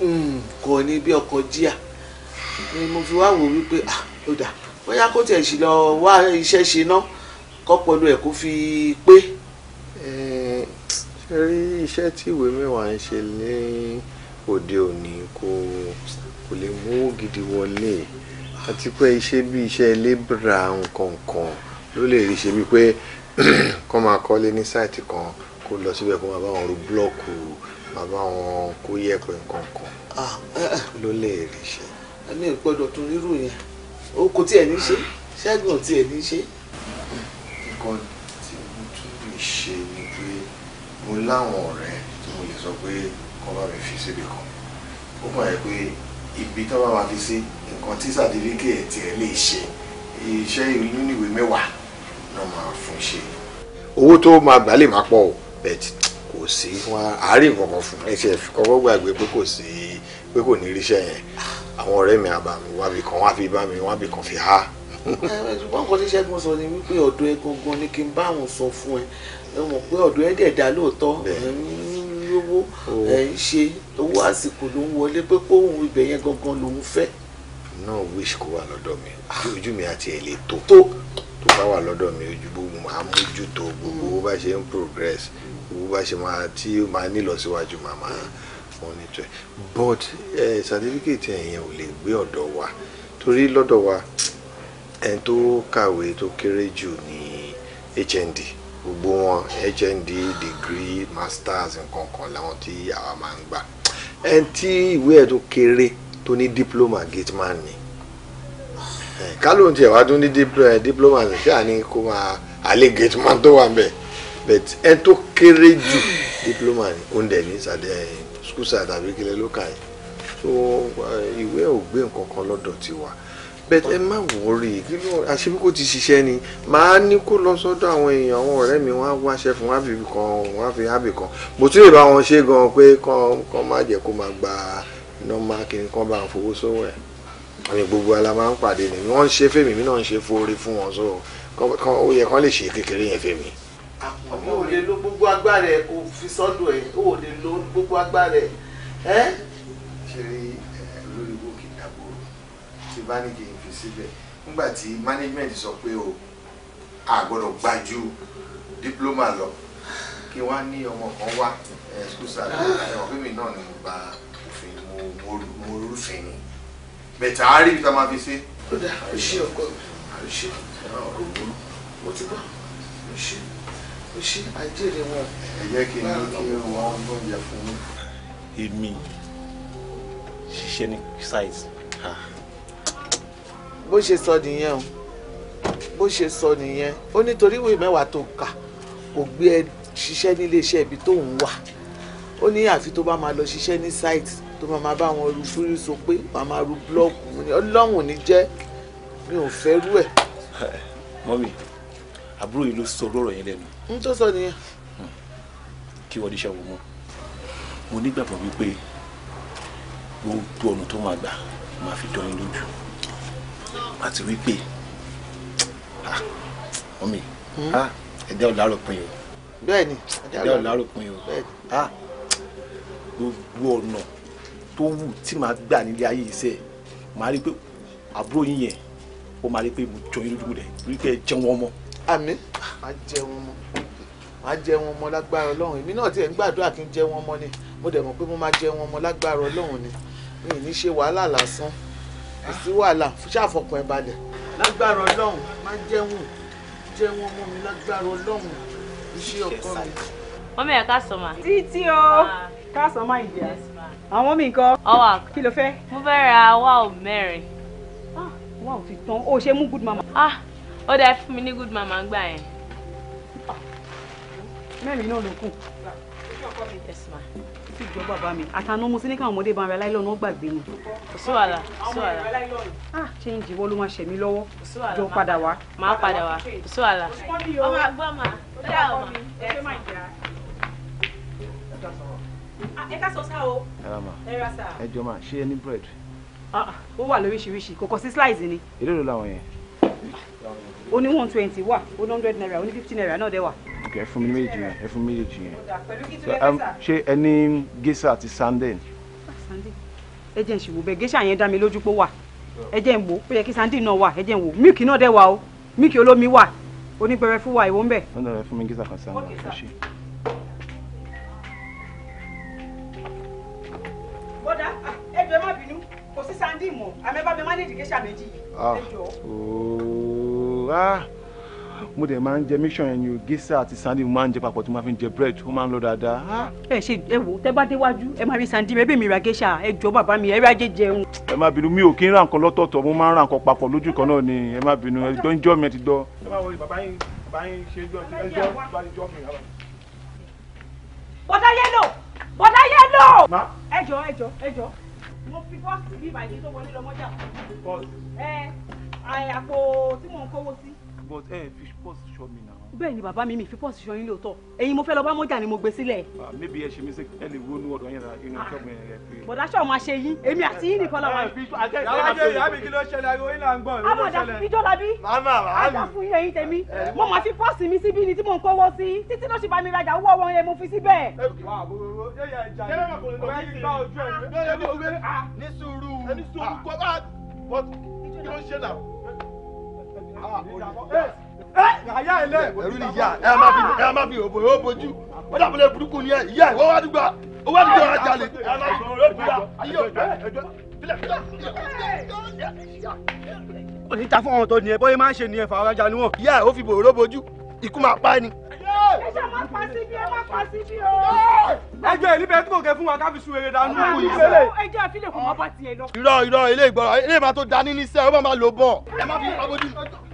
hmm, kò ní bí ọkọ̀ jíà ni mo fi wá wò wípé ah ó dà bóyá kó tiẹ̀ sì lọ wá iṣẹ́ ṣe ná kọ́pọ̀lù ẹ̀ kó fi pé. ṣe rí iṣẹ́ tí ìwé mẹ́wàá ń ṣe ní òde òní kò lè mú gidi wọlé àti pé iṣẹ́ bí iṣẹ́ lébra nǹkan kan ló lè rí ṣe bí pé kọ́ máa kọ́lé ní sáìtì kan kó lọ síbẹ̀ kó máa bá wọn ro búlọ́ọ̀kù máa bá wọn kó yẹ̀pẹ̀ nǹkan kan ah, eh, eh. ló lè rí ṣe. ẹni ìgbọ́dọ̀ tún rírù yẹn o kò tiẹ̀ ní ṣe ṣẹ́gun tiẹ̀ ní ṣe. nǹkan tí mo tún lè ṣe ni pé mo láwọn ọ̀rẹ́ tí mo lè sọ pé kọ́ bá mi fi síbi kan ó kàn yẹ pé ibi tó bá wa fi sí nǹkan tí sàdéríkè tiẹ̀ lè ṣe iṣẹ́ ìlú níwèé mẹ́wàá lọ́ máa fún ṣe owó tó máa gbà lè máa pọ̀ o bẹ́ẹ̀ kò sí wọn àárín kankan fún ẹ ṣe kọ́kọ́ gbàgbé pé kò sí pé kò ní ríṣẹ́ yẹn àwọn ọ̀rẹ́ mi àbá mi wá bí kan wá fi bá mi wá bí kan fi há. ṣùgbọ́n kan tí Ṣẹ́gun sọ ni wípé ọ̀dọ̀ ẹ gangan ni kí n bá àwọn sọ fún ẹ ẹ mọ̀ pé ọ̀dọ̀ ẹ dẹ̀ dá lóòótọ́ owó ẹ ń ṣe owó àsìkò ló ń wọlé pé kóhun ibẹ̀ yẹn gangan lòún fẹ́. náà wish kó wà lọ́dọ̀ mi ojú mi àti ẹ̀ lè tó. tó tó bá wà lọ́dọ̀ mi ojú gbogbo máa mójútó gbogbo bó bá ṣe ń progress gbogbo bá ṣe máa tí máa nílọsíwájú màmá wọn but certificate ẹ̀yẹn ò lè gbé ọ̀dọ̀ wa torí lọ́dọ̀ wa ẹni tó kàwé tó kéré jù ní HND gbogbo wọn HND degree masters nǹkan kan làwọn tí àwa máa ń gbà ẹni tí ìwé ẹ̀ tó kéré tó ní diploma gateman ni kálóhùn tiẹ̀ wá dún ní eh, diploma ṣe àní kó máa allegate máa tó wà bẹ́ẹ̀ but ẹ tó kéré jù diploma ni ó ń dẹ̀ ní sàdé eh, school side tàbí kílẹ̀ lókà yìí so eh, ìwé ò gbé nǹkan kan lọ́dọ̀ tiwa but ẹ má wọrí kí ló àṣírí kò ti ṣiṣẹ́ ni màá ní kó lọ sọ́dọ̀ àwọn èèyàn àwọn ọ̀rẹ́ mi wọ́n á wáṣẹ́ fún wáfi kan wọ́n fi hábì kan bó tí lè bá wọn ṣe gan pé kán má jẹ́ kó máa gba nọ́mà kí n kán bá ń fowó sówó ẹ̀ àmì gbogbo ala máa ń pàdé ni wọ́n ń ṣe fèmí mi náà ń ṣe fóore fún wọn so kan ó yẹ kán lè ṣe kékeré yẹn fèmí. àpọ̀n mi ò lè lo gbogbo agbára ẹ̀ kò fi sọ́dọ̀ ẹ̀ ò lè lo gbogbo agbára ẹ̀ ẹ́. ṣe rí lórí owó kì í dàbò tí bá ní kì í fi síbẹ̀ nígbà tí management sọ pé o a gbọ́dọ̀ gbájú diploma lọ kí wọ́n ní ọmọ kan wá ẹ̀ skúsà ẹ̀wọ̀n fíìmù náà ni mo gba òfin mo rúfin ni bẹ̀tà á rí ibi tá a máa fi ṣe. ó dà á ṣe ọkọ mi á ṣe ọkọ mi mo ti gbọ́ ó ṣe ó ṣe àjèrè wọn. ẹ kí n ní kí wọ́n gbọ́njẹ fún mi. èmi ṣiṣẹ́ ní size. bó ṣe sọ nìyẹn o bó ṣe sọ nìyẹn ó nítorí ìwé mẹ́wàá tó kà kò gbé ẹ ṣiṣẹ́ nílé iṣẹ́ ibi tó ń wà ó ní àfi tó bá máa lọ ṣiṣẹ́ ní site tó máa máa bá wọn ru fúrí so pé màá máa ru búlọ́ọ̀kù mo ní ọlọ́run ní jẹ́ mi ò fẹ́ rú ẹ̀. mọ́mí àbúrò yìí ló sọ lọ́rọ̀ yẹn lẹ́nu. n tó sọ nìyẹn. Hmm. kí wọ́n díṣẹ́ wo mọ́ mo nígbàgbọ́ wípé gbogbo ọ̀nà tó máa gbà máa fi dán yín lójú àti wípé ah, mọ́mí hmm? ah, ẹ̀dá ò lárò pin o. bẹ́ẹ̀ni ẹ̀dá ò lárò pin o. Ah, gbogbo ọ̀nà tó wù tí màá gbà nílé ayé iṣẹ́ màá rí pé àbúrò yín yẹn ó máa rí pé mo jọ yín lójú rẹ̀ rí pé ẹ jẹun ọmọ. àmín màá jẹun ọmọ màá jẹun ọmọ lágbára ọlọ́run èmi náà tiẹ̀ ń gbàdúrà kí n jẹun ọmọ ni mo dẹ̀ mọ̀ pé mo máa jẹun ọmọ lágbára ọlọ́run ni mi ní ṣe wàhálà lásán kò sí wàhálà ṣàfọkàn ẹ balẹ̀ lágbára ọlọ́run máa jẹun jẹun ọmọ mi lágbára ọlọ́run iṣẹ́ ọkọ mi. ọmọ ẹ̀ ká títí o ká ìdí àti àwọn mi nǹkan. ọwọ kí ló fẹ́. mo fẹ́ ra wáò mẹ́rin. Ah, wáò ti tán o ṣe mú good mama. ah ó dá fún mi ní good mama gbà yẹn. Ah, mẹ́rin náà ló kù. sì jọ bàbá mi àtànà mo sí ní káwọn ọmọdé bá ara láìlọ́nà ó gbàgbé mi. kò sí wàhálà kò sí wàhálà. ah change ń jìwọ́ ló máa ṣẹ̀mí lọ́wọ́ jọ padà wá. máa padà wá kò sí wàhálà. ọmọ àgbọ̀ máa ó dá ọmọ ẹ̀ Ah, ẹ ká sọ sá o. ẹ ra ma ẹ jọ ma ṣé ẹ ní bread. Ah, ah, ó wà lóríṣiríṣi kò kọ sí slice ni. èló ló làwọn yẹn. ó ní one twenty wà ó ní hundred naira ó ní fifty naira náà dẹ̀ wà. ok ẹ fún mi méjì yẹn ẹ fún mi méjì yẹn. Um, ṣé ẹ ní gésà àti sandin. ẹ jẹ́ ìṣòwò bẹ́ẹ̀ gésà yẹn dá mi lójú pé wà ẹ jẹ́ ń wò ó yẹ kí sandin náà wà ẹ jẹ́ ń wò mílìkì náà dẹ̀ wà o mílìkì olómi wà onígbẹrẹ fún wa ìwọ ń bẹ̀. wọ́n dọ̀rọ̀ fún mi gésà kan sandin ọ̀ṣẹ́. ó dá ẹjọ́ ẹ má bínú kò sí sandy mọ́ àmẹ́bá mi má ní ìdíkẹ́sà méjì yìí ah. ẹjọ́. Ah. mo dẹ̀ máa ń jẹ mission yẹn ni o gẹ́sà àti sandy mo máa ń jẹ papọ̀ tí mo máa fi ń jẹ bread ó máa ń lọ dáadáa. Ah. ẹ ṣe ẹ wo tẹ bá déwájú ẹ máa rí sandy mi ẹ bẹ mi ra gẹ́sà ẹ jọ bàbá mi ẹ rí ajé jẹun. ẹ má bínú mi ò kí ń ra nǹkan lọ́tọ̀ọ̀tọ̀ mo máa ń ra nǹkan papọ̀ lójú kan náà ni ẹ má bínú ẹ jọ ń jọ mi ẹ ti dọ. é jọ ẹ jọ bá ti jọ bọ́dá yẹ́lò I bọ̀dá yẹ lò. ẹjọ ẹjọ ẹjọ mo fi bọ́ọ̀sì bí ìbàjẹ́ tó wọlé lọ́mọjà. bọ́ọ̀sì. ẹ àpò tí mò ń kówó sí. but eh, fish bọ́ọ̀sì Show me now bẹ́ẹ̀ ni bàbá mi mi fi pọ́ọ̀sì ṣọyún lóòótọ́ ẹ̀yin mo fẹ́ lọ bá mọ́jà ni mo gbé sílẹ̀. maybe ẹ ṣe mistake ẹ lè wo inú ọ̀dọ̀ yẹn inú ṣọ́ọ̀bù yẹn rẹ pé. bọ̀dá ṣọ́ọ̀ máa ṣe yín èmi àti yín nìkan lọ́wọ́. yàrá yàrá mi kí ló ṣẹlẹ̀ ariwo yín là ń gbọ́ ìwé ló ṣẹlẹ̀. àmọ̀dà ìjọlábí àjà fún yẹn yín tèmi mo máa fi pọ́ọ̀sì mi síbí ni tí mò ń kówó sí títí ló ṣe bá mi rajà owó wọn yẹn mo fi síbẹ̀. ní sùúrù kí ló ṣe náà yàyà ilé ẹrú ni yà ẹ má fi ẹ má fi òbò yóò bójú ó dàbílẹ̀ burúkú ni ẹ yà ìwọ wá dùgbà ó wá dùgbà ajalè ẹ má fi òbò dùgbà ayé òbò. òṣìṣà fún ọmọ tó ní ẹ bóyá máa ń ṣe ní ẹfà ọ̀rajà ni wọn. yà ó fi bòrò bójú ikú máa pa ni. ẹ ṣe máa pa síbi ẹ máa pa síbi o. ẹjọ́ ìlú bẹ́ẹ̀ tí kò kẹ́ fún wa ká fi sun eré dànù kò yí sílẹ̀. ẹjọ́ àfilẹ̀ kò má bá tiẹ̀ lọ. irọ́ irọ́ ilé ìgbọràn ilé ìbá tó dání ní sẹ́ẹ̀ ó má má lò bọ̀. ẹ má fi pabodi.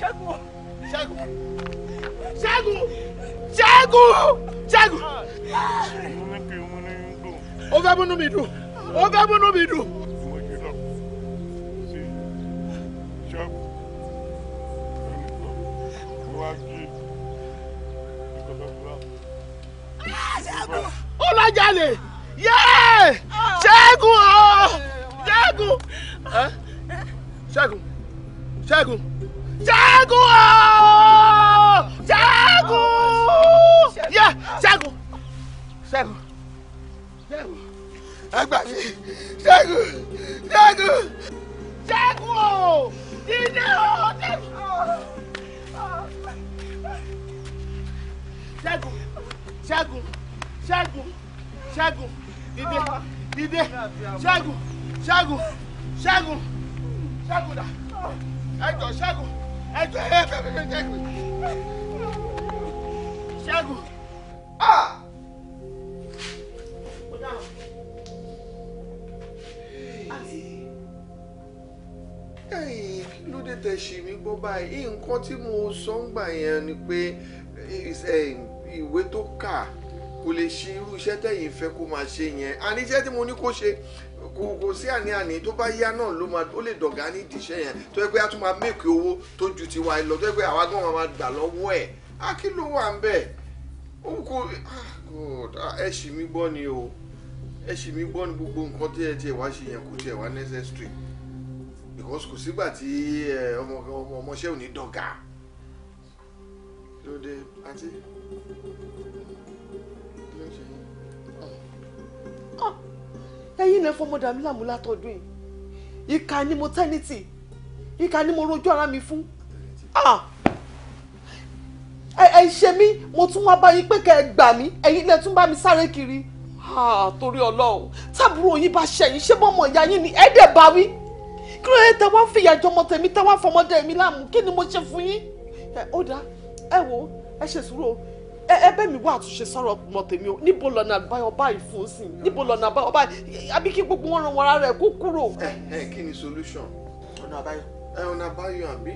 ṣẹ́gun ṣẹ́gun ṣẹ́gun. ó fẹ́ múnú mi dùn ó fẹ́ múnú mi dùn. ó lọ jalè. Yeah, ṣẹ́gun o ṣẹ́gun ṣẹ́gun ṣẹ́gun ṣẹ́gun o ṣẹ́gun yẹ ṣẹ́gun ṣẹ́gun ṣẹ́gun agbàfi ṣẹ́gun ṣẹ́gun ṣẹ́gun o dídé o ṣẹ́gun ṣẹ́gun ṣẹ́gun ṣẹ́gun ṣẹ́gun dìde dìde chago chago chago chago da ẹjọ ṣẹ́gun ẹjọ ẹ bẹ̀rẹ̀ chago ṣẹ́gun ṣẹ́gun. ẹ̀yin ah! kí ló dé tẹ́ ṣì mí gbọ́ báyìí nǹkan tí mo sọ ń gbà yẹn ni pé eh, ìwé tó kà kò lè ṣe irú iṣẹ́ tẹ̀yìn fẹ́ kó máa ṣe yẹn àní iṣẹ́ tí mo ní kó ṣe kò kò sí àní àní tó bá yá náà ló máa ó lè dọ̀gá ní ìdíṣẹ́ yẹn tó yẹ pé a tún máa mèkì owó tó ju tiwa lọ tó yẹ pé àwa gan máa gbà lọ́wọ́ ẹ̀ á kí ló wà ń bẹ̀ ó kò ẹ ṣì mí gbọ́ ni o ẹ ṣì mí gbọ́ ni gbogbo nǹkan tí ẹ tiẹ̀ wá ṣe yẹn kò tiẹ̀ wá necessary because kò sígbà tí ọmọọṣẹ́ ò ní dọ̀gá lóde àti. ẹ̀yin lẹ fọmọ dàmí láàmú látọdún yìí ìka ni mo tẹ́nìtì ìka ni mo rojú ara mi fún ah! ẹ ṣe mí mo tún wá bá yín pé kẹ́ ẹ gbà mí ẹ̀yin lẹ tún bá mi sáré kiri ah, torí Ọlọ́run tábúrò yín bá ṣẹ̀yìn ṣé bọ́mọ ìyá yín ni ẹ dẹ̀ bá wí kí ló yẹ tẹ wá fìyà jọmọ tèmi tẹ wá fọmọdé mi láàmú kí ni mo ṣe fún yín ó dáa ẹ wò ó ẹ ṣe sùúrù o ẹ ẹ bẹ́ẹ̀ mi wá àtúnṣe sọ̀rọ̀ mọ̀ tèmi o níbo lọ́nà àbáyọ báyìí fún sí níbo lọ́nà àbáyọ báyìí àbí kí gbogbo wọn ran wọn ara ẹ kó kúrò. ẹ ẹ kí ni solution ọ̀nà àbáyọ ẹ ọ̀nà àbáyọ àbí.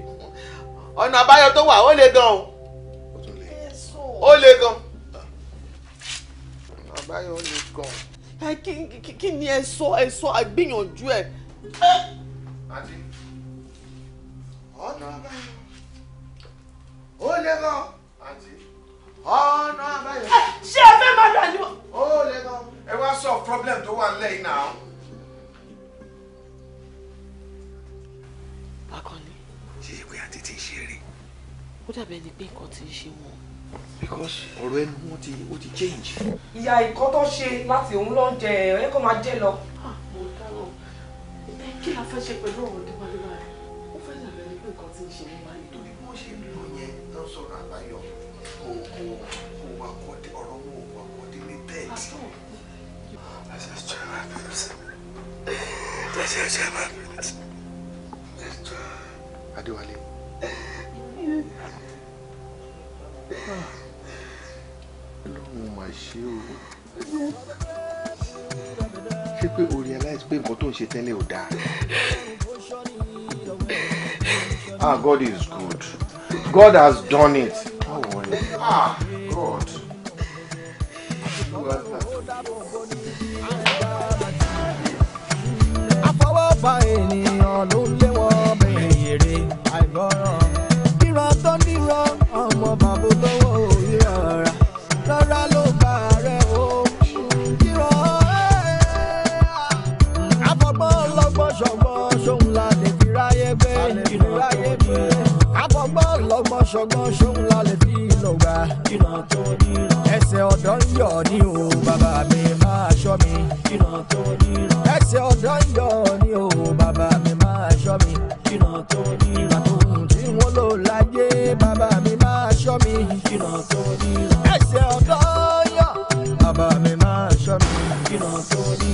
ọ̀nà àbáyọ tó wà ó le gan o ó le gan ọ̀nà àbáyọ ó le gan. ẹ kí kí ni ẹ sọ ẹ sọ àgbìyànjú ẹ. àti ọ̀nà àbáyọ ó le gan. àti ọ̀nà àbáyọ. ṣé ẹ fẹ́ máa dà ní. ó lè gan. ẹ wá sọ problem tó wà nílẹ̀ yìí náà. bákan ni. ṣíṣe pé àti ti ṣe rè. ó dàbí ẹni pé nǹkan ti ń ṣe wọn. because ọ̀rọ̀ ẹnu wọn ti ó ti change. ìyá ìkọ́ tó ṣe láti òun ló ń jẹ ẹ̀ kó máa jẹ́ lọ. Ah, mo dáhùn kí la fẹ́ ṣe pẹ̀lú ọ̀rọ̀ tó wà nínú rẹ̀ ó fẹ́ dàbí ẹni pé nǹkan ti ń ṣe wọn wáyé. torí bí ṣe ń lò yẹn ló ń sọ̀rọ̀ àbáyọ oògùn òwò àkọ́dé ọ̀rọ̀ owó òwò àkọ́dé ní bẹ́ẹ̀dì. ẹ̀ṣẹ̀ jẹ́ máa bínú sí mi ẹ̀ṣẹ̀ God is good. God has done it. Ah, God. Àfọwọ́fà ènìyàn ló ń léwọ́ bèrè àìgbọ́ràn. Irọ́ tó nírọ̀ ọmọ bàbá olówó ìrọ̀ra. Rọ́rá ló bá rẹ̀ o. Irọ́ àfọgbọ́n lọ́gbọ́n ṣọgbọ́n ṣòun la lè fi ráyé gbé. Àfọgbọ́n lọ́gbọ́n ṣọgbọ́n ṣòun ìran tó níran. ẹsẹ̀ ọ̀dọ́ ń yọ̀ ni o bàbá mi máa ṣọ́ mi. ìran tó níran. ẹsẹ̀ ọ̀dọ́ ń yọ̀ ni o bàbá mi máa ṣọ́ mi. ìran tó níran. ohun tí wọ́n lò láyé bàbá mi máa ṣọ́ mi. ìran tó níran. ẹsẹ̀ ọ̀dọ́ ń yọ̀ bàbá mi máa ṣọ́ mi. ìran tó níran.